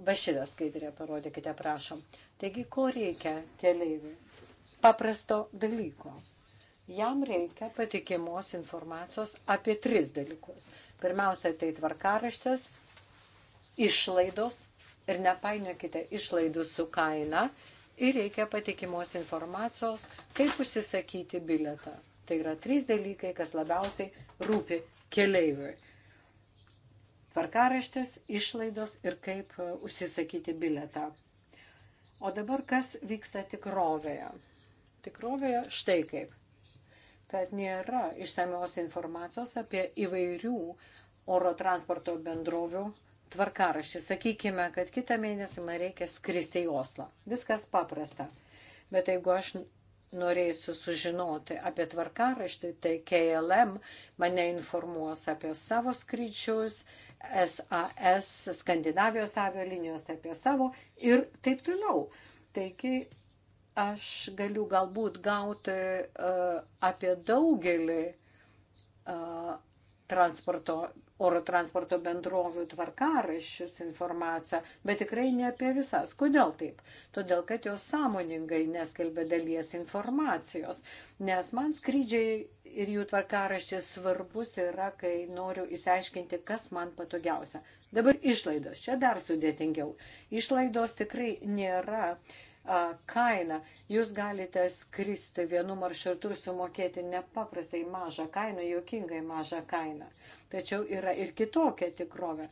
va šitą skaidrę parodykite, prašom. Taigi, ko reikia keleiviui? Paprasto dalyko. Jam reikia patikimos informacijos apie tris dalykus. Pirmiausia, tai tvarkaraštis, išlaidos ir nepainiokite išlaidų su kaina ir reikia patikimos informacijos, kaip užsisakyti biletą. Tai yra trys dalykai, kas labiausiai rūpi keleiviui. Tvarkaraštis, išlaidos ir kaip e, užsisakyti biletą. O dabar kas vyksta tikrovėje? Tikrovėje štai kaip kad nėra išsamios informacijos apie įvairių oro transporto bendrovių tvarkaraštį. Sakykime, kad kitą mėnesį man reikia skristi į Oslą. Viskas paprasta. Bet jeigu aš norėsiu sužinoti apie tvarkaraštį, tai KLM mane informuos apie savo skrydžius, SAS, Skandinavijos avialinijos apie savo ir taip toliau. Taigi aš galiu galbūt gauti uh, apie daugelį uh, transporto oro transporto bendrovių tvarkaraščius informaciją, bet tikrai ne apie visas. Kodėl taip? Todėl, kad jos sąmoningai neskelbė dalies informacijos, nes man skrydžiai ir jų tvarkaraštis svarbus yra, kai noriu įsiaiškinti, kas man patogiausia. Dabar išlaidos, čia dar sudėtingiau. Išlaidos tikrai nėra kainą. Jūs galite skristi vienu maršrutu ir sumokėti nepaprastai mažą kainą, jokingai mažą kainą. Tačiau yra ir kitokia tikrovė.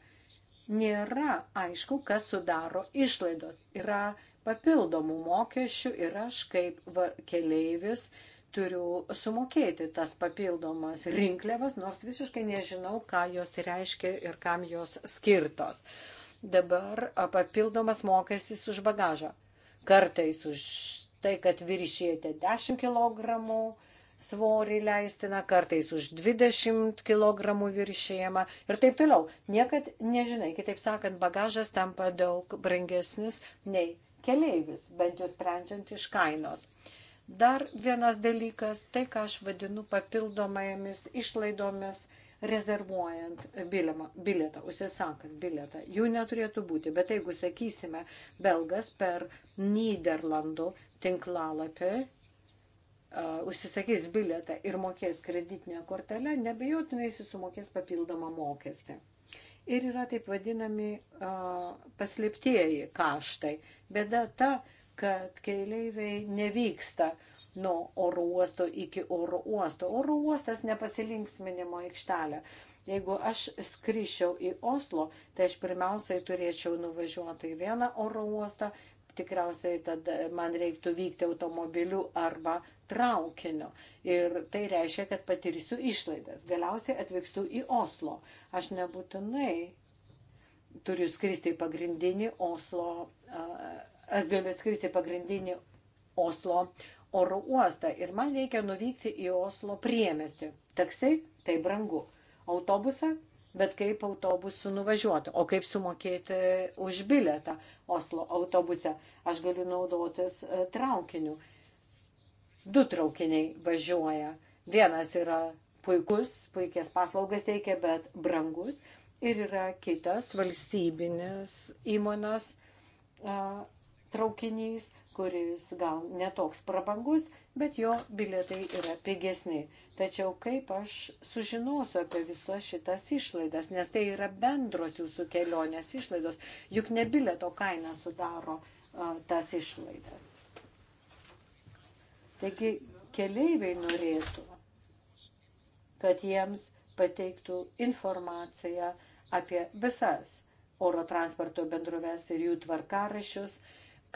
Nėra aišku, kas sudaro išlaidos. Yra papildomų mokesčių ir aš kaip keleivis turiu sumokėti tas papildomas rinkliavas, nors visiškai nežinau, ką jos reiškia ir kam jos skirtos. Dabar papildomas mokestis už bagažą. Kartais už tai, kad viršėjate 10 kg, svorį leistina, kartais už 20 kg viršėjama ir taip toliau. Niekad nežinai, kitaip sakant, bagažas tampa daug brangesnis nei keleivis, bent jau sprendžiant iš kainos. Dar vienas dalykas, tai ką aš vadinu papildomomis išlaidomis rezervuojant bilietą, užsisakant bilietą. Jų neturėtų būti, bet jeigu sakysime, belgas per Niderlandų tinklalapį užsisakys biletą ir mokės kreditinę kortelę, nebejotinai jis sumokės papildomą mokestį. Ir yra taip vadinami uh, paslėptieji kaštai. Bėda ta, kad keileiviai nevyksta nuo oro uosto iki oro uosto. Oro uostas nepasilinksminimo aikštelė. Jeigu aš skrišiau į Oslo, tai aš pirmiausiai turėčiau nuvažiuoti į vieną oro uostą, tikriausiai tada man reiktų vykti automobiliu arba traukiniu. Ir tai reiškia, kad patirsiu išlaidas. Galiausiai atvykstu į Oslo. Aš nebūtinai turiu skristi į pagrindinį Oslo, aš galiu skristi į pagrindinį Oslo oro uostą ir man reikia nuvykti į Oslo priemestį. Taksai tai brangu. Autobusą bet kaip autobusu nuvažiuoti, o kaip sumokėti už bilietą Oslo autobuse. Aš galiu naudotis e, traukiniu. Du traukiniai važiuoja. Vienas yra puikus, puikias paslaugas teikia, bet brangus. Ir yra kitas valstybinis įmonės e, traukinys, kuris gal netoks prabangus, bet jo bilietai yra pigesni. Tačiau kaip aš sužinosiu apie visas šitas išlaidas, nes tai yra bendros jūsų kelionės išlaidos, juk ne bilieto kaina sudaro a, tas išlaidas. Taigi keleiviai norėtų, kad jiems pateiktų informaciją apie visas oro transporto bendrovės ir jų tvarkarašius,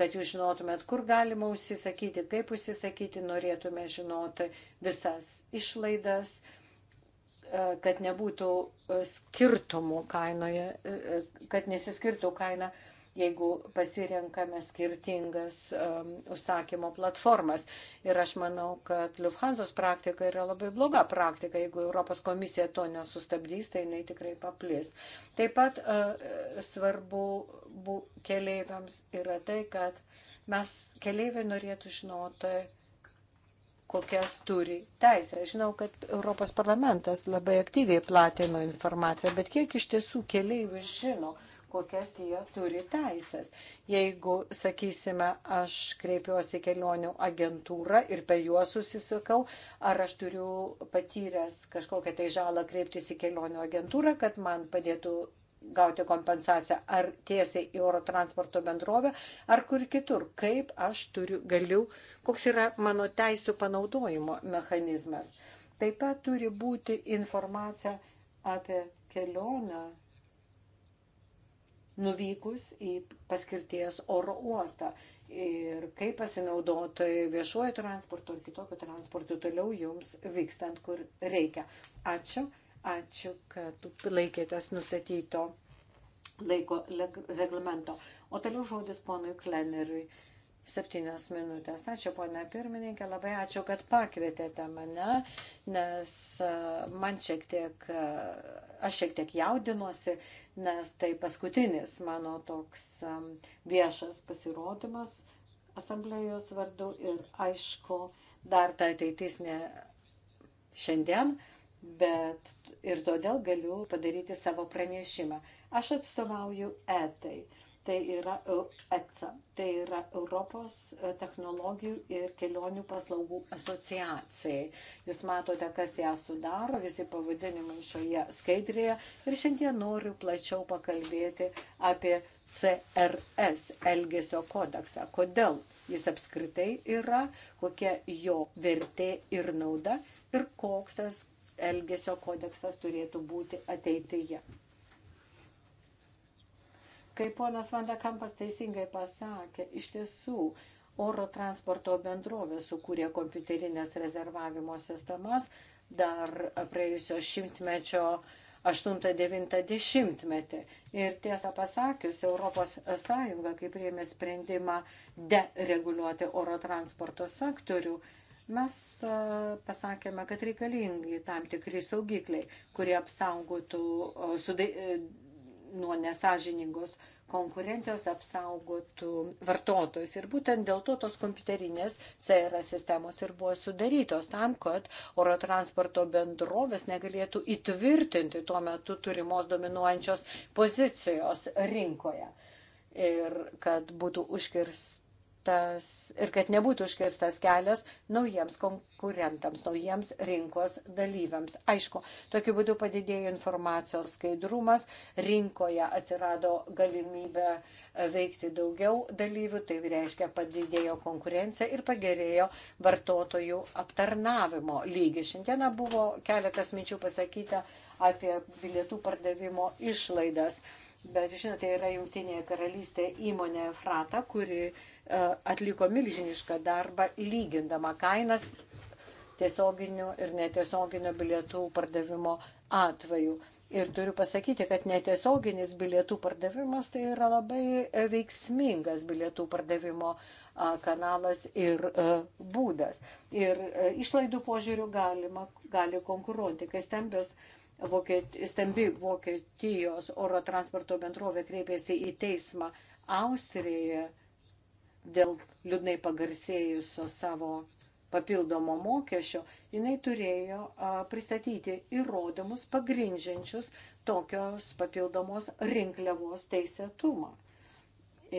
kad jūs žinotumėt, kur galima užsisakyti, kaip užsisakyti, norėtume žinoti visas išlaidas, e, kad nebūtų e, skirtumų kainoje, e, kad nesiskirtų kaina jeigu pasirenkame skirtingas um, užsakymo platformas. Ir aš manau, kad Lufthansa's praktika yra labai bloga praktika. Jeigu Europos komisija to nesustabdys, tai jinai tikrai paplis. Taip pat uh, svarbu bu, keleiviams yra tai, kad mes keleiviai norėtų žinoti, kokias turi teisę. Žinau, kad Europos parlamentas labai aktyviai platino informaciją, bet kiek iš tiesų keleivių žino, uh, kokias jie turi teisės. Jeigu, sakysime, aš kreipiuosi kelionių agentūrą ir per juos susisakau, ar aš turiu patyręs kažkokią tai žalą kreiptis į kelionių agentūrą, kad man padėtų gauti kompensaciją ar tiesiai į oro transporto bendrovę, ar kur kitur. Kaip aš turiu, galiu, koks yra mano teisų panaudojimo mechanizmas. Taip pat turi būti informacija apie kelionę nuvykus į paskirties oro uostą ir kaip pasinaudoti viešuoju transportu ar kitokiu transportu toliau jums vykstant, kur reikia. Ačiū, ačiū, kad laikėtės nustatyto laiko reglamento. O toliau žodis ponui Kleneriui. Septynios minutės. Ačiū, ponia pirmininkė, labai ačiū, kad pakvietėte mane, nes man šiek tiek, aš šiek tiek jaudinuosi, nes tai paskutinis mano toks viešas pasirodymas asamblėjos vardu ir aišku, dar ta ateitis ne šiandien, bet ir todėl galiu padaryti savo pranešimą. Aš atstovauju etai tai yra ECA, e tai yra Europos e, technologijų ir kelionių paslaugų asociacijai. Jūs matote, kas ją sudaro, visi pavadinimai šioje skaidrėje ir šiandien noriu plačiau pakalbėti apie CRS Elgesio kodeksą. Kodėl jis apskritai yra, kokia jo vertė ir nauda ir koks tas Elgesio kodeksas turėtų būti ateityje. Kaip ponas Vandekampas teisingai pasakė, iš tiesų oro transporto bendrovė sukūrė kompiuterinės rezervavimo sistemas dar praėjusio šimtmečio 8-90 metį. Ir tiesą pasakius, ES, kai priėmė sprendimą dereguliuoti oro transporto sektorių, mes pasakėme, kad reikalingi tam tikri saugikliai, kurie apsaugotų sudai, e, nuo nesažiningos konkurencijos apsaugotų vartotojus. Ir būtent dėl to tos kompiuterinės CR sistemos ir buvo sudarytos tam, kad oro transporto bendrovės negalėtų įtvirtinti tuo metu turimos dominuojančios pozicijos rinkoje. Ir kad būtų užkirs tas ir kad nebūtų užkirstas kelias naujiems konkurentams, naujiems rinkos dalyviams. Aišku, tokiu būdu padidėjo informacijos skaidrumas, rinkoje atsirado galimybė veikti daugiau dalyvių, tai reiškia padidėjo konkurencija ir pagerėjo vartotojų aptarnavimo lygis. Šiandieną buvo keletas minčių pasakyta apie bilietų pardavimo išlaidas. Bet žinote, yra jungtinėje karalystėje įmonė Frata, kuri uh, E, atliko milžinišką darbą lygindama kainas tiesioginių ir netiesioginio bilietų pardavimo atveju. Ir turiu pasakyti, kad netiesioginis bilietų pardavimas tai yra labai e, veiksmingas bilietų pardavimo kanalas ir e, būdas. Ir išlaidų požiūrių galima, gali konkuruoti, kai stambios stambi Vokietijos oro transporto bendrovė kreipėsi į teismą Austrijoje dėl liūdnai pagarsėjusio savo papildomo mokesčio, jinai turėjo pristatyti įrodymus pagrindžiančius tokios papildomos rinkliavos teisėtumą.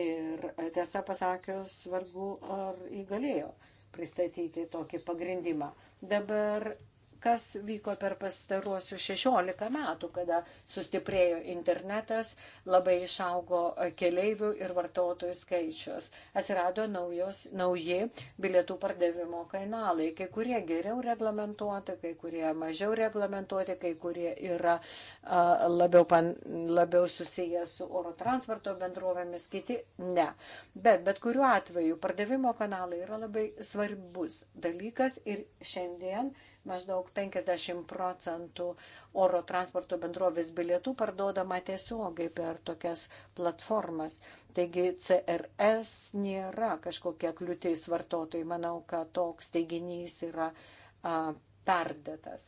Ir tiesą pasakius, vargu ar įgalėjo pristatyti tokį pagrindimą. Dabar kas vyko per pastaruosius 16 metų, kada sustiprėjo internetas, labai išaugo keleivių ir vartotojų skaičius. Atsirado naujos, nauji bilietų pardavimo kanalai, kai kurie geriau reglamentuoti, kai kurie mažiau reglamentuoti, kai kurie yra a, labiau, pan, labiau susiję su oro transporto bendrovėmis, kiti ne. Bet bet kuriuo atveju pardavimo kanalai yra labai svarbus dalykas ir šiandien Maždaug 50 procentų oro transporto bendrovės bilietų parduodama tiesiogai per tokias platformas. Taigi CRS nėra kažkokia kliūtis vartotojai. Manau, kad toks teiginys yra a, perdėtas.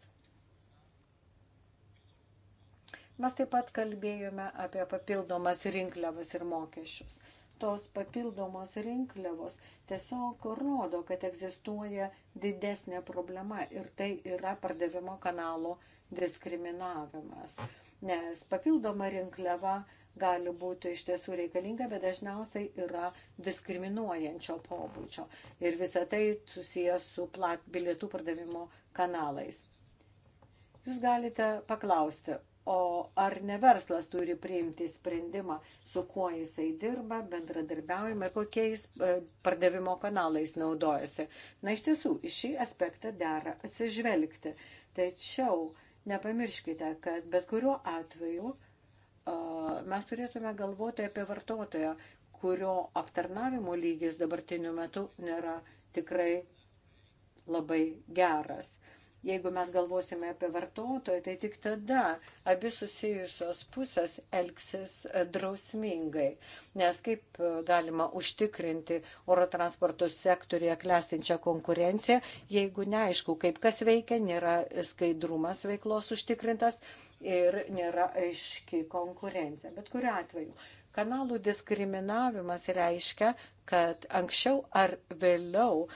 Mes taip pat kalbėjome apie papildomas rinkliavas ir mokesčius tos papildomos rinkliavos tiesiog rodo, kad egzistuoja didesnė problema ir tai yra pardavimo kanalo diskriminavimas. Nes papildoma rinkliava gali būti iš tiesų reikalinga, bet dažniausiai yra diskriminuojančio pobūdžio. Ir visa tai susijęs su plat, bilietų pardavimo kanalais. Jūs galite paklausti, O ar ne verslas turi priimti sprendimą, su kuo jisai dirba, bendradarbiaujama ir kokiais e, pardavimo kanalais naudojasi. Na iš tiesų, į šį aspektą dera atsižvelgti. Tačiau nepamirškite, kad bet kuriuo atveju e, mes turėtume galvoti apie vartotoją, kurio aptarnavimo lygis dabartiniu metu nėra tikrai labai geras. Jeigu mes galvosime apie vartotoją, tai tik tada abi susijusios pusės elgsis e, drausmingai. Nes kaip e, galima užtikrinti oro transporto sektoriuje klestinčią konkurenciją, jeigu neaišku, kaip kas veikia, nėra skaidrumas veiklos užtikrintas ir nėra aiški konkurencija. Bet kuriu atveju kanalų diskriminavimas reiškia, kad anksčiau ar vėliau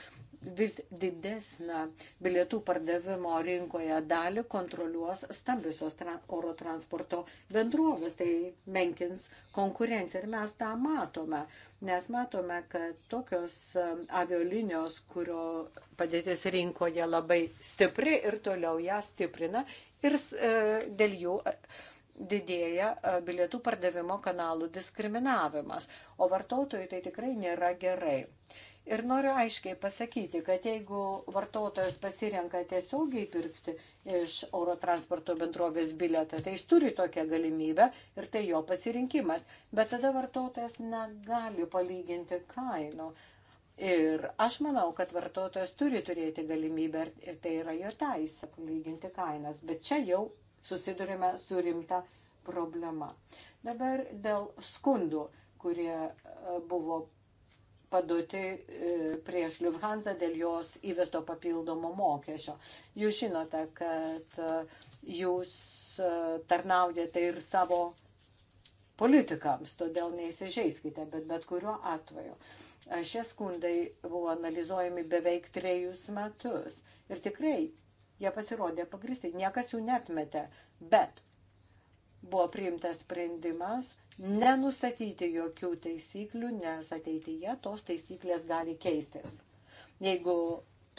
vis didesnę bilietų pardavimo rinkoje dalį kontroliuos stambiusios oro transporto bendrovės, tai menkins konkurenciją. Ir mes tą matome, nes matome, kad tokios um, aviolinijos, kurio padėtis rinkoje labai stipri ir toliau ją stiprina ir e, dėl jų e, didėja e, bilietų pardavimo kanalų diskriminavimas, o vartotojai tai tikrai nėra gerai. Ir noriu aiškiai pasakyti, kad jeigu vartotojas pasirenka tiesiogiai pirkti iš oro transporto bendrovės biletą, tai jis turi tokią galimybę ir tai jo pasirinkimas. Bet tada vartotojas negali palyginti kainų. Ir aš manau, kad vartotojas turi turėti galimybę ir tai yra jo teisė palyginti kainas. Bet čia jau susidurime su rimta problema. Dabar dėl skundų, kurie e, buvo paduoti e, prieš Lufthansa dėl jos įvesto papildomo mokesčio. Jūs žinote, kad e, jūs e, tarnaudėte ir savo politikams, todėl neįsižeiskite, bet bet kuriuo atveju. Šie skundai buvo analizuojami beveik trejus metus ir tikrai jie pasirodė pagristai, niekas jų netmetė, bet buvo priimtas sprendimas nenustatyti jokių taisyklių, nes ateityje tos taisyklės gali keistis. Jeigu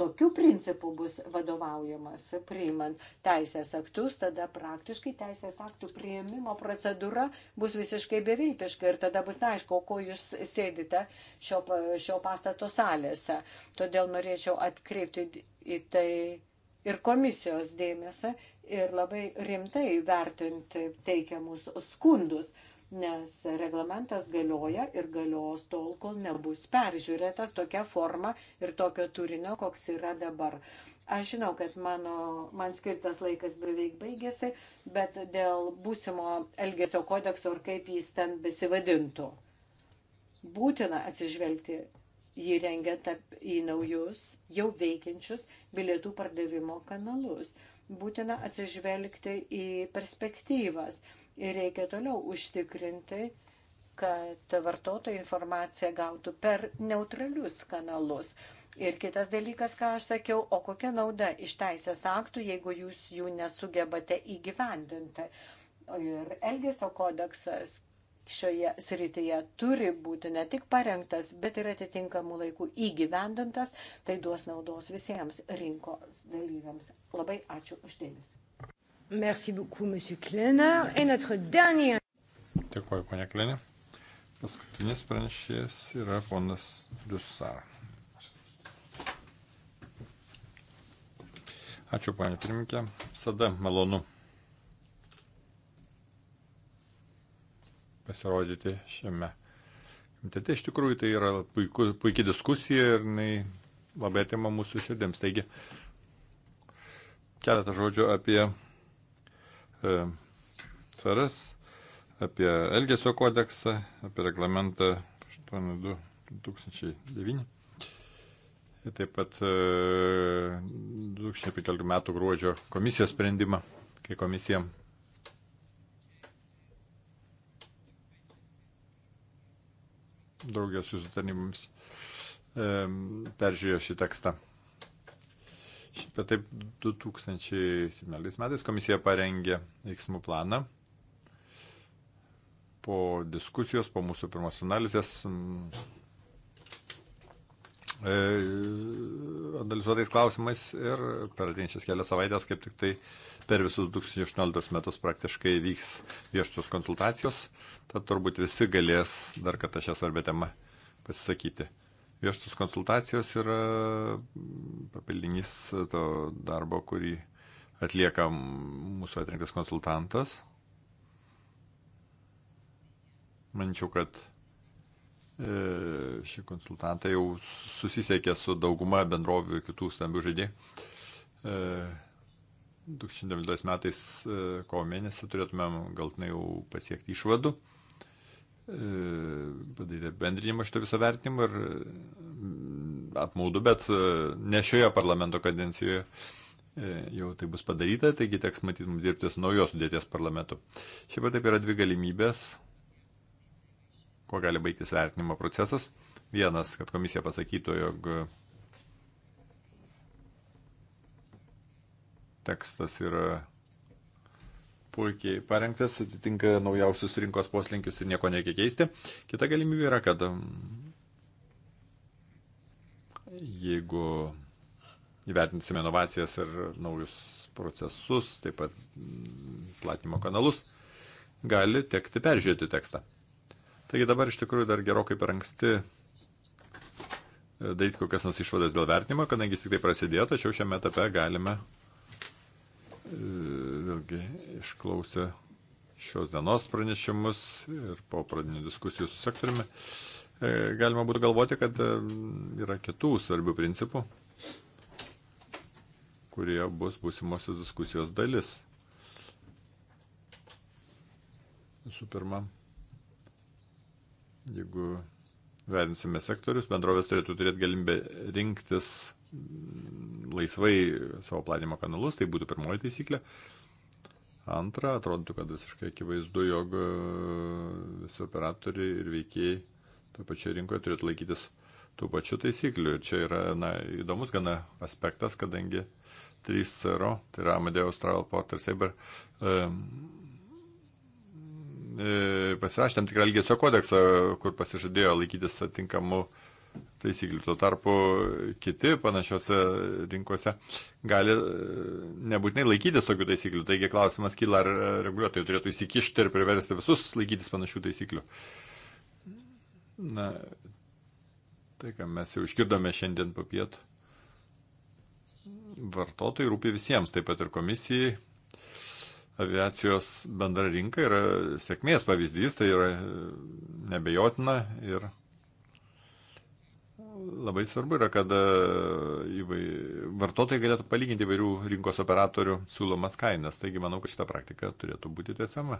tokių principų bus vadovaujamas priimant teisės aktus, tada praktiškai teisės aktų prieimimo procedūra bus visiškai beviltiška ir tada bus neaišku, ko jūs sėdite šio, šio pastato salėse. Todėl norėčiau atkreipti į tai ir komisijos dėmesį ir labai rimtai vertinti teikiamus skundus, nes reglamentas galioja ir galios tol, kol nebus peržiūrėtas tokia forma ir tokio turinio, koks yra dabar. Aš žinau, kad mano, man skirtas laikas beveik baigėsi, bet dėl būsimo elgesio kodekso ir kaip jis ten besivadintų. Būtina atsižvelgti jį rengiant į naujus, jau veikiančius bilietų pardavimo kanalus būtina atsižvelgti į perspektyvas ir reikia toliau užtikrinti, kad vartotojai informaciją gautų per neutralius kanalus. Ir kitas dalykas, ką aš sakiau, o kokia nauda iš teisės aktų, jeigu jūs jų nesugebate įgyvendinti. Ir Elgesio kodeksas šioje srityje turi būti ne tik parengtas, bet ir atitinkamų laikų įgyvendintas, tai duos naudos visiems rinkos dalyviams. Labai ačiū uždėmesi. Merci beaucoup, monsieur Klener. Et notre dernier. Dėkuoju, ponia Klenė. Paskutinis pranešėjas yra ponas Dusar. Ačiū, ponia pirmininkė. Visada malonu pasirodyti šiame komitete. Iš tikrųjų, tai yra puiku, puikia diskusija ir jinai labai atima mūsų širdims. Taigi, keletą žodžių apie e, CRS, apie Elgesio kodeksą, apie reglamentą 82.2009. Ir taip pat e, 2015 m. gruodžio komisijos sprendimą, kai komisija draugės jūsų tarnybams peržiūrėjo šį tekstą. Šiaip taip 2017 metais komisija parengė veiksmų planą. Po diskusijos, po mūsų pirmos analizės, e, analizuotais klausimais ir per atinčias kelias savaitės kaip tik tai uh, per visus 2018 metus praktiškai vyks viešos konsultacijos, tad turbūt visi galės dar kartą šią svarbę temą pasisakyti. Viešos konsultacijos yra papildinys to darbo, kurį atlieka mūsų atrinktas konsultantas. Manyčiau, kad e, šie konsultantai jau susisiekė su dauguma bendrovių ir kitų stambių žaidėjų e, 2009 metais e, kovo mėnesį turėtumėm galtinai jau pasiekti išvadų, e, padaryti bendrinimą šito viso vertinimo ir mm, apmaudu, bet e, ne šioje parlamento kadencijoje jau tai bus padaryta, taigi teks matyti mums dirbti su naujos sudėties parlamentu. Šiaip ar taip yra dvi galimybės, kuo gali baigtis vertinimo procesas. Vienas, kad komisija pasakytų, jog tekstas yra puikiai parengtas, atitinka naujausius rinkos poslinkius ir nieko nereikia keisti. Kita galimybė yra, kad um, jeigu įvertinsime inovacijas ir naujus procesus, taip pat mm, platinimo kanalus, gali tekti peržiūrėti tekstą. Taigi dabar iš tikrųjų dar gerokai per anksti e, daryti kokias nors išvadas dėl vertinimo, kadangi jis tik tai prasidėjo, tačiau šiame etape galime vėlgi išklausę šios dienos pranešimus ir po pradinių diskusijų su sektoriumi, e, galima būtų galvoti, kad e, yra kitų svarbių principų, kurie bus būsimosios diskusijos dalis. Visų pirma, jeigu vertinsime sektorius, bendrovės turėtų turėti galimybę rinktis laisvai savo platinimo kanalus, tai būtų pirmoji taisyklė. Antra, atrodytų, kad visiškai akivaizdu, jog e, visi operatoriai ir veikėjai toje pačioje rinkoje turėtų laikytis tų pačių taisyklių. Ir čia yra na, įdomus gana aspektas, kadangi 3.0, tai yra Amadeus Travel Porter Saber, e, e, pasirašė tam tikrą elgesio kodeksą, kur pasižadėjo laikytis atinkamų e, taisyklių. Tuo tarpu kiti panašiose rinkose gali e, nebūtinai laikytis tokių taisyklių. Taigi klausimas kyla, ar reguliuotojai turėtų įsikišti ir priversti visus laikytis panašių taisyklių. Na, tai ką mes jau išgirdome šiandien papiet. Vartotojai rūpi visiems, taip pat ir komisijai. Aviacijos bendra rinka yra sėkmės pavyzdys, tai yra nebejotina ir Labai svarbu yra, kad e, įvai... vartotojai galėtų palyginti įvairių rinkos operatorių siūlomas kainas. Taigi manau, kad šita praktika turėtų būti tiesiama.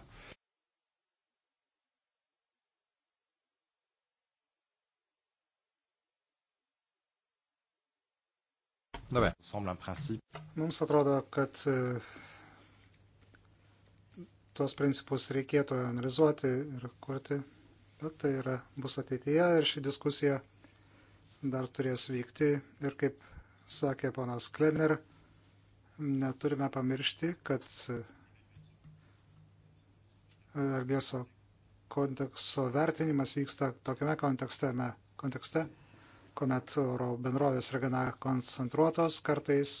Dabai. Mums atrodo, kad e, tuos principus reikėtų analizuoti ir kurti, bet tai yra, bus ateityje ir ši diskusija dar turės vykti ir kaip sakė ponas Klenner, neturime pamiršti, kad Elgėso konteksto vertinimas vyksta tokiame kontekste, kontekste kuomet oro bendrovės yra gana koncentruotos, kartais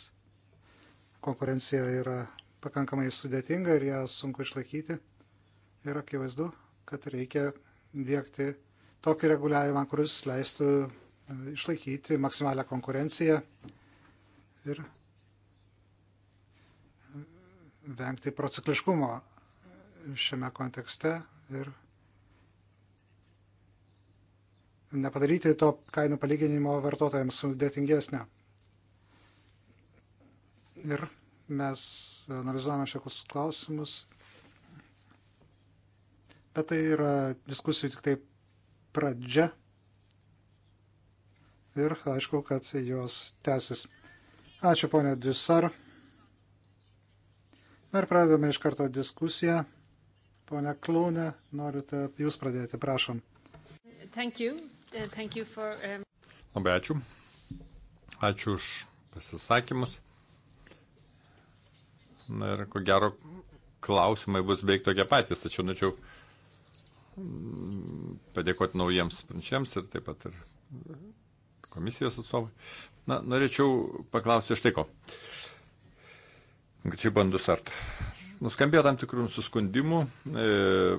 konkurencija yra pakankamai sudėtinga ir ją sunku išlaikyti. Ir akivaizdu, kad reikia dėkti tokį reguliavimą, kuris leistų išlaikyti maksimalią konkurenciją ir vengti procikliškumo šiame kontekste ir nepadaryti to kainų palyginimo vartotojams sudėtingesnio. Ir mes analizuojame šiekus klausimus, bet tai yra diskusijų tik tai pradžia ir aišku, kad jos tęsis. Ačiū ponė Dusar. Ir pradedame iš karto diskusiją. Pone Klaunė, norite jūs pradėti, prašom. Thank you. Uh, thank you for, um... Labai ačiū. Ačiū už pasisakymus. Na ir ko gero, klausimai bus beveik tokie patys, tačiau norėčiau mm, padėkoti naujiems pranešėjams ir taip pat ir komisijos atstovai. Na, norėčiau paklausti štai ko. Čia bandus art. Nuskambėjo tam tikrų nusiskundimų e,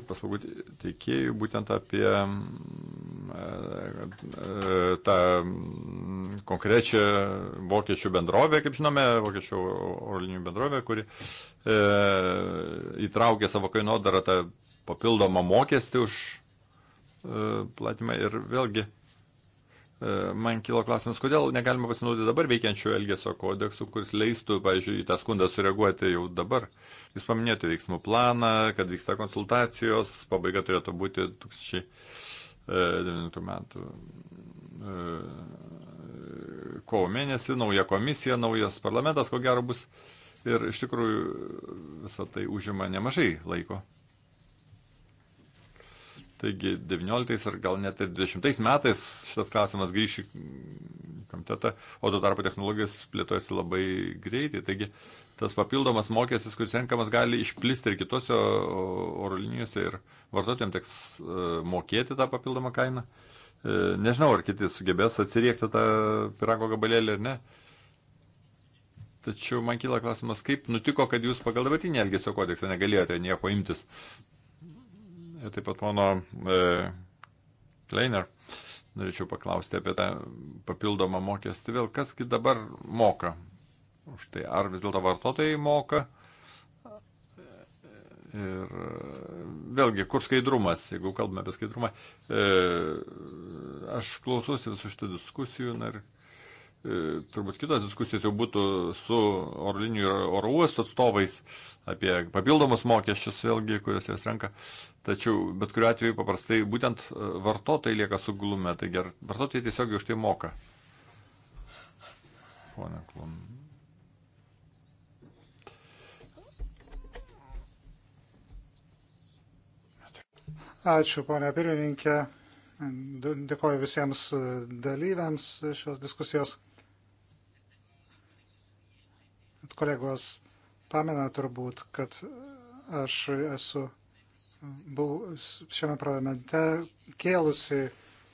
paslaugų teikėjų būtent apie mm, e, tą mm, konkrečią vokiečių bendrovę, kaip žinome, vokiečių orlinių bendrovę, kuri e, įtraukė savo kainodarą tą papildomą mokestį už e, platimą ir vėlgi e, E, man kilo klausimas, kodėl negalima pasinaudoti dabar veikiančių Elgesio kodeksų, kuris leistų, pavyzdžiui, į tą skundą sureaguoti jau dabar. Jūs paminėjote veiksmų planą, kad vyksta konsultacijos, pabaiga turėtų būti 2009 e, metų e, kovo mėnesį, nauja komisija, naujas parlamentas, ko gero bus. Ir iš tikrųjų visą tai užima nemažai laiko. Taigi 19 ar gal net ir 20 metais šitas klausimas grįš į komitetą, o tuo tarpu technologijos plėtojasi labai greitai. Taigi tas papildomas mokestis, kuris renkamas, gali išplisti ir kitose oro linijose ir vartotojams teks e, mokėti tą papildomą kainą. E, nežinau, ar kiti sugebės atsiriekti tą pirago gabalėlį ar ne. Tačiau man kyla klausimas, kaip nutiko, kad jūs pagal dabartinį Elgesio kodeksą negalėjote nieko imtis ir taip pat pono e, Kleiner. Norėčiau paklausti apie tą papildomą mokestį vėl. Kasgi dabar moka už tai? Ar vis dėlto vartotojai moka? Ir e, vėlgi, kur skaidrumas, jeigu kalbame apie skaidrumą, e, aš klausiausi visų šitų diskusijų na, ir E, turbūt kitos diskusijos jau būtų su orlinių ir oro uostų atstovais apie papildomus mokesčius, vėlgi, kuriuos jos renka. Tačiau bet kuriu atveju paprastai būtent e, vartotojai lieka suglume, tai ger, vartotojai tiesiog už tai moka. Pone Klum. Ačiū, ponia pirmininkė. Dėkoju visiems dalyviams šios diskusijos. Kolegos pamena turbūt, kad aš esu buvau šiame parlamente kėlusi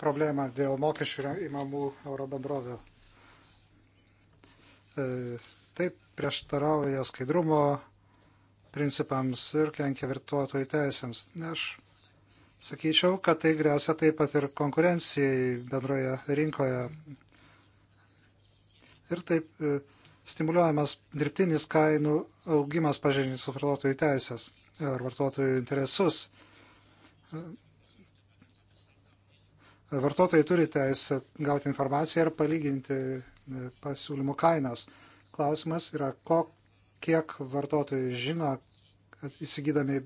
problemą dėl mokesčių įmamų euro bendrovių. E, taip prieštarauja skaidrumo principams ir kenkia virtuotojų teisėms. Aš sakyčiau, kad tai grėsia taip pat ir konkurencijai bendroje rinkoje. Ir taip e, stimuliuojamas dirbtinis kainų augimas pažeidžiantis vartotojų teisės ar vartotojų interesus. Vartotojai turi teisę gauti informaciją ir palyginti e, pasiūlymų kainas. Klausimas yra, ko, kiek vartotojai žino, įsigydami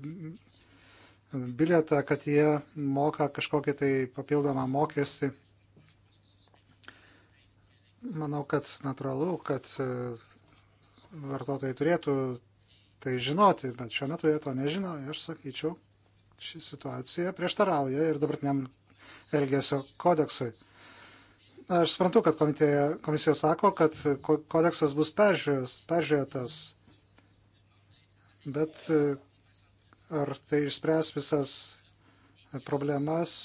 bilietą, kad jie moka kažkokį tai papildomą mokestį Manau, kad natūralu, kad e, vartotojai turėtų tai žinoti, bet šiuo metu jie to nežino. Aš sakyčiau, ši situacija prieštarauja ir dabartiniam Elgesio kodeksui. Aš suprantu, kad komitė, komisija sako, kad kodeksas bus peržiūrėtas, bet e, ar tai išspręs visas problemas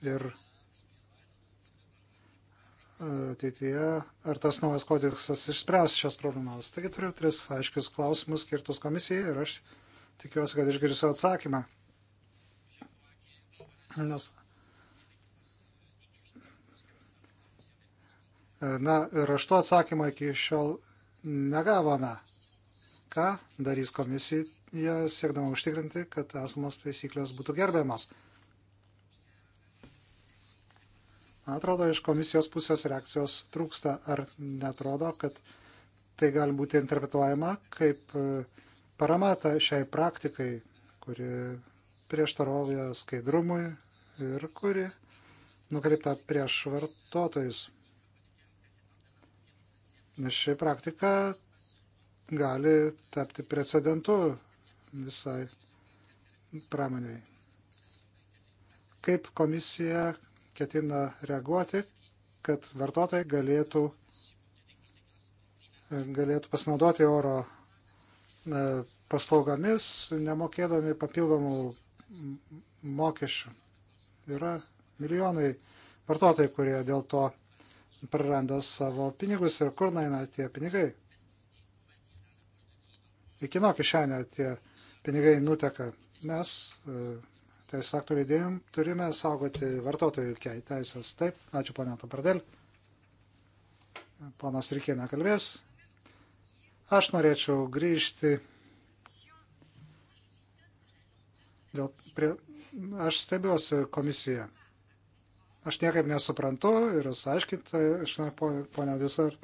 ir ateityje, ar tas naujas kodeksas išspręs šias problemas. Taigi turiu tris aiškius klausimus skirtus komisijai ir aš tikiuosi, kad išgirsiu atsakymą. Nes Na, raštu atsakymą iki šiol negavome. Ką darys komisija siekdama užtikrinti, kad esamos taisyklės būtų gerbiamas? Man atrodo, iš komisijos pusės reakcijos trūksta. Ar netrodo, kad tai gali būti interpretuojama kaip e, parama šiai praktikai, kuri prieštarovė skaidrumui ir kuri nukreipta prieš vartotojus. Nes ši praktika gali tapti precedentu visai pramoniai. Kaip komisija ketina reaguoti, kad vartotojai galėtų, e, galėtų pasinaudoti oro e, paslaugomis, nemokėdami papildomų mokesčių. Yra milijonai vartotojai, kurie dėl to praranda savo pinigus ir kur naina tie pinigai. Į kino kišenę tie pinigai nuteka. Mes e, teisės aktų leidėjim turime saugoti vartotojų teisės. Taip, ačiū ponia Tapardėl. Ponas Rikė nekalbės. Aš norėčiau grįžti dėl, prie, aš stebiuosi komisiją. Aš niekaip nesuprantu ir jūs aiškinti, ponia Disar,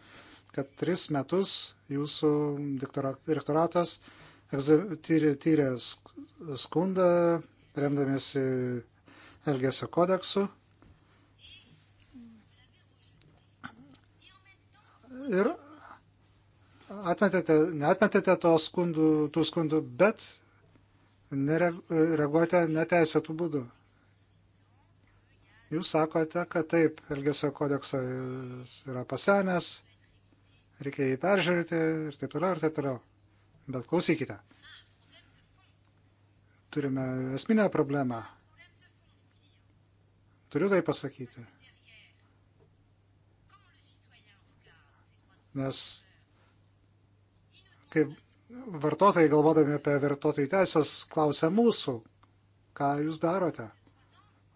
kad tris metus jūsų direktoratas tyrė skundą remdamėsi Elgesio kodeksu. Ir atmetėte, neatmetėte to skundų, tų skundų, bet nereaguojate neteisėtų būdų. Jūs sakote, kad taip, Elgesio kodeksas yra pasenęs, reikia jį peržiūrėti ir taip toliau, ir taip toliau. Bet klausykite turime esminę problemą. Turiu tai pasakyti. Nes kaip vartotojai galvodami apie vartotojų teisės klausia mūsų, ką jūs darote.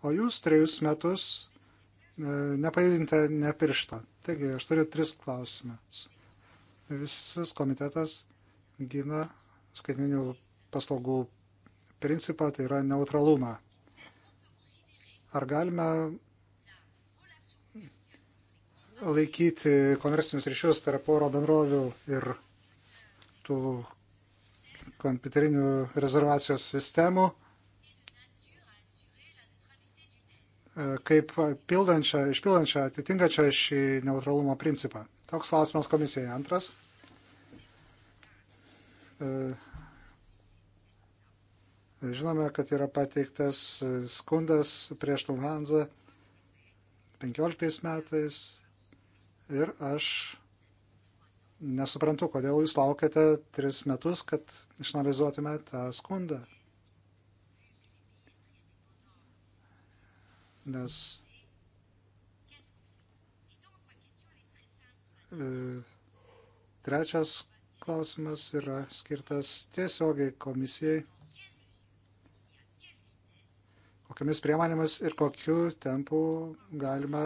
O jūs trejus metus e, nepajudinte ne piršto. Taigi, aš turiu tris klausimus. Visas komitetas gina skaitminių paslaugų principą, tai yra neutralumą. Ar galime laikyti komercinius ryšius tarp oro bendrovių ir tų kompiuterinių rezervacijos sistemų kaip pildančią, išpildančią, atitinkančią šį neutralumo principą? Toks klausimas komisijai. Antras. E, Žinome, kad yra pateiktas e, skundas prieš Lufthansa 15 metais ir aš nesuprantu, kodėl jūs laukiate 3 metus, kad išanalizuotume tą skundą. Nes e, Trečias klausimas yra skirtas tiesiogiai komisijai kokiamis priemonėmis ir kokiu tempu galima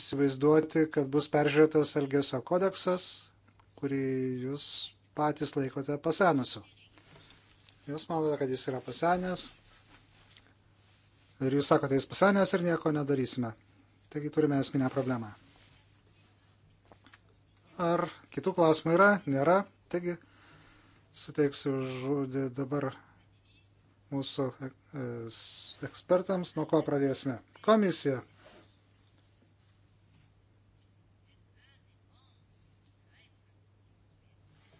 įsivaizduoti, kad bus peržiūrėtas Elgesio kodeksas, kurį jūs patys laikote pasenusiu. Jūs manote, kad jis yra pasenęs ir jūs sakote, jis pasenęs ir nieko nedarysime. Taigi turime esminę problemą. Ar kitų klausimų yra? Nėra. Taigi suteiksiu žodį dabar mūsų e, e, ekspertams, nuo ko pradėsime. Komisija.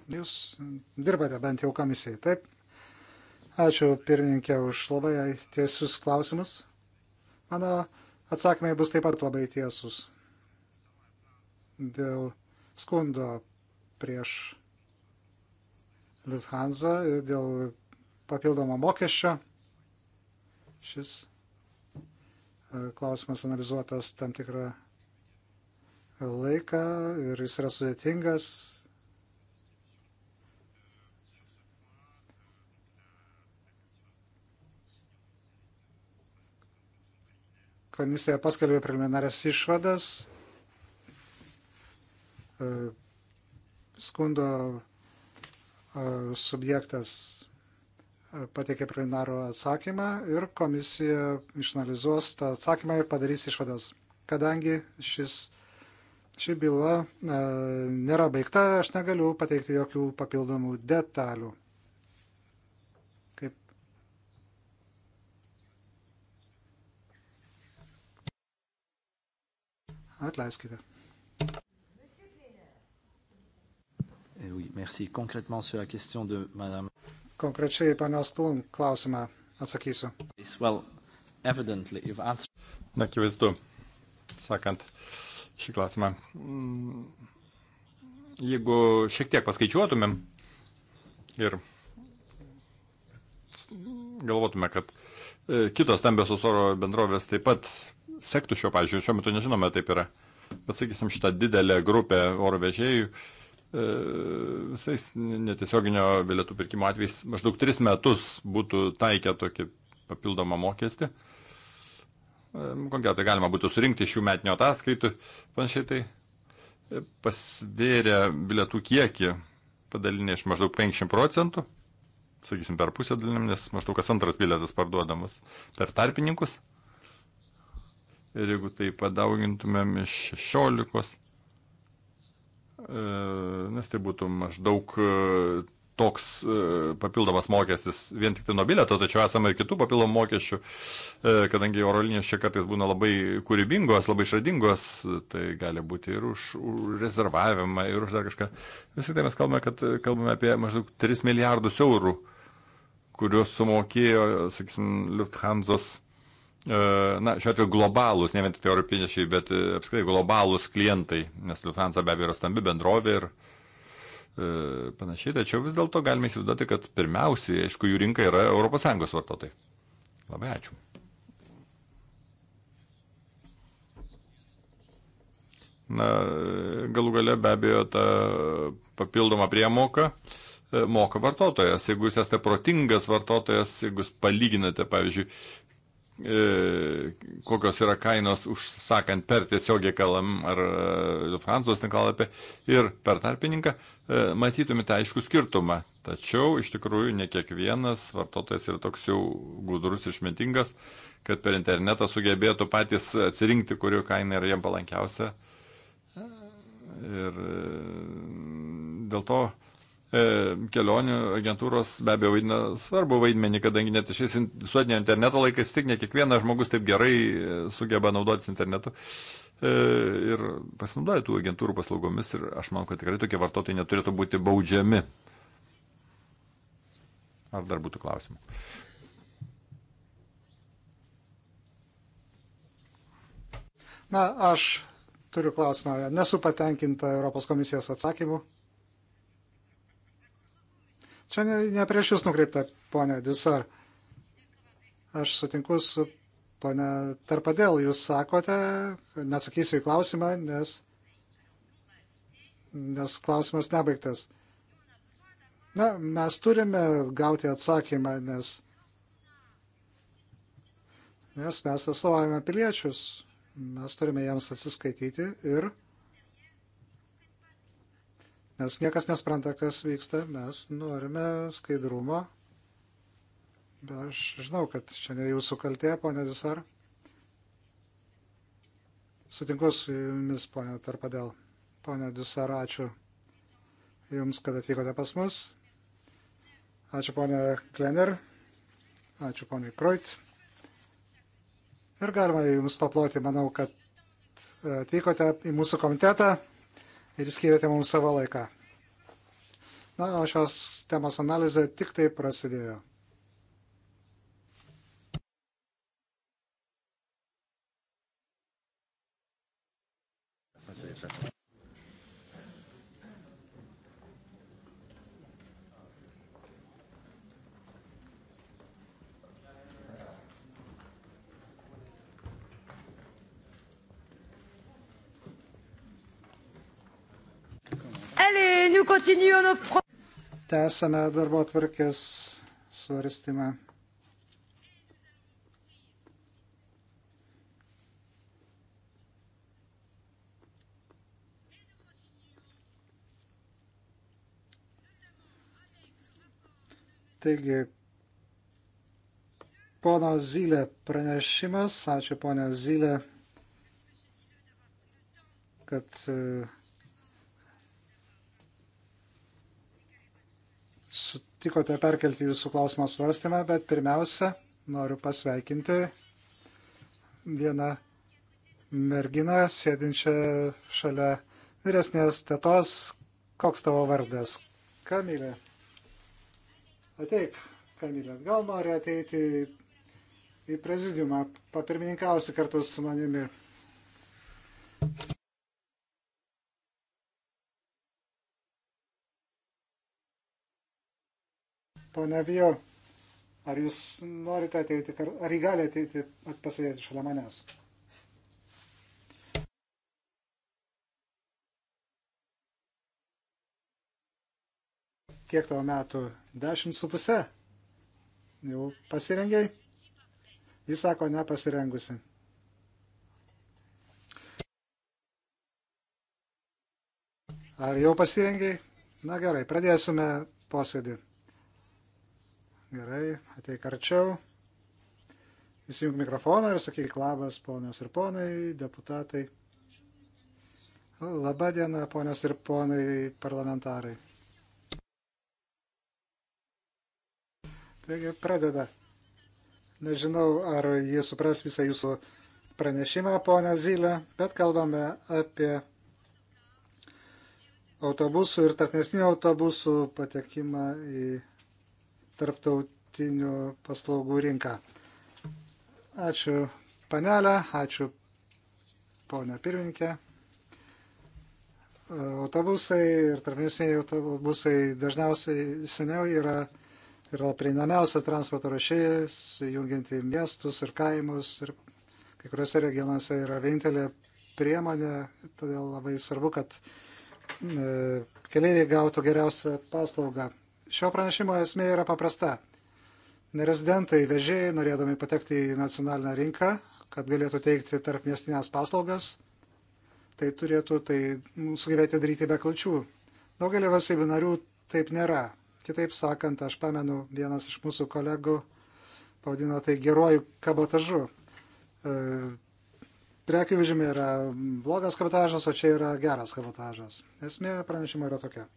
Jūs dirbate bent jau komisijai, taip? Ačiū pirmininkė už labai tiesius klausimus. Mano atsakymai bus taip pat labai tiesus. Dėl skundo prieš Lufthansa, dėl papildomo mokesčio. Šis e, klausimas analizuotas tam tikrą laiką ir jis yra sudėtingas. Komisija paskelbė preliminarias išvadas e, skundo e, subjektas pateikė preliminarų atsakymą ir komisija išanalizuos tą atsakymą ir padarys išvadas. Kadangi šis, ši byla e, nėra baigta, aš negaliu pateikti jokių papildomų detalių. Kaip... Atleiskite. Eh oui, merci. Concrètement sur la question de Madame konkrečiai panios Klun klausimą atsakysiu. Well, Na, akivaizdu, sakant šį klausimą. Mm, jeigu šiek tiek paskaičiuotumėm ir galvotume, kad e, kitos stambiosios oro bendrovės taip pat sektų šio pažiūrėjų, šiuo metu nežinome, taip yra. Bet sakysim, šitą didelę grupę oro vežėjų uh, E, visais netiesioginio bilietų pirkimo atvejais maždaug 3 metus būtų taikę tokį papildomą mokestį. E, Konkretai tai galima būtų surinkti šių metinio ataskaitų, panašiai tai e, pasvėrė bilietų kiekį padalinė iš maždaug 50 procentų, sakysim, per pusę dalinėm, nes maždaug kas antras bilietas parduodamas per tarpininkus. Ir jeigu tai padaugintumėm iš 16 E, nes tai būtų maždaug e, toks e, papildomas mokestis vien tik tai nuo bilieto, tačiau esame ir kitų papildomų mokesčių, kadangi oro linijos čia kartais būna labai kūrybingos, labai išradingos, tai gali būti ir už, už rezervavimą, ir už dar kažką. Vis tik tai mes kalbame, kad kalbame apie maždaug 3 milijardus eurų, kuriuos sumokėjo, sakysim, Lufthansa's E, na, šiuo atveju globalūs, ne vien tik europiečiai, bet e, apskritai globalūs klientai, nes Lufthansa be abejo yra stambi bendrovė ir e, panašiai, tačiau vis dėlto galime įsivaizduoti, kad pirmiausiai, aišku, jų rinka yra ES vartotojai. Labai ačiū. Na, galų gale be abejo tą papildomą priemoką moka vartotojas. Jeigu jūs esate protingas vartotojas, jeigu jūs palyginate, pavyzdžiui, E, kokios yra kainos užsakant per tiesiogiai kalam ar e, Lufthansa's tinklalapį ir per tarpininką, e, matytumėte aišku skirtumą. Tačiau iš tikrųjų ne kiekvienas vartotojas yra toks jau gudrus išmintingas, kad per internetą sugebėtų patys atsirinkti, kurio kaina yra jam palankiausia. Ir dėl to E, kelionių agentūros be abejo vaidina svarbu vaidmenį, kadangi net šiais visuotinio interneto laikais tik ne kiekvienas žmogus taip gerai e, sugeba naudotis internetu e, ir pasinaudoja tų agentūrų paslaugomis ir aš manau, kad tikrai tokie vartotojai neturėtų būti baudžiami. Ar dar būtų klausimų? Na, aš turiu klausimą. Nesu patenkinta Europos komisijos atsakymu. Čia ne, ne prieš jūs nukreipta, ponė Dusar. Aš sutinku su ponė Tarpadėl, jūs sakote, nesakysiu į klausimą, nes, nes klausimas nebaigtas. Na, mes turime gauti atsakymą, nes, nes mes atstovavome piliečius, mes turime jiems atsiskaityti ir nes niekas nespranta, kas vyksta, mes norime skaidrumo. Bet aš žinau, kad čia ne jūsų kaltė, ponė Visar. Sutinku su jumis, ponė Tarpadėl. Ponė Dusar, ačiū jums, kad atvykote pas mus. Ačiū ponė Klener. Ačiū ponė Kroit. Ir galima jums paploti, manau, kad atvykote į mūsų komitetą ir skyrėte mums savo laiką. Na, o šios temos analizė tik tai prasidėjo. Allez, nous continuons nos pro... Tęsame darbo tvarkės svarstymą. Taigi, pono Zylė pranešimas. Ačiū pono Zylė, kad uh, sutikote perkelti jūsų klausimą svarstymą, bet pirmiausia, noriu pasveikinti vieną merginą, sėdinčią šalia vyresnės tėtos. Koks tavo vardas? Kamilė. Ateik, Kamilė. Gal nori ateiti į prezidiumą, papirmininkausi kartu su manimi. Pane Vijo, ar jūs norite ateiti, ar jį gali ateiti pasėdėti šalia manęs? Kiek tavo metų? Dešimt su pusė? Jau pasirengiai? Jis sako, nepasirengusi. Ar jau pasirengiai? Na gerai, pradėsime posėdį. Gerai, ateik arčiau. Įsijung mikrofoną ir sakyk labas, ponios ir ponai, deputatai. Labą dieną, ponios ir ponai, parlamentarai. Taigi pradeda. Nežinau, ar jie supras visą jūsų pranešimą, ponia Zylė, bet kalbame apie autobusų ir tarpmestinių autobusų patekimą į tarptautinių paslaugų rinką. Ačiū panelę, ačiū ponė pirmininkė. Autobusai ir tarpnesniai autobusai dažniausiai seniau yra, yra prieinamiausias transporto rašėjas, jungianti miestus ir kaimus ir kai kuriuose regionuose yra vienintelė priemonė, todėl labai svarbu, kad e, keliaiviai gautų geriausią paslaugą. Šio pranešimo esmė yra paprasta. Nerezidentai vežėjai, norėdami patekti į nacionalinę rinką, kad galėtų teikti tarp miestinės paslaugas, tai turėtų tai sugebėti daryti be kliučių. Daugelį valstybių narių taip nėra. Kitaip sakant, aš pamenu, vienas iš mūsų kolegų pavadino tai geruoju kabotažu. E, prekių vežimai yra blogas kabotažas, o čia yra geras kabotažas. Esmė pranešimo yra tokia.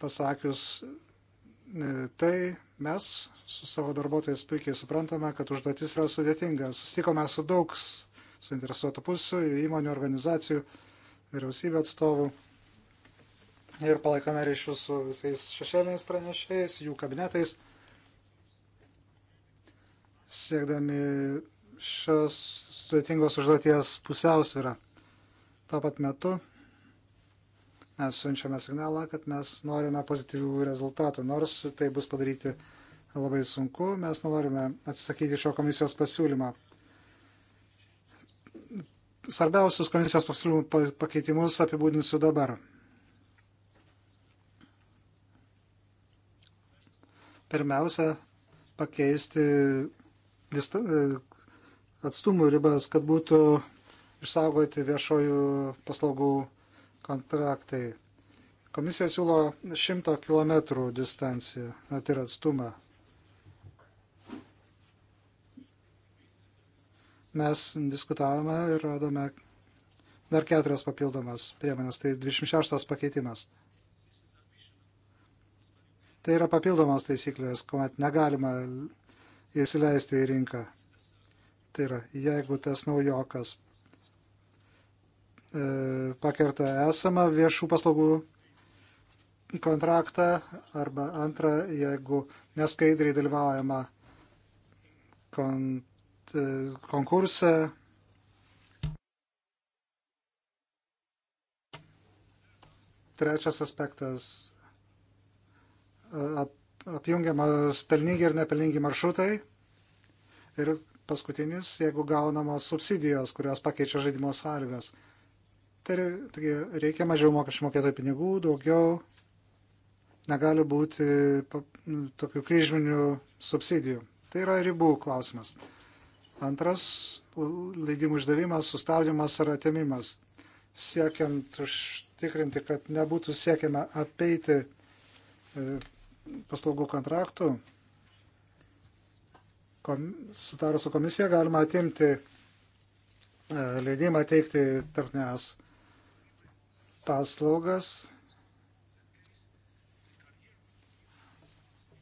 Pasakius e, tai, mes su savo darbuotojais puikiai suprantame, kad užduotis yra sudėtinga. Sustikome su daug suinteresuotų pusių, įmonių, organizacijų, vyriausybė atstovų ir palaikome ryšius su visais šešėliniais pranešėjais, jų kabinetais, siekdami šios sudėtingos užduoties pusiausvyrą. Tuo pat metu mes siunčiame signalą, kad mes norime pozityvių rezultatų. Nors tai bus padaryti labai sunku, mes norime atsisakyti šio komisijos pasiūlymą. Svarbiausius komisijos pasiūlymų pakeitimus apibūdinsiu dabar. Pirmiausia, pakeisti atstumų ribas, kad būtų išsaugoti viešojų paslaugų kontraktai. Komisija siūlo 100 km distanciją, tai yra atstumą. Mes diskutavome ir radome dar keturias papildomas priemonės, tai 26 pakeitimas. Tai yra papildomos taisyklės, kuomet negalima įsileisti į rinką. Tai yra, jeigu tas naujokas E, pakerta esamą viešų paslaugų kontraktą arba antrą, jeigu neskaidriai dalyvaujama kon, e, konkurse. Trečias aspektas ap, apjungiamas pelningi ir nepelningi maršrutai. Ir paskutinis, jeigu gaunamos subsidijos, kurios pakeičia žaidimo sąlygas sektorį, taigi reikia mažiau mokesčių mokėtojų pinigų, daugiau negali būti nu, tokių kryžminių subsidijų. Tai yra ribų klausimas. Antras - leidimų išdavimas, sustabdymas ar atėmimas. Siekiant užtikrinti, kad nebūtų siekiama apeiti e, paslaugų kontraktų, sutarus su komisija galima atimti e, leidimą teikti tarpnės paslaugas,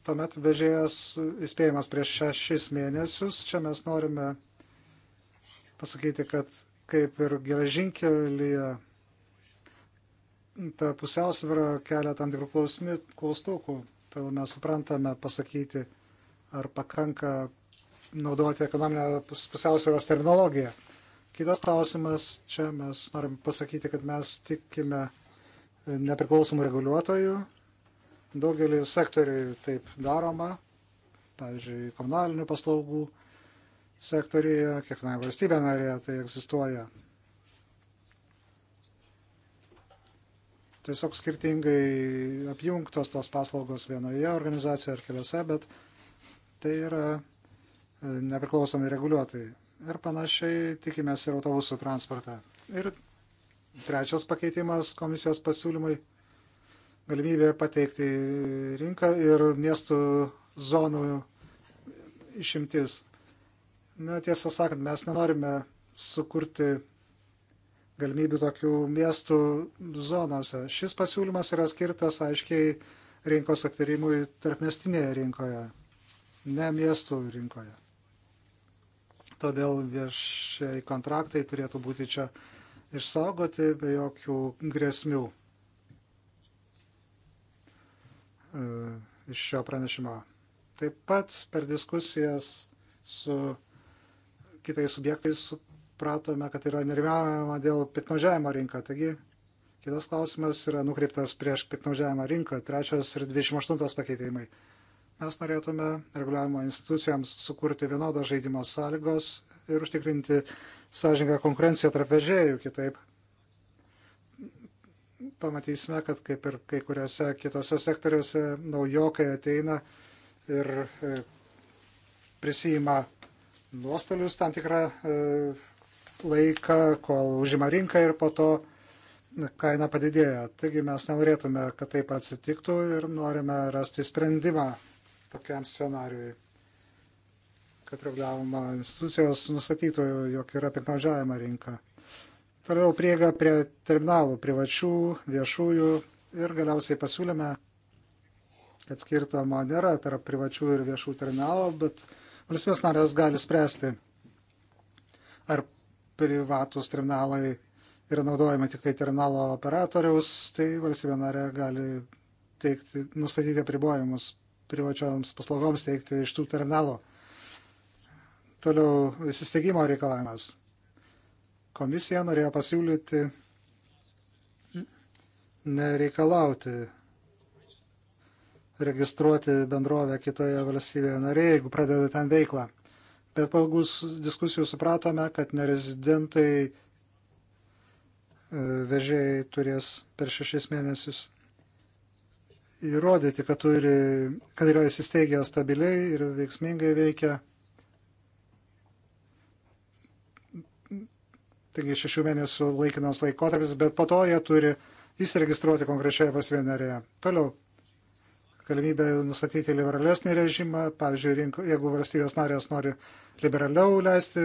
tuomet vežėjas įspėjimas prieš šešis mėnesius. Čia mes norime pasakyti, kad kaip ir geležinkelyje ta pusiausvyrą kelia tam tikrų klaustukų. Todėl mes suprantame pasakyti, ar pakanka naudoti ekonominę pusiausvyros terminologiją. Kitas klausimas, čia mes norim pasakyti, kad mes tikime nepriklausomų reguliuotojų. Daugelį sektorių taip daroma, pavyzdžiui, komunalinių paslaugų sektoriuje, kiekvienoje valstybė narėje tai egzistuoja. Tiesiog skirtingai apjungtos tos paslaugos vienoje organizacijoje ar keliose, bet tai yra e, nepriklausomi reguliuotojai ir panašiai tikimės ir autobusų transportą. Ir trečias pakeitimas komisijos pasiūlymui - galimybė pateikti rinką ir miestų zonų išimtis. Na, tiesą sakant, mes nenorime sukurti galimybių tokių miestų zonose. Šis pasiūlymas yra skirtas aiškiai rinkos atvirimui tarpmestinėje rinkoje, ne miestų rinkoje. Todėl viešiai kontraktai turėtų būti čia išsaugoti be jokių grėsmių e, iš šio pranešimo. Taip pat per diskusijas su kitais subjektais supratome, kad yra nerimaujama dėl piknaudžiavimo rinką. Taigi kitas klausimas yra nukreiptas prieš piknaudžiavimo rinką. Trečias ir 28 pakeitimai. Mes norėtume reguliavimo institucijams sukurti vienodas žaidimo sąlygos ir užtikrinti sąžininką konkurenciją tarp vežėjų. Kitaip pamatysime, kad kaip ir kai kuriuose kitose sektoriuose naujokai ateina ir e, prisijima nuostolius tam tikrą e, laiką, kol užima rinką ir po to kaina padidėja. Taigi mes nenorėtume, kad taip atsitiktų ir norime rasti sprendimą tokiam scenariui, kad reguliavimo institucijos nustatytų, jog yra piknaudžiavima rinka. Toliau prieiga prie terminalų privačių, viešųjų ir galiausiai pasiūlėme, kad skirtumo nėra tarp privačių ir viešų terminalų, bet valstybės narės gali spręsti, ar privatus terminalai yra naudojami tik tai terminalo operatoriaus, tai valstybė narė gali teikti, nustatyti apribojimus privačioms paslaugoms teikti iš tų terminalų. Toliau įsisteigimo reikalavimas. Komisija norėjo pasiūlyti nereikalauti registruoti bendrovę kitoje valstybėje narėje, jeigu pradeda ten veiklą. Bet po ilgų diskusijų supratome, kad nerezidentai e, vežėjai turės per šešis mėnesius įrodyti, kad, turi, kad yra įsisteigę stabiliai ir veiksmingai veikia. Taigi šešių mėnesių laikinas laikotarpis, bet po to jie turi įsiregistruoti konkrečioje pasvienerėje. Toliau galimybė nustatyti liberalesnį režimą, pavyzdžiui, rink, jeigu valstybės narės nori liberaliau leisti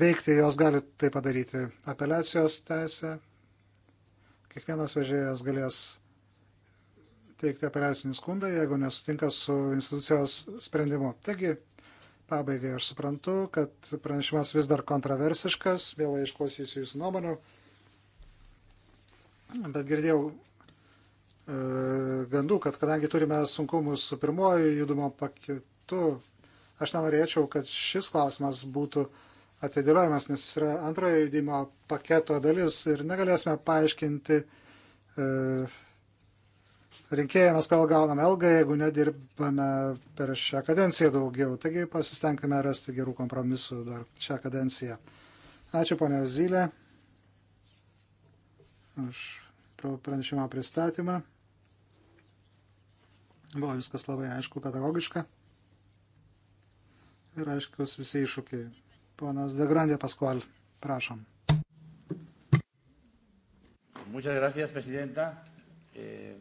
veikti, jos gali tai padaryti apeliacijos teisę. Kiekvienas vežėjas galės teikti apeliacinį skundą, jeigu nesutinka su institucijos sprendimu. Taigi, pabaigai aš suprantu, kad pranešimas vis dar kontroversiškas, vėl išklausysiu jūsų nuomonių, bet girdėjau e, gandų, kad kadangi turime sunkumus su pirmoju judumo paketu, aš nenorėčiau, kad šis klausimas būtų atidėliojimas, nes jis yra antrojo judimo paketo dalis ir negalėsime paaiškinti e, rinkėjai mes gal gauname algą, jeigu nedirbame per šią kadenciją daugiau. Taigi pasistengime rasti gerų kompromisų dar šią kadenciją. Ačiū ponia Zylė už pranešimą pristatymą. Buvo viskas labai aišku, pedagogiška. Ir aiškus visi iššūkiai. Ponas Degrandė Paskual, prašom. Muchas gracias, presidenta. Eh...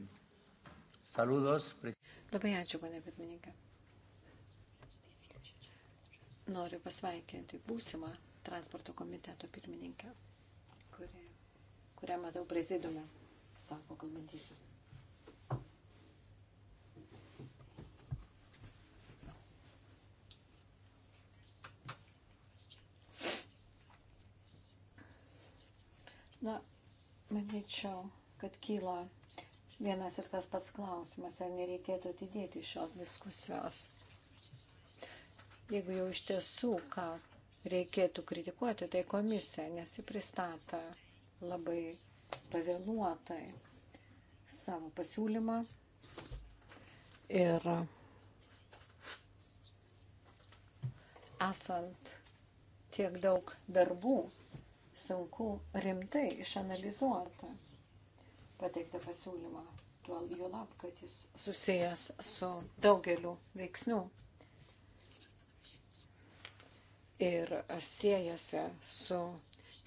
Saludos. Labai ačiū, pane pirmininkė. Noriu pasveikinti būsimą transporto komiteto pirmininkę, kurią, kurią matau prezidiume, sako kalbantysis. Na, manyčiau, kad kyla vienas ir tas pats klausimas, ar nereikėtų atidėti šios diskusijos. Jeigu jau iš tiesų, ką reikėtų kritikuoti, tai komisija nesipristata labai pavėluotai savo pasiūlymą ir esant tiek daug darbų, sunku rimtai išanalizuoti pateiktą pasiūlymą, tuo jo lab, kad jis susijęs su daugeliu veiksnių ir siejasi su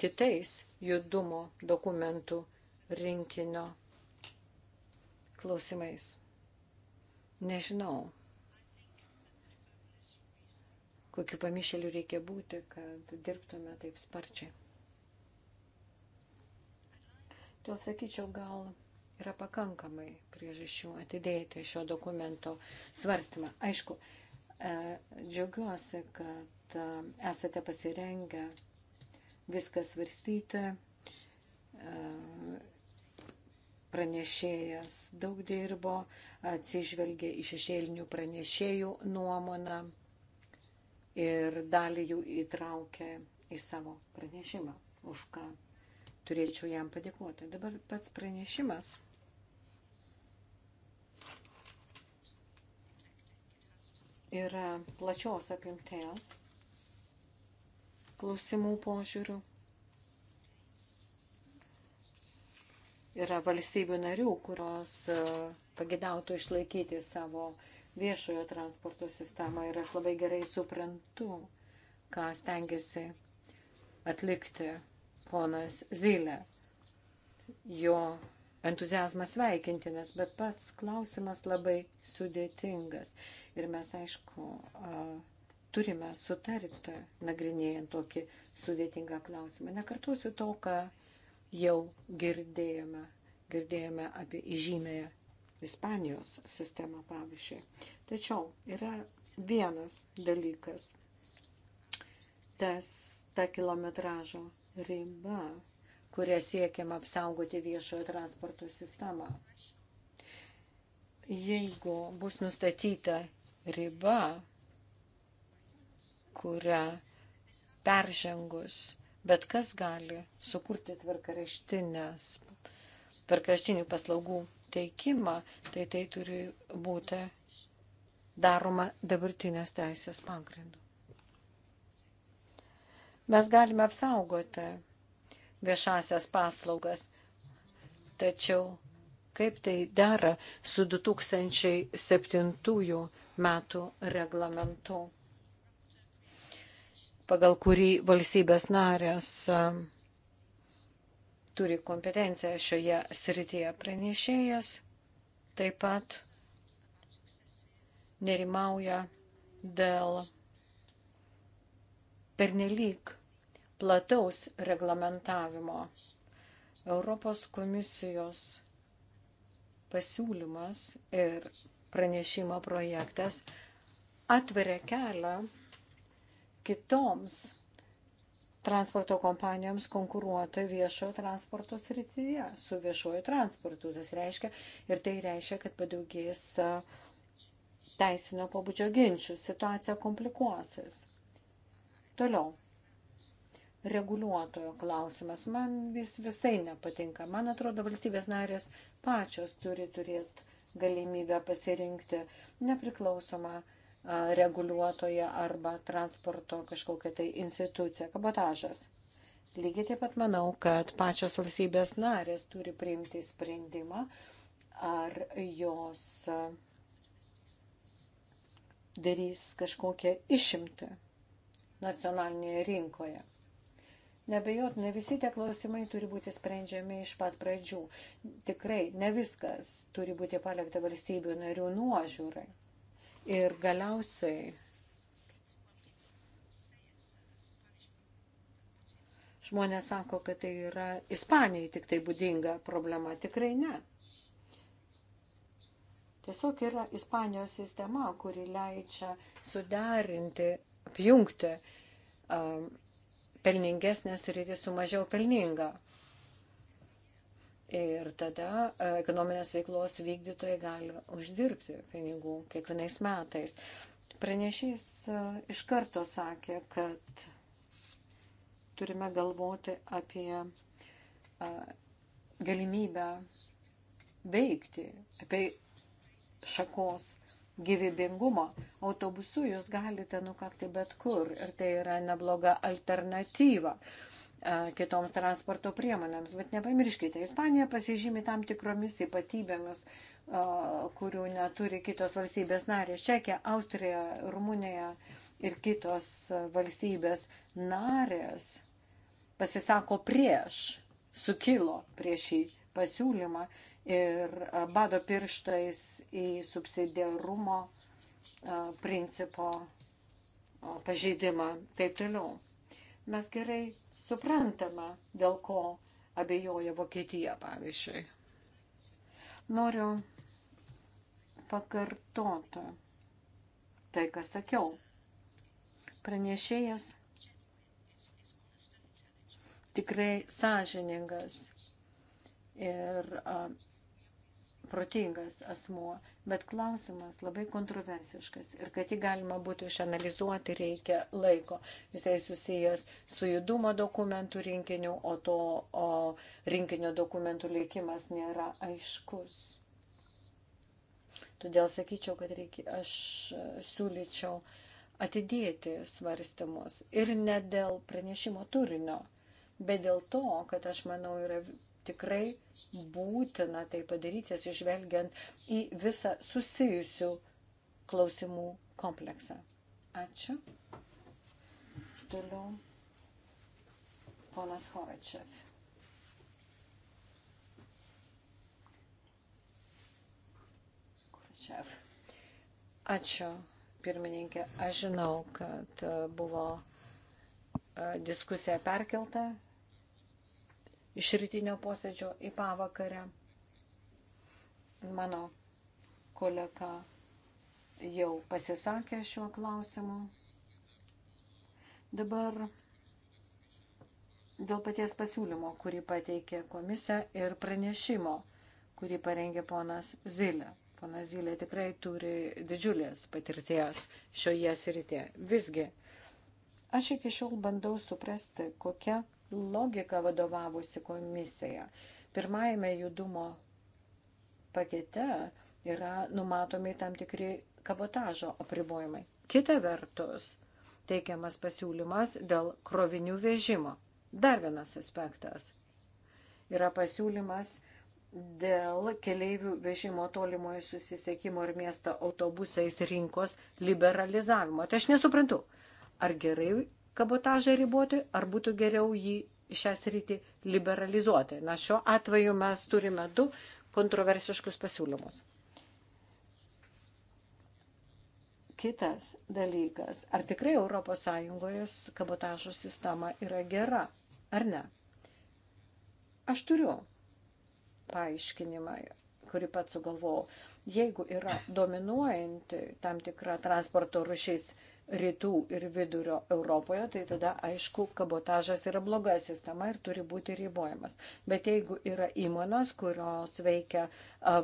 kitais judumo dokumentų rinkinio klausimais. Nežinau, kokiu pamišėliu reikia būti, kad dirbtume taip sparčiai. Todėl sakyčiau, gal yra pakankamai priežasčių atidėti šio dokumento svarstymą. Aišku, e, džiaugiuosi, kad e, esate pasirengę viską svarstyti. E, pranešėjas daug dirbo, atsižvelgė į šešėlinių pranešėjų nuomoną ir dalį jų įtraukė į savo pranešimą, už ką turėčiau jam padėkoti. Dabar pats pranešimas. Yra plačios apimties klausimų požiūrių. Yra valstybių narių, kurios e, pagidautų išlaikyti savo viešojo transporto sistemą ir aš labai gerai suprantu, ką stengiasi atlikti ponas Zylė. Jo entuzijazmas sveikintinas, bet pats klausimas labai sudėtingas. Ir mes, aišku, turime sutarti, nagrinėjant tokį sudėtingą klausimą. Nekartuosiu to, ką jau girdėjome. Girdėjome apie įžymėją Ispanijos sistemą, pavyzdžiui. Tačiau yra vienas dalykas, tas ta kilometražo riba, kuria siekiama apsaugoti viešojo transporto sistemą. Jeigu bus nustatyta riba, kurią peržengus bet kas gali sukurti tvarkaraštinės, tvarkaraštinių paslaugų teikimą, tai tai turi būti daroma dabartinės teisės pagrindu. Mes galime apsaugoti viešasias paslaugas, tačiau kaip tai dera su 2007 metų reglamentu, pagal kurį valstybės narės um, turi kompetenciją šioje srityje pranešėjas, taip pat nerimauja dėl pernelyg plataus reglamentavimo. Europos komisijos pasiūlymas ir pranešimo projektas atveria kelią kitoms transporto kompanijoms konkuruoti viešojo transporto srityje su viešojo transportu. Tas reiškia ir tai reiškia, kad padaugės teisinio pabudžio ginčių. Situacija komplikuosis. Toliau. Reguliuotojo klausimas. Man vis visai nepatinka. Man atrodo, valstybės narės pačios turi turėti galimybę pasirinkti nepriklausomą reguliuotoje arba transporto kažkokią tai instituciją, kabotažas. Lygiai taip pat manau, kad pačios valstybės narės turi priimti sprendimą, ar jos darys kažkokią išimtį nacionalinėje rinkoje. Nebejotinai visi tie klausimai turi būti sprendžiami iš pat pradžių. Tikrai ne viskas turi būti palikta valstybių narių nuožiūrai. Ir galiausiai žmonės sako, kad tai yra Ispanijai tik tai būdinga problema. Tikrai ne. Tiesiog yra Ispanijos sistema, kuri leidžia suderinti apjungti pelningesnės rytis su mažiau pelninga. Ir tada ekonominės veiklos vykdytojai gali uždirbti pinigų kiekvienais metais. Pranešys iš karto sakė, kad turime galvoti apie galimybę veikti, apie šakos gyvybingumo. Autobusu jūs galite nukakti bet kur ir tai yra nebloga alternatyva e, kitoms transporto priemonėms. Bet nepamirškite, Ispanija pasižymi tam tikromis ypatybėmis, e, kurių neturi kitos valstybės narės. Čekija, Austrija, Rumunija ir kitos valstybės narės pasisako prieš, sukilo prieš šį pasiūlymą ir bado pirštais į subsidiarumo principo pažeidimą taip toliau. Mes gerai suprantame, dėl ko abejoja Vokietija, pavyzdžiui. Noriu pakartoti tai, ką sakiau. Pranešėjas tikrai sąžiningas ir protingas asmuo, bet klausimas labai kontroversiškas ir kad jį galima būtų išanalizuoti reikia laiko. Jisai susijęs su judumo dokumentų rinkiniu, o to o rinkinio dokumentų likimas nėra aiškus. Todėl sakyčiau, kad reikia, aš siūlyčiau atidėti svarstymus ir ne dėl pranešimo turinio, bet dėl to, kad aš manau yra tikrai būtina tai padaryti, atsižvelgiant į visą susijusių klausimų kompleksą. Ačiū. Toliau. Ponas Horačev. Horačev. Ačiū, pirmininkė. Aš žinau, kad buvo diskusija perkelta iš rytinio posėdžio į pavakarę. Mano kolega jau pasisakė šiuo klausimu. Dabar dėl paties pasiūlymo, kurį pateikė komisija ir pranešimo, kurį parengė ponas Zilė. Ponas Zilė tikrai turi didžiulės patirties šioje srityje. Visgi, aš iki šiol bandau suprasti, kokia logika vadovavusi komisija. Pirmajame judumo pakete yra numatomi tam tikri kabotažo apribojimai. Kita vertus, teikiamas pasiūlymas dėl krovinių vežimo. Dar vienas aspektas yra pasiūlymas dėl keleivių vežimo tolimojo susisiekimo ir miesto autobusais rinkos liberalizavimo. Tai aš nesuprantu, ar gerai kabotažą riboti, ar būtų geriau jį šią sritį liberalizuoti. Na, šiuo atveju mes turime du kontroversiškus pasiūlymus. Kitas dalykas, ar tikrai ES kabotažo sistema yra gera, ar ne? Aš turiu paaiškinimą, kurį pats sugalvojau. Jeigu yra dominuojanti tam tikra transporto rušys, rytų ir vidurio Europoje, tai tada aišku, kabotažas yra bloga sistema ir turi būti ribojamas. Bet jeigu yra įmonas, kurios veikia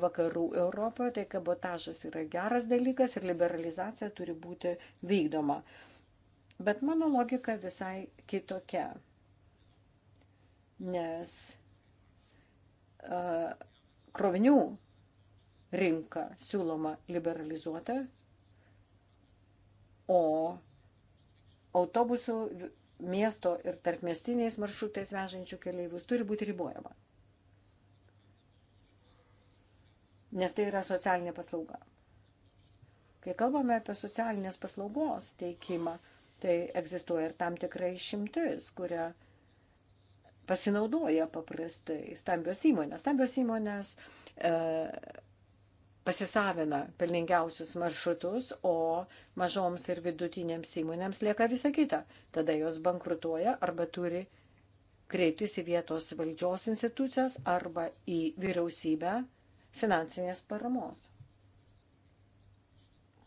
vakarų Europoje, tai kabotažas yra geras dalykas ir liberalizacija turi būti vykdoma. Bet mano logika visai kitokia. Nes uh, krovinių rinka siūloma liberalizuota, o autobusų miesto ir tarpmestiniais maršrutais vežančių keleivius turi būti ribojama. Nes tai yra socialinė paslauga. Kai kalbame apie socialinės paslaugos teikimą, tai egzistuoja ir tam tikrai šimtis, kuria pasinaudoja paprastai stambios įmonės. Stambios įmonės e, pasisavina pelningiausius maršrutus, o mažoms ir vidutinėms įmonėms lieka visa kita. Tada jos bankrutuoja arba turi kreiptis į vietos valdžios institucijas arba į vyriausybę finansinės paramos.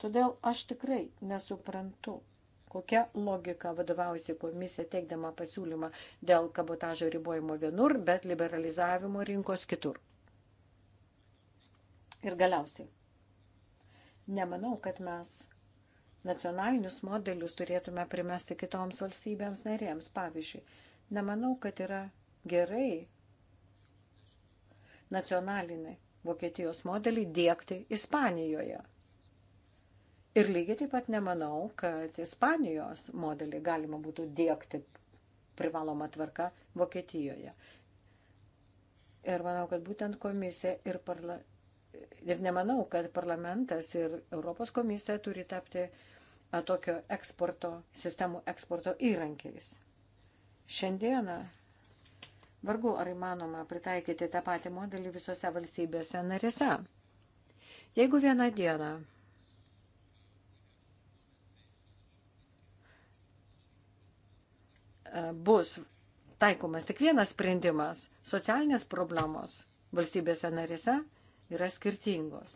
Todėl aš tikrai nesuprantu, kokia logika vadovaujasi komisija teikdama pasiūlymą dėl kabotažo ribojimo vienur, bet liberalizavimo rinkos kitur. Ir galiausiai, nemanau, kad mes nacionalinius modelius turėtume primesti kitoms valstybėms narėms. Pavyzdžiui, nemanau, kad yra gerai nacionalinį Vokietijos modelį dėkti Ispanijoje. Ir lygiai taip pat nemanau, kad Ispanijos modelį galima būtų dėkti privaloma tvarka Vokietijoje. Ir manau, kad būtent komisija ir parla ir nemanau, kad parlamentas ir Europos komisija turi tapti tokio eksporto, sistemų eksporto įrankiais. Šiandieną vargu ar įmanoma pritaikyti tą patį modelį visose valstybėse narėse. Jeigu vieną dieną bus taikomas tik vienas sprendimas socialinės problemos valstybėse narėse, yra skirtingos.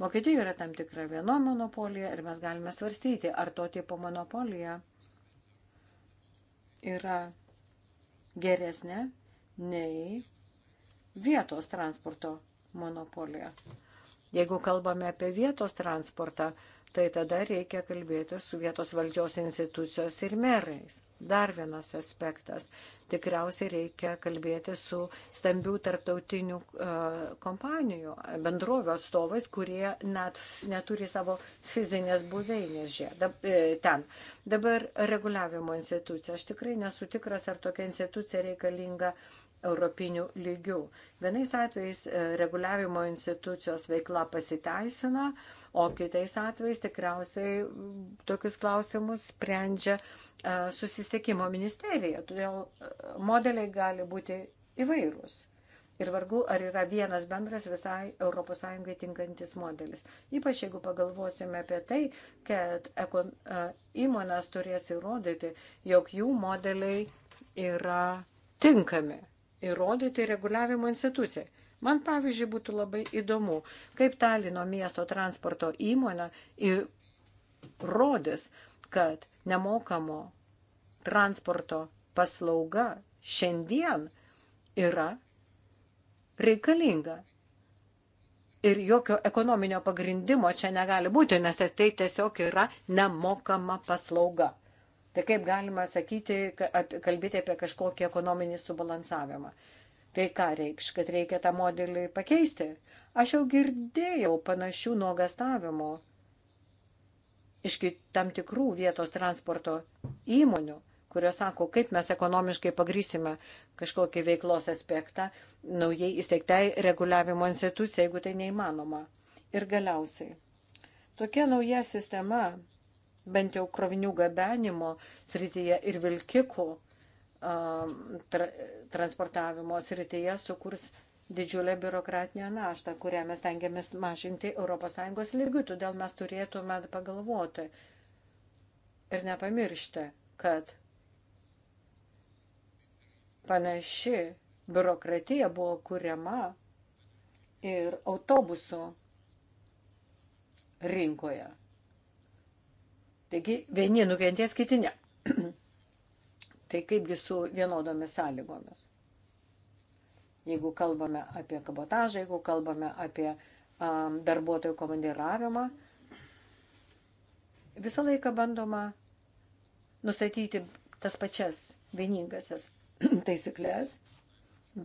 Vokietijoje yra tam tikra vieno monopolija ir mes galime svarstyti, ar to tipo monopolija yra geresnė nei vietos transporto monopolija. Jeigu kalbame apie vietos transportą, tai tada reikia kalbėti su vietos valdžios institucijos ir merais. Dar vienas aspektas. Tikriausiai reikia kalbėti su stambių tarptautinių e, kompanijų, bendrovio atstovais, kurie net neturi savo fizinės buveinės žia, dab, e, ten. Dabar reguliavimo institucija. Aš tikrai nesu tikras, ar tokia institucija reikalinga europinių lygių. Vienais atvejais e, reguliavimo institucijos veikla pasiteisina, o kitais atvejais tikriausiai tokius klausimus sprendžia e, susisiekimo ministerija. Todėl e, modeliai gali būti įvairūs. Ir vargu, ar yra vienas bendras visai ES tinkantis modelis. Ypač jeigu pagalvosime apie tai, kad ekon, įmonės turės įrodyti, jog jų modeliai yra tinkami įrodyti reguliavimo institucijai. Man, pavyzdžiui, būtų labai įdomu, kaip Talino miesto transporto įmonė įrodys, kad nemokamo transporto paslauga šiandien yra reikalinga. Ir jokio ekonominio pagrindimo čia negali būti, nes tai tiesiog yra nemokama paslauga. Tai kaip galima sakyti, kalbėti apie kažkokį ekonominį subalansavimą? Tai ką reikš, kad reikia tą modelį pakeisti? Aš jau girdėjau panašių nuogastavimų iš tam tikrų vietos transporto įmonių, kurios sako, kaip mes ekonomiškai pagrysime kažkokį veiklos aspektą naujai įsteigtai reguliavimo institucijai, jeigu tai neįmanoma. Ir galiausiai, tokia nauja sistema bent jau krovinių gabenimo srityje ir vilkikų tra transportavimo srityje sukurs didžiulę biurokratinę naštą, kurią mes tengiamės mažinti ES lygių. Todėl mes turėtume pagalvoti ir nepamiršti, kad panaši biurokratija buvo kuriama ir autobusų rinkoje. Taigi vieni nukentės, kiti ne. (clears throat) tai kaipgi su vienodomis sąlygomis? Jeigu kalbame apie kabotažą, jeigu kalbame apie um, darbuotojų komandiravimą, visą laiką bandoma nustatyti tas pačias vieningasias (clears throat) taisyklės,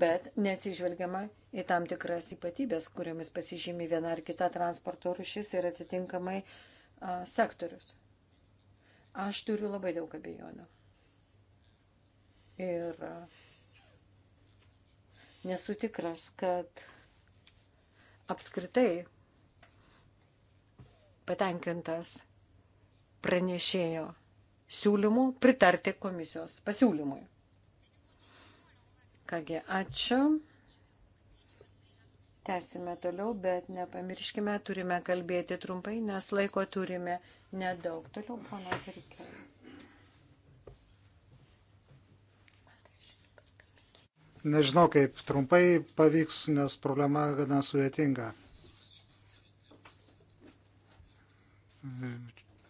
bet neatsižvelgiama į tam tikras ypatybės, kuriomis pasižymi viena ar kita transporto rušis ir atitinkamai a, sektorius. Aš turiu labai daug abejonių. Ir e, nesu tikras, kad apskritai patenkintas pranešėjo siūlymų pritarti komisijos pasiūlymui. Kągi, ačiū. Tęsime toliau, bet nepamirškime, turime kalbėti trumpai, nes laiko turime nedaug. Toliau ponas Rikė. Nežinau, kaip trumpai pavyks, nes problema gana sudėtinga.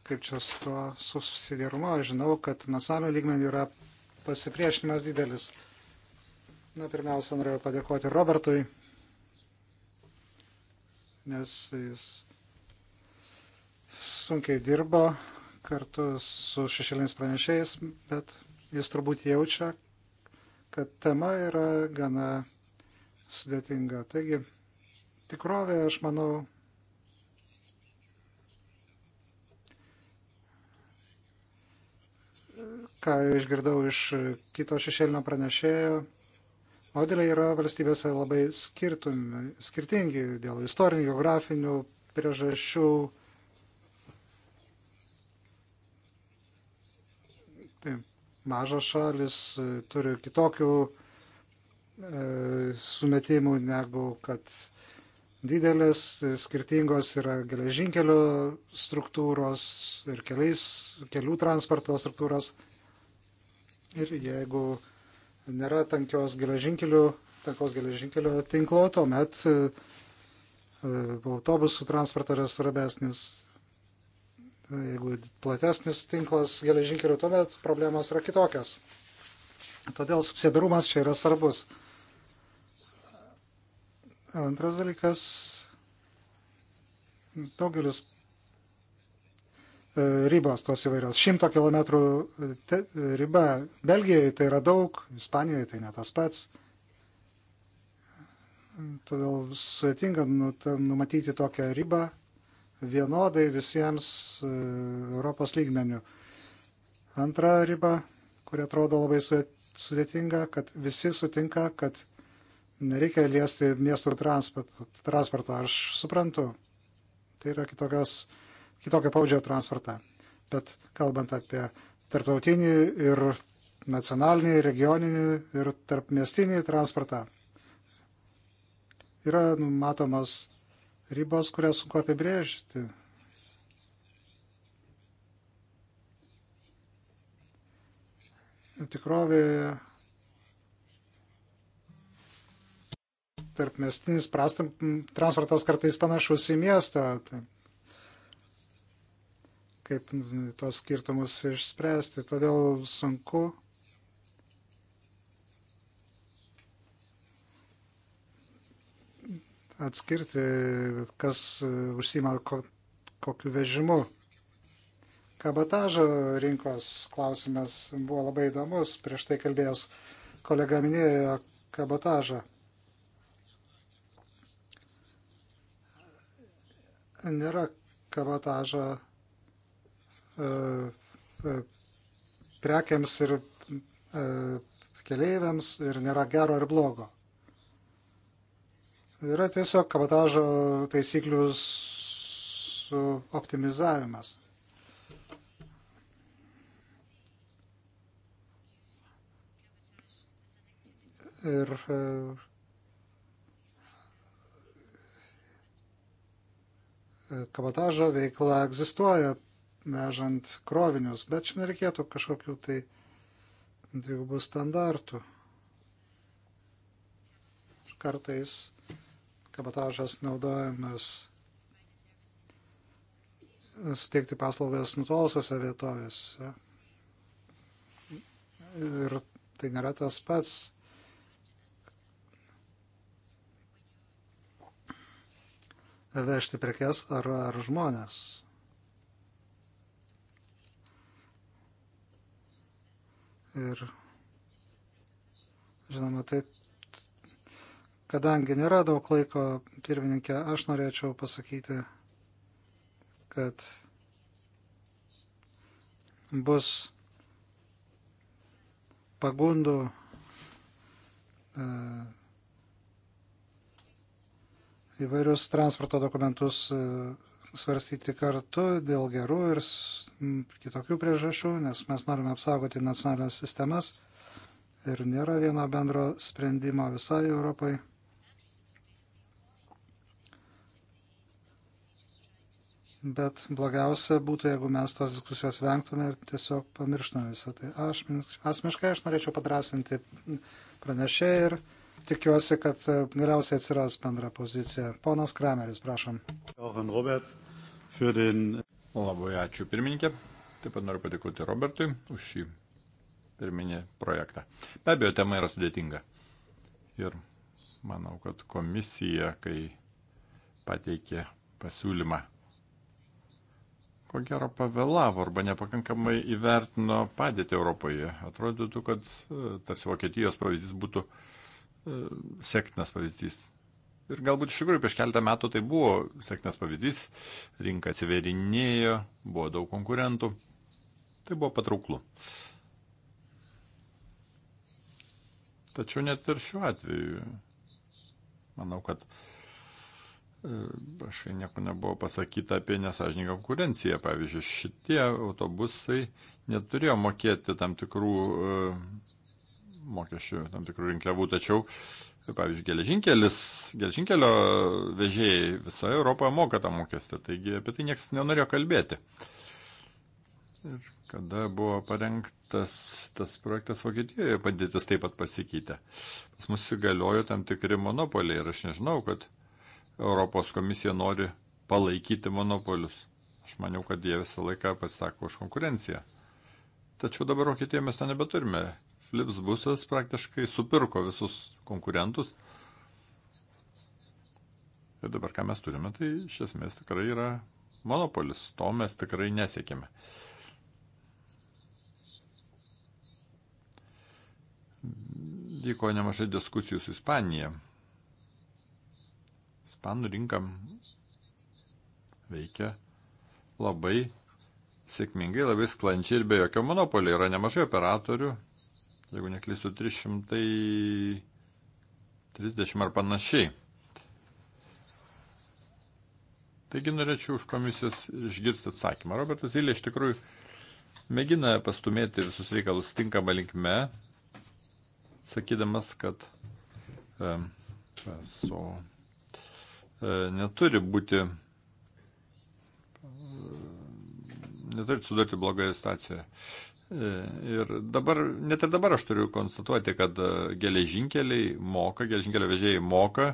Kaip čia su to susidėrumo, žinau, kad nacionalinio lygmenį yra pasipriešinimas didelis. Na, pirmiausia, norėjau padėkoti Robertui, nes jis sunkiai dirbo kartu su šešėliniais pranešėjais, bet jis turbūt jaučia, kad tema yra gana sudėtinga. Taigi, tikrovė, aš manau, ką išgirdau iš kito šešėlinio pranešėjo, modeliai yra valstybėse labai skirtumi, skirtingi dėl istorinių, geografinių priežasčių mažos šalis e, turi kitokių e, sumetimų negu kad didelės, e, skirtingos yra geležinkelio struktūros ir keliais, kelių transporto struktūros. Ir jeigu nėra tankios geležinkelių, tankos geležinkelio tinklo, tuomet autobusų transportas yra svarbesnis. Jeigu platesnis tinklas geležinkelių, tuomet problemos yra kitokios. Todėl subsidarumas čia yra svarbus. Antras dalykas, daugelis e, ribos tos įvairios. Šimto kilometrų riba. Belgijoje tai yra daug, Ispanijoje tai ne tas pats. Todėl sudėtinga nu, numatyti tokią ribą vienodai visiems e, Europos lygmenių. Antra riba, kuri atrodo labai sudėtinga, kad visi sutinka, kad nereikia liesti miestų transporto. Aš suprantu, tai yra kitokios, kitokio paudžio transportą. Bet kalbant apie tarptautinį ir nacionalinį, regioninį ir tarpmiestinį transportą, yra numatomos ribos, kurias sunku apibrėžti. Tikrovėje tarpmestinis transportas kartais panašus į miestą. Tai kaip tuos skirtumus išspręsti. Todėl sunku atskirti, kas e, užsima kokiu vežimu. Kabotažo rinkos klausimas buvo labai įdomus. Prieš tai kalbėjęs kolega minėjo kabotažą. Nėra kabotažo e, e, prekiams ir keleiviams ir nėra gero ir blogo yra tiesiog kabotažo taisyklių optimizavimas. Ir e, e, kabotažo veikla egzistuoja vežant krovinius, bet čia nereikėtų kažkokių tai dvigubų standartų. Kartais kabotažas naudojamas suteikti paslaugas nutolusiose vietovėse. Ir tai nėra tas pats. vežti prekes ar, ar žmonės. Ir žinoma, tai Kadangi nėra daug laiko, pirmininkė, aš norėčiau pasakyti, kad bus pagundų e, įvairius transporto dokumentus e, svarstyti kartu dėl gerų ir kitokių priežasčių, nes mes norime apsaugoti nacionalinės sistemas ir nėra vieno bendro sprendimo visai Europai. bet blogiausia būtų, jeigu mes tos diskusijos vengtume ir tiesiog pamirštume visą tai. Aš asmeniškai aš norėčiau padrasinti pranešėją ir tikiuosi, kad e, galiausiai atsiras bendra pozicija. Ponas Krameris, prašom. Labai ačiū pirmininkė. Taip pat noriu padėkoti Robertui už šį pirminį projektą. Be abejo, tema yra sudėtinga. Ir manau, kad komisija, kai pateikė pasiūlymą ko gero pavėlavo arba nepakankamai įvertino padėtį Europoje. Atrodytų, kad e, tarsi Vokietijos pavyzdys būtų e, sėkmės pavyzdys. Ir galbūt iš tikrųjų prieš keletą metų tai buvo sėkmės pavyzdys, rinka atsiverinėjo, buvo daug konkurentų, tai buvo patrauklu. Tačiau net ir šiuo atveju, manau, kad uh, Ehm, aš nieko nebuvo pasakyta apie nesažininką konkurenciją. Pavyzdžiui, šitie autobusai neturėjo mokėti tam tikrų ehm, mokesčių, tam tikrų rinkliavų, tačiau, pavyzdžiui, geležinkelis, geležinkelio vežėjai visoje Europoje moka tą mokestį, taigi apie tai niekas nenorėjo kalbėti. Ir kada buvo parengtas tas projektas Vokietijoje, padėtis taip pat pasikeitė. Pas mus įgaliojo tam tikri monopoliai ir aš nežinau, kad Europos komisija nori palaikyti monopolius. Aš maniau, kad jie visą laiką pasisako už konkurenciją. Tačiau dabar Vokietijoje mes to nebeturime. Philips busas praktiškai supirko visus konkurentus. Ir dabar ką mes turime, tai iš esmės tikrai yra monopolis. To mes tikrai nesiekime. Vyko nemažai diskusijų su Ispanija Ispanų rinka veikia labai sėkmingai, labai sklančiai ir be jokio monopolio. Yra nemažai operatorių, jeigu neklysiu, 330 ar panašiai. Taigi norėčiau už komisijos išgirsti atsakymą. Robertas Ilė iš tikrųjų mėgina pastumėti visus reikalus tinkamą linkme, sakydamas, kad PSO um, E, neturi būti, e, neturi sudaryti blogąją situaciją. E, ir dabar, net ir dabar aš turiu konstatuoti, kad geležinkeliai moka, geležinkelio vežėjai moka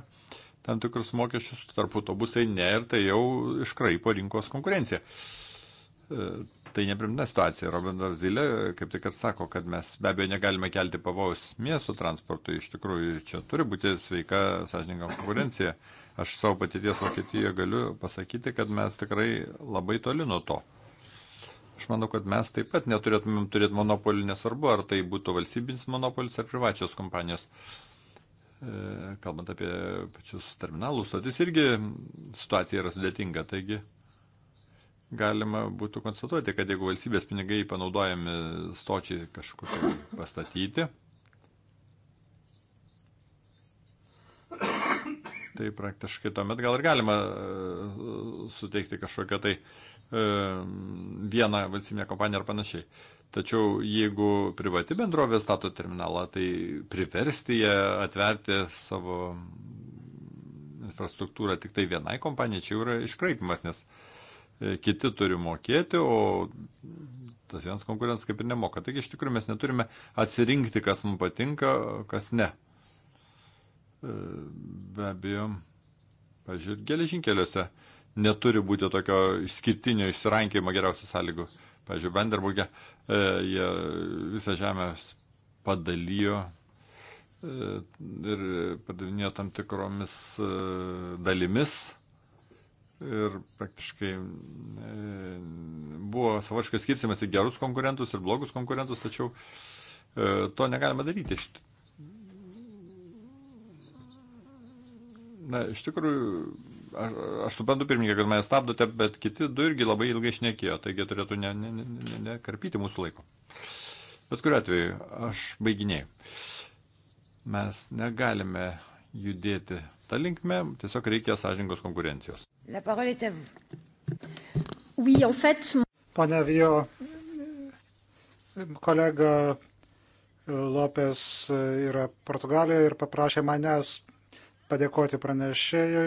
tam tikrus mokesčius, tarp autobusai ne ir tai jau iškraipo rinkos konkurenciją. Tai neprimtina situacija. Robinas Zilė e, kaip tik ir sako, kad mes be abejo negalime kelti pavojus miestų transportui. Iš tikrųjų, čia turi būti sveika, sąžininga konkurencija. Aš savo patirties Vokietijoje galiu pasakyti, kad mes tikrai labai toli nuo to. Aš manau, kad mes taip pat neturėtumėm turėti monopolį, nesvarbu, ar tai būtų valstybinis monopolis ar privačios kompanijos. E, kalbant apie pačius terminalus, stotis irgi situacija yra sudėtinga. Taigi, galima būtų konstatuoti, kad jeigu valstybės pinigai panaudojami stočiai kažkur tai pastatyti, tai praktiškai tuomet gal ir galima e, suteikti kažkokią tai e, vieną valstybinę kompaniją ar panašiai. Tačiau jeigu privati bendrovė stato terminalą, tai priversti ją atverti savo infrastruktūrą tik tai vienai kompanijai, čia jau yra iškraipimas, nes uh, E, kiti turi mokėti, o tas vienas konkurentas kaip ir nemoka. Taigi iš tikrųjų mes neturime atsirinkti, kas mums patinka, kas ne. E, be abejo, pažiūrėjau, geležinkeliuose neturi būti tokio išskirtinio išsirankėjimo geriausių sąlygų. Pavyzdžiui, Benderburgė e, jie visą žemę padalyjo ir padavinėjo tam tikromis dalimis ir praktiškai e, buvo savočiai skirsimas į gerus konkurentus ir blogus konkurentus, tačiau e, to negalima daryti. Na, iš tikrųjų, aš, aš suprantu pirmininkai, kad mane stabdote, bet kiti du irgi labai ilgai išnekėjo, taigi turėtų nekarpyti ne, ne, ne, ne mūsų laiko. Bet kuriu atveju, aš baiginėjau. Mes negalime judėti tą linkmę, tiesiog reikia sąžingos konkurencijos. La parole est à vous. Oui, en fait. Pane Vijo, kolega e, Lopes e, yra Portugalijoje ir paprašė manęs padėkoti pranešėjui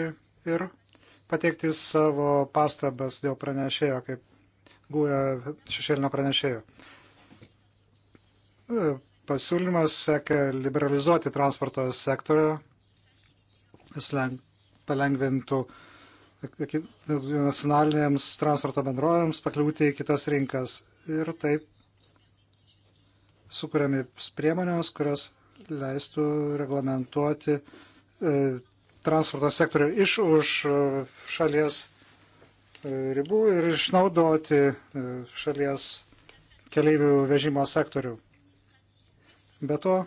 ir pateikti savo pastabas dėl pranešėjo, kaip guoja šešėlinio pranešėjo. E, pasiūlymas siekia liberalizuoti transporto sektorių, jis palengvintų uh, nacionalinėms transporto bendrovėms pakliūti į kitas rinkas. Ir taip sukūrėmi priemonės, kurios leistų reglamentuoti e, transporto sektorių iš už e, šalies e, ribų ir išnaudoti šalies keleivių vežimo sektorių. Be to,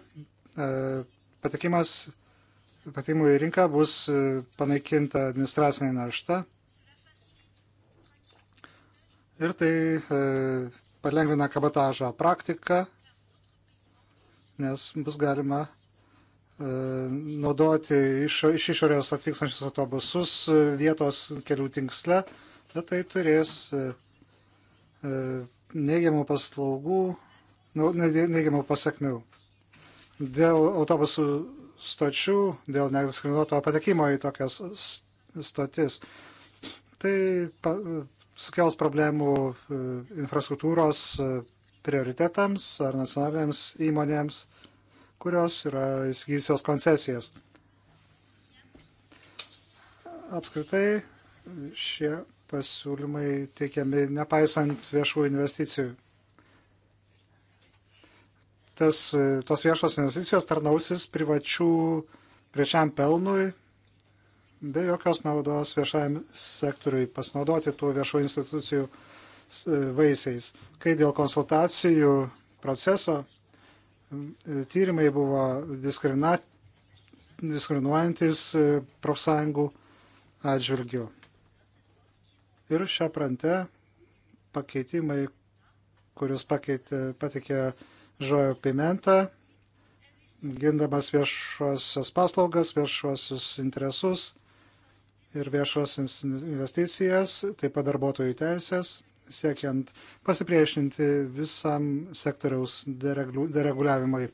patekimas patimų į rinką bus e, panaikinta administracinė našta. Ir tai e, palengvina kabotažo praktiką, nes bus galima e, naudoti iš, iš išorės atvykstančius autobusus e, vietos kelių tinksle, bet tai turės e, e neigiamų paslaugų, nu, neigiamų pasakmių. Dėl autobusų stočių, dėl nediskriminuoto patekimo į tokias stotis. Tai pa, sukels problemų e, infrastruktūros e, prioritetams ar nacionalinėms įmonėms, kurios yra įsigysios koncesijas. Apskritai šie pasiūlymai teikiami nepaisant viešų investicijų tas, e, tos viešos investicijos tarnausis privačių priečiam pelnui, be jokios naudos viešajam sektoriui pasinaudoti tų viešų institucijų e, vaisiais. Kai dėl konsultacijų proceso e, tyrimai buvo diskriminuoti diskriminuojantis profsąjungų atžvilgių. Ir šią prantę pakeitimai, kuriuos pakeitė, patikė Žojo Pimenta, gindamas viešuosios paslaugas, viešuosius interesus ir viešuosius investicijas, taip pat darbuotojų teisės, siekiant pasipriešinti visam sektoriaus dereguliavimui.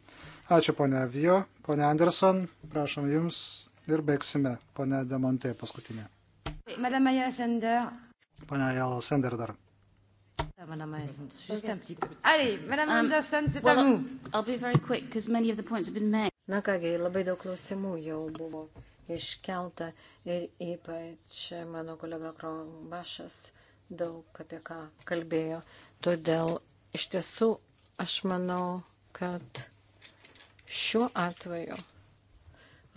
Ačiū ponia Vijo, ponia Anderson, prašom Jums ir baigsime. Ponia Demonte paskutinė. Madame Jala Sender. Ponia Jala Sender dar. Madame Anderson, juste okay. un petit peu. Allez, Madame um, Anderson, c'est well, à vous. I'll be very quick because many of the points have been made. Na kągi, labai daug klausimų jau buvo iškelta ir ypač mano kolega Krombašas daug apie ką kalbėjo. Todėl iš tiesų aš manau, kad šiuo atveju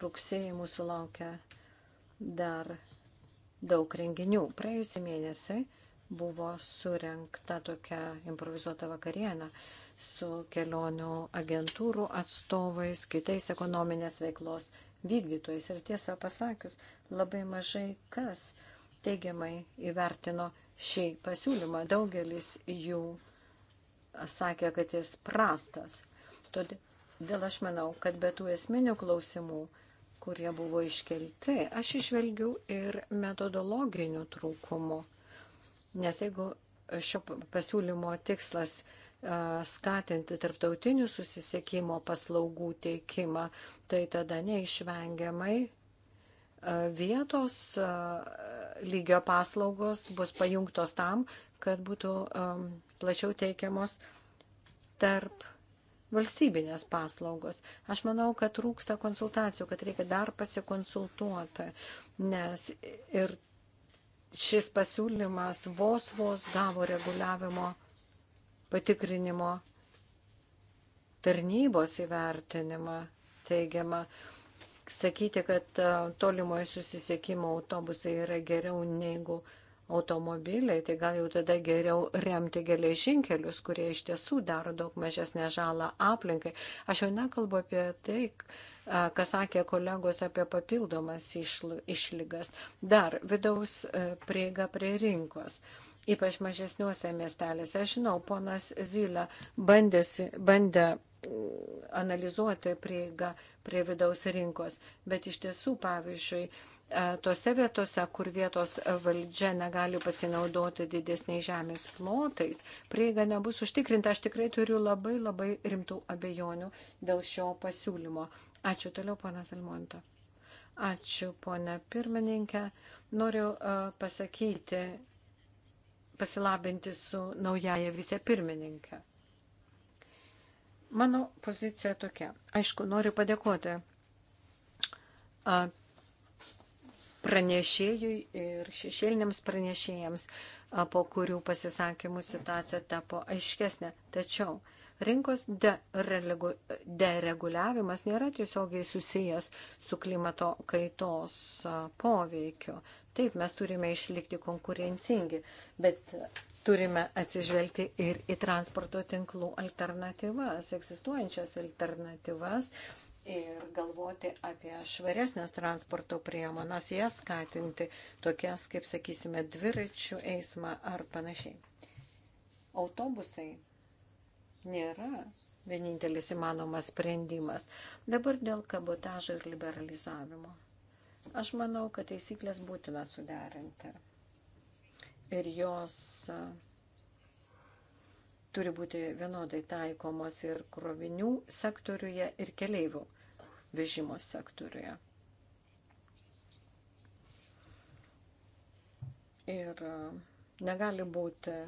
rugsėjai mūsų laukia dar daug renginių. Praėjusį mėnesį buvo surenkta tokia improvizuota vakarienė su kelionių agentūrų atstovais, kitais ekonominės veiklos vykdytojais. Ir tiesą pasakius, labai mažai kas teigiamai įvertino šį pasiūlymą. Daugelis jų sakė, kad jis prastas. Todėl aš manau, kad be tų esminių klausimų, kurie buvo iškelti, aš išvelgiu ir metodologinių trūkumų Nes jeigu šio pasiūlymo tikslas skatinti tarptautinių susisiekimo paslaugų teikimą, tai tada neišvengiamai vietos lygio paslaugos bus pajungtos tam, kad būtų plačiau teikiamos tarp valstybinės paslaugos. Aš manau, kad trūksta konsultacijų, kad reikia dar pasikonsultuoti, nes ir šis pasiūlymas vos vos gavo reguliavimo patikrinimo tarnybos įvertinimą teigiamą. Sakyti, kad e, tolimoje susisiekimo autobusai yra geriau negu automobiliai, tai gal jau tada geriau remti geležinkelius, kurie iš tiesų daro daug mažesnę žalą aplinkai. Aš jau nekalbu apie tai, ką sakė kolegos apie papildomas išlygas. Dar vidaus prieiga prie rinkos. Ypač mažesniuose miestelėse. Aš žinau, ponas Zylė bandėsi, bandė mm, analizuoti prieigą prie vidaus rinkos. Bet iš tiesų, pavyzdžiui, tose vietose, kur vietos valdžia negali pasinaudoti didesniais žemės plotais, prieiga nebus užtikrinta. Aš tikrai turiu labai labai rimtų abejonių dėl šio pasiūlymo. Ačiū toliau, ponas Almonto. Ačiū, ponė pirmininkė. Noriu uh, pasakyti, pasilabinti su naujaja vicepirmininkė. Mano pozicija tokia. Aišku, noriu padėkoti uh, pranešėjui ir šešėliniams pranešėjams, po kurių pasisakymų situacija tapo aiškesnė. Tačiau Rinkos dereguliavimas nėra tiesiogiai susijęs su klimato kaitos poveikiu. Taip, mes turime išlikti konkurencingi, bet turime atsižvelgti ir į transporto tinklų alternatyvas, egzistuojančias alternatyvas ir galvoti apie švaresnės transporto priemonas, jas skatinti, tokias kaip, sakysime, dviračių eismą ar panašiai. Autobusai nėra vienintelis įmanomas sprendimas. Dabar dėl kabotažo ir liberalizavimo. Aš manau, kad taisyklės būtina suderinti. Ir jos turi būti vienodai taikomos ir krovinių sektoriuje, ir keleivių vežimo sektoriuje. Ir negali būti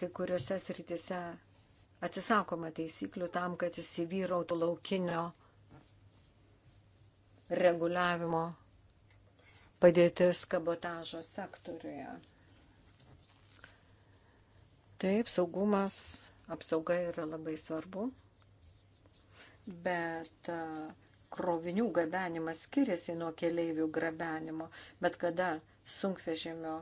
kai kuriuose srityse atsisakoma taisyklių tam, kad įsivyrautų laukinio reguliavimo padėtis kabotažo sektoriuje. Taip, saugumas, apsauga yra labai svarbu, bet krovinių gabenimas skiriasi nuo keleivių gabenimo, bet kada sunkvežimio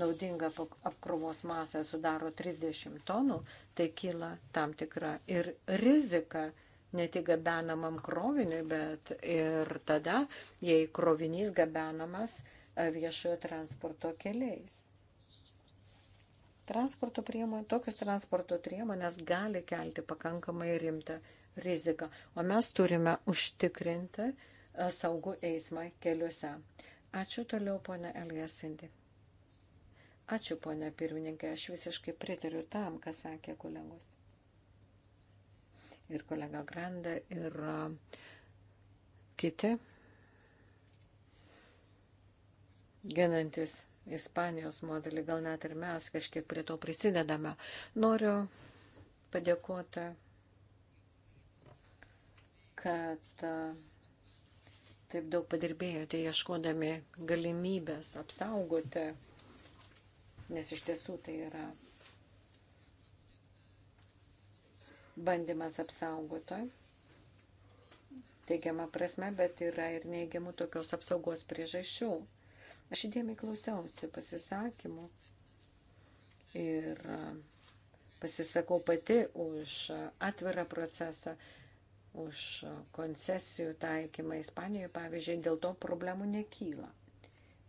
naudinga apkrovos masė sudaro 30 tonų, tai kyla tam tikra ir rizika ne tik gabenamam kroviniui, bet ir tada, jei krovinys gabenamas e, viešojo transporto keliais. Transporto priemonė, tokios transporto priemonės gali kelti pakankamai rimtą riziką, o mes turime užtikrinti e, saugų eismą keliuose. Ačiū toliau, ponė Elija Sindi. Ačiū, ponia pirmininkė, aš visiškai pritariu tam, ką sakė kolegos. Ir kolega Granda, ir uh, kiti, ginantis Ispanijos modelį, gal net ir mes kažkiek prie to prisidedame. Noriu padėkoti, kad uh, taip daug padirbėjote, ieškodami galimybės apsaugoti nes iš tiesų tai yra bandymas apsaugotoj, teigiama prasme, bet yra ir neigiamų tokios apsaugos priežasčių. Aš įdėmiai klausiausi pasisakymų ir pasisakau pati už atvirą procesą, už koncesijų taikymą Ispanijoje, pavyzdžiui, dėl to problemų nekyla.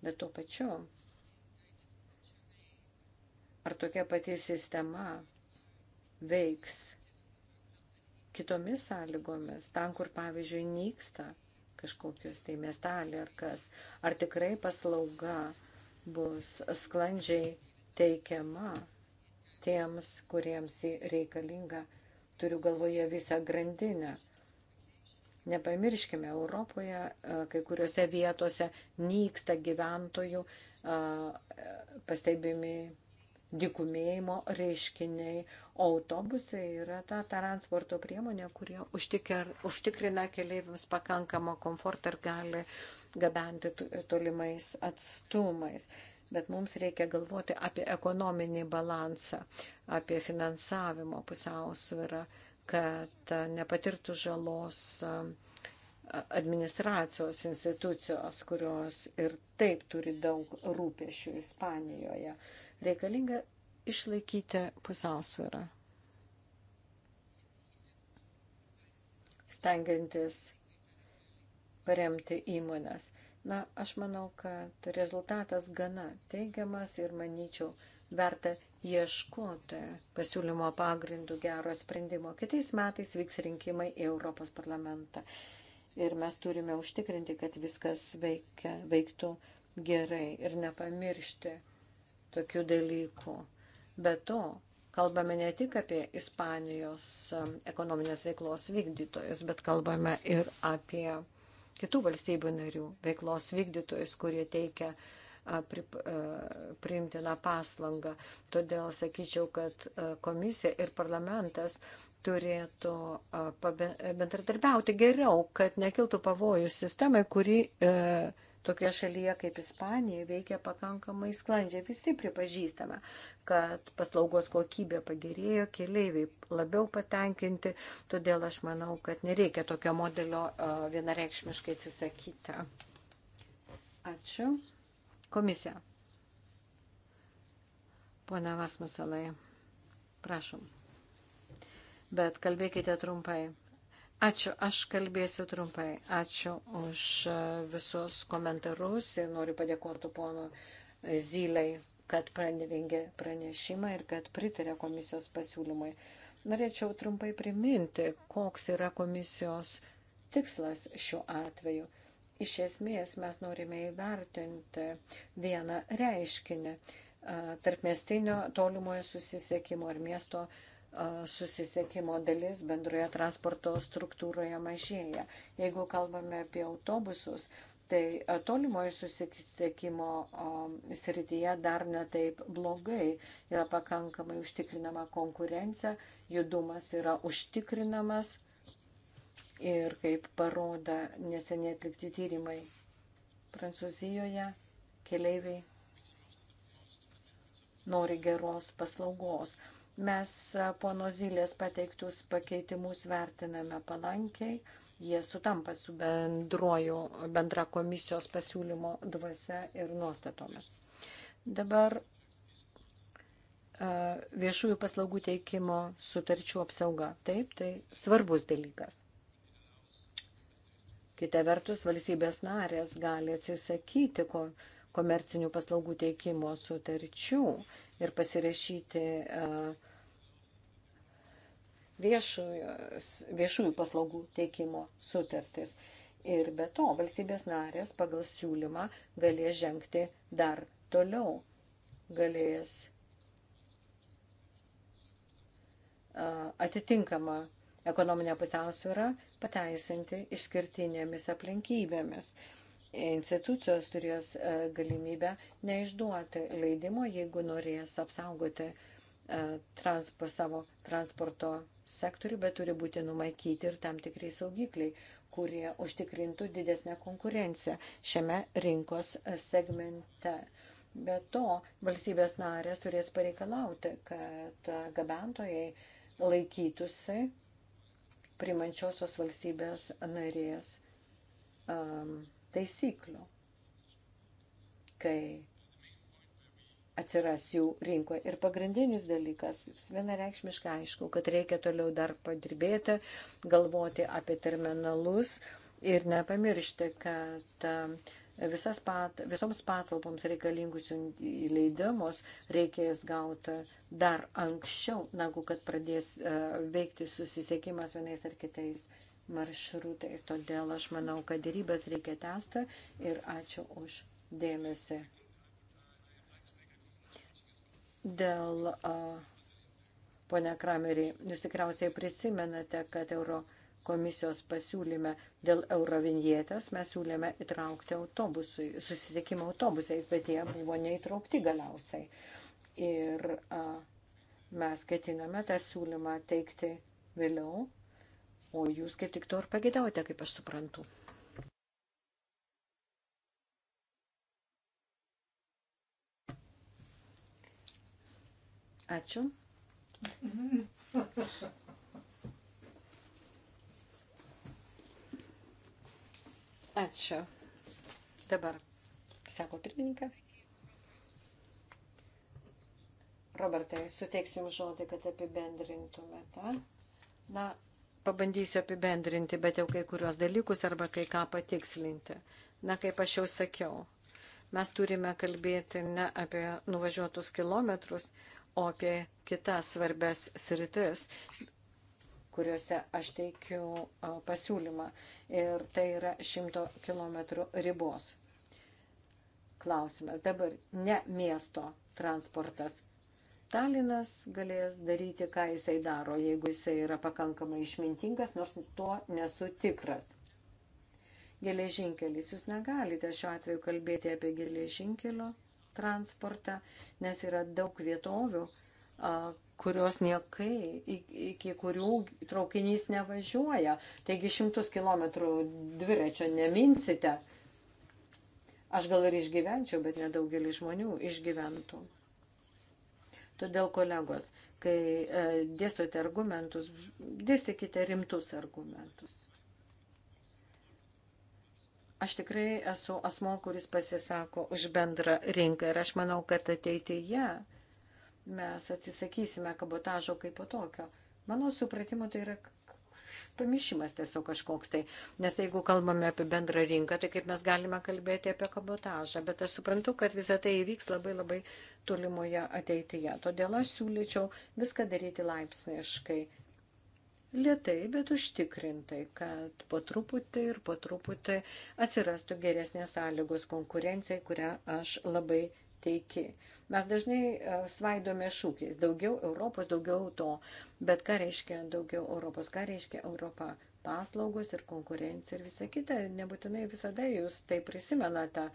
Bet tuo pačiu ar tokia pati sistema veiks kitomis sąlygomis, ten, kur, pavyzdžiui, nyksta kažkokius tai miestelį ar kas, ar tikrai paslauga bus sklandžiai teikiama tiems, kuriems jį reikalinga, turiu galvoje visą grandinę. Nepamirškime, Europoje kai kuriuose vietose nyksta gyventojų pastebimi dikumėjimo reiškiniai, o autobusai yra ta transporto priemonė, kurie užtikrina keliaiviams pakankamą komfortą ir gali gabenti tolimais atstumais. Bet mums reikia galvoti apie ekonominį balansą, apie finansavimo pusiausvyrą, kad nepatirtų žalos um, administracijos institucijos, kurios ir taip turi daug rūpešių Ispanijoje reikalinga išlaikyti pusiausvyrą. Stengiantis paremti įmonės. Na, aš manau, kad rezultatas gana teigiamas ir manyčiau, verta ieškoti pasiūlymo pagrindų gero sprendimo. Kitais metais vyks rinkimai į Europos parlamentą. Ir mes turime užtikrinti, kad viskas veikia, veiktų gerai ir nepamiršti tokių dalykų. Be to, kalbame ne tik apie Ispanijos um, ekonominės veiklos vykdytojus, bet kalbame ir apie kitų valstybių narių veiklos vykdytojus, kurie teikia pri, priimtiną paslangą. Todėl sakyčiau, kad komisija ir parlamentas turėtų bendradarbiauti geriau, kad nekiltų pavojus sistemai, kuri e, tokia šalyje kaip Ispanija veikia pakankamai sklandžiai. Visi pripažįstame, kad paslaugos kokybė pagerėjo, keleiviai labiau patenkinti, todėl aš manau, kad nereikia tokio modelio vienareikšmiškai atsisakyti. Ačiū. Komisija. Pone Vasmusalai, prašom. Bet kalbėkite trumpai. Ačiū, aš kalbėsiu trumpai. Ačiū už e, visus komentarus ir noriu padėkoti pono Zylei, kad rengė pranešimą ir kad pritarė komisijos pasiūlymui. Norėčiau trumpai priminti, koks yra komisijos tikslas šiuo atveju. Iš esmės mes norime įvertinti vieną reiškinį e, tarpmestinio tolimojo susisiekimo ir miesto uh, susisiekimo dalis bendroje transporto struktūroje mažėja. Jeigu kalbame apie autobusus, tai tolimojo susisiekimo srityje dar netaip blogai yra pakankamai užtikrinama konkurencija, judumas yra užtikrinamas ir kaip parodo neseniai atlikti tyrimai Prancūzijoje, keleiviai nori geros paslaugos. Mes e, pono Zylės pateiktus pakeitimus vertiname palankiai, jie sutampa su bendruoju, bendra komisijos pasiūlymo dvasia ir nuostatomis. Dabar e, viešųjų paslaugų teikimo sutarčių apsauga. Taip, tai svarbus dalykas. Kita vertus, valstybės narės gali atsisakyti ko, uh, komercinių paslaugų teikimo sutarčių ir pasirašyti e, viešųjų, viešųjų paslaugų teikimo sutartis. Ir be to valstybės narės pagal siūlymą galės žengti dar toliau, galės e, atitinkamą ekonominę pusiausvyrą pateisinti išskirtinėmis aplinkybėmis institucijos turės e, galimybę neišduoti leidimo, jeigu norės apsaugoti e, transpo, savo transporto sektorių, bet turi būti numatyti ir tam tikrai saugikliai, kurie užtikrintų didesnę konkurenciją šiame rinkos e, segmente. Be to, valstybės narės turės pareikalauti, kad gabentojai laikytųsi primančiosios valstybės narės um, taisyklių, kai atsiras jų rinkoje. Ir pagrindinis dalykas, vienareikšmiškai aišku, kad reikia toliau dar padirbėti, galvoti apie terminalus ir nepamiršti, kad e, visas pat, visoms patalpoms reikalingus įleidimus reikės gauti dar anksčiau, negu kad pradės e, veikti susisiekimas vienais ar kitais maršrutais. Todėl aš manau, kad dėrybės reikia tęsti ir ačiū už dėmesį. Dėl uh, Pone Kramerį, jūs tikriausiai prisimenate, kad Euro komisijos pasiūlyme dėl eurovinietės mes siūlėme įtraukti autobusui, susisiekimą autobusais, bet jie buvo neįtraukti galiausiai. Ir a, mes ketiname tą siūlymą teikti vėliau O jūs kaip tik to ir pagėdavote, kaip aš suprantu. Ačiū. Ačiū. Dabar, sako pirmininkas. Robertai, suteiksim žodį, kad apibendrintumėte. Na, pabandysiu apibendrinti, bet jau kai kuriuos dalykus arba kai ką patikslinti. Na, kaip aš jau sakiau, mes turime kalbėti ne apie nuvažiuotus kilometrus, o apie kitas svarbes sritis, kuriuose aš teikiu pasiūlymą. Ir tai yra 100 km ribos klausimas. Dabar ne miesto transportas, Stalinas galės daryti, ką jisai daro, jeigu jisai yra pakankamai išmintingas, nors tuo nesu tikras. Geležinkelis, jūs negalite šiuo atveju kalbėti apie geležinkelio transportą, nes yra daug vietovių, kurios niekai, iki kurių traukinys nevažiuoja. Taigi šimtus kilometrų dviračio neminsite. Aš gal ir išgyvenčiau, bet nedaugelis žmonių išgyventų. Todėl, kolegos, kai e, dėstote argumentus, dėstykite rimtus argumentus. Aš tikrai esu asmo, kuris pasisako už bendrą rinką ir aš manau, kad ateityje mes atsisakysime kabotažo kaip po tokio. Mano supratimu, tai yra pamišimas tiesiog kažkoks tai. Nes jeigu kalbame apie bendrą rinką, tai kaip mes galime kalbėti apie kabotažą. Bet aš suprantu, kad visa tai įvyks labai labai tolimoje ateityje. Todėl aš siūlyčiau viską daryti laipsniškai. Lietai, bet užtikrintai, kad po truputį ir po truputį atsirastų geresnės sąlygos konkurencijai, kurią aš labai teiki. Mes dažnai e, svaidome šūkiais daugiau Europos, daugiau to. Bet ką reiškia daugiau Europos, ką reiškia Europa? paslaugos ir konkurencija ir visa kita. Nebūtinai visada jūs tai prisimenate.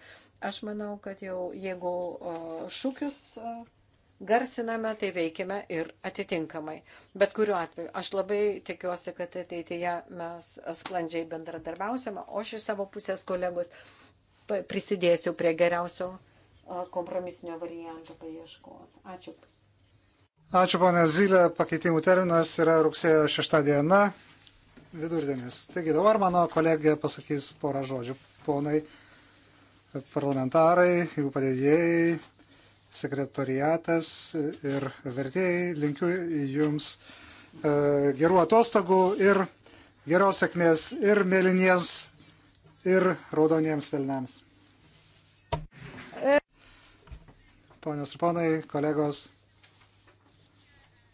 Aš manau, kad jau jeigu e, šūkius e, garsiname, tai veikime ir atitinkamai. Bet kuriuo atveju, aš labai tikiuosi, kad ateityje mes sklandžiai bendradarbiausime, o aš iš savo pusės kolegos prisidėsiu prie geriausio kompromisinio varianto paieškos. Ačiū. Ačiū, ponė Zylė. Pakeitimų terminas yra rugsėjo 6 diena, vidurdienis. Taigi dabar mano kolegė pasakys porą žodžių. Ponai parlamentarai, jų padėjėjai, sekretoriatas ir vertėjai, linkiu jums e, gerų atostogų ir geros sėkmės ir mėlyniems, ir raudoniems velnams. ponios ir ponai, kolegos.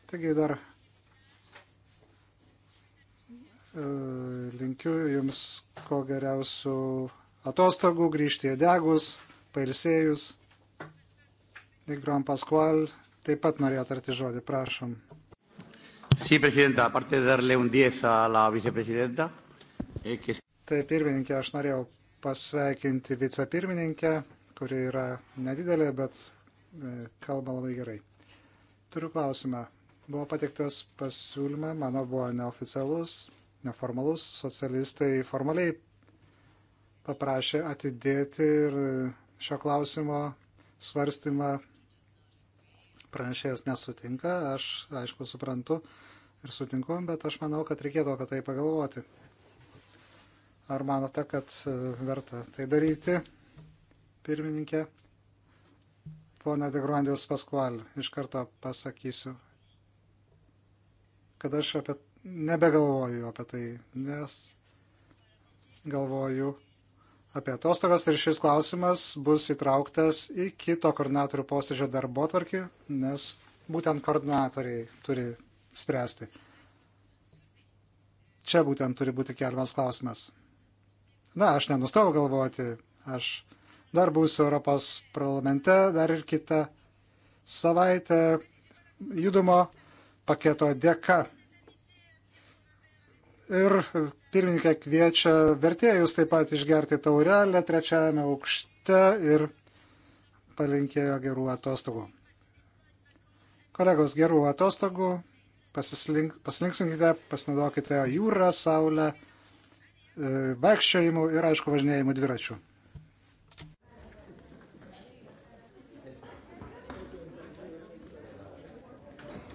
Taigi dar e, linkiu Jums ko geriausių atostogų, grįžti į degus, pailsėjus. Igrom Pascual taip pat norėjo tarti žodį, prašom. Sí, presidenta, aparte de darle un 10 a la vicepresidenta. Eh, que... Taip, pirmininkė, aš norėjau pasveikinti vicepirmininkę, kuri yra nedidelė, bet E, kalba labai gerai. Turiu klausimą. Buvo patiktas pasiūlymą, mano buvo neoficialus, neformalus, socialistai formaliai paprašė atidėti ir šio klausimo svarstymą pranešėjas nesutinka, aš aišku suprantu ir sutinku, bet aš manau, kad reikėtų apie tai pagalvoti. Ar manote, kad e, verta tai daryti, pirmininkė? Pone Degrandijos Paskval, iš karto pasakysiu, kad aš apie, nebegalvoju apie tai, nes galvoju apie atostogas ir šis klausimas bus įtrauktas į kito koordinatorių posėdžio darbo tvarkį, nes būtent koordinatoriai turi spręsti. Čia būtent turi būti keliamas klausimas. Na, aš nenustau galvoti, aš Dar būsiu Europos parlamente, dar ir kitą savaitę judumo paketo dėka. Ir pirmininkė kviečia vertėjus taip pat išgerti taurelę trečiajame aukšte ir palinkėjo gerų atostogų. Kolegos, gerų atostogų, pasislink, pasilinksinkite, pasinaudokite jūrą, saulę, e, vaikščiojimu ir aišku važinėjimu dviračiu.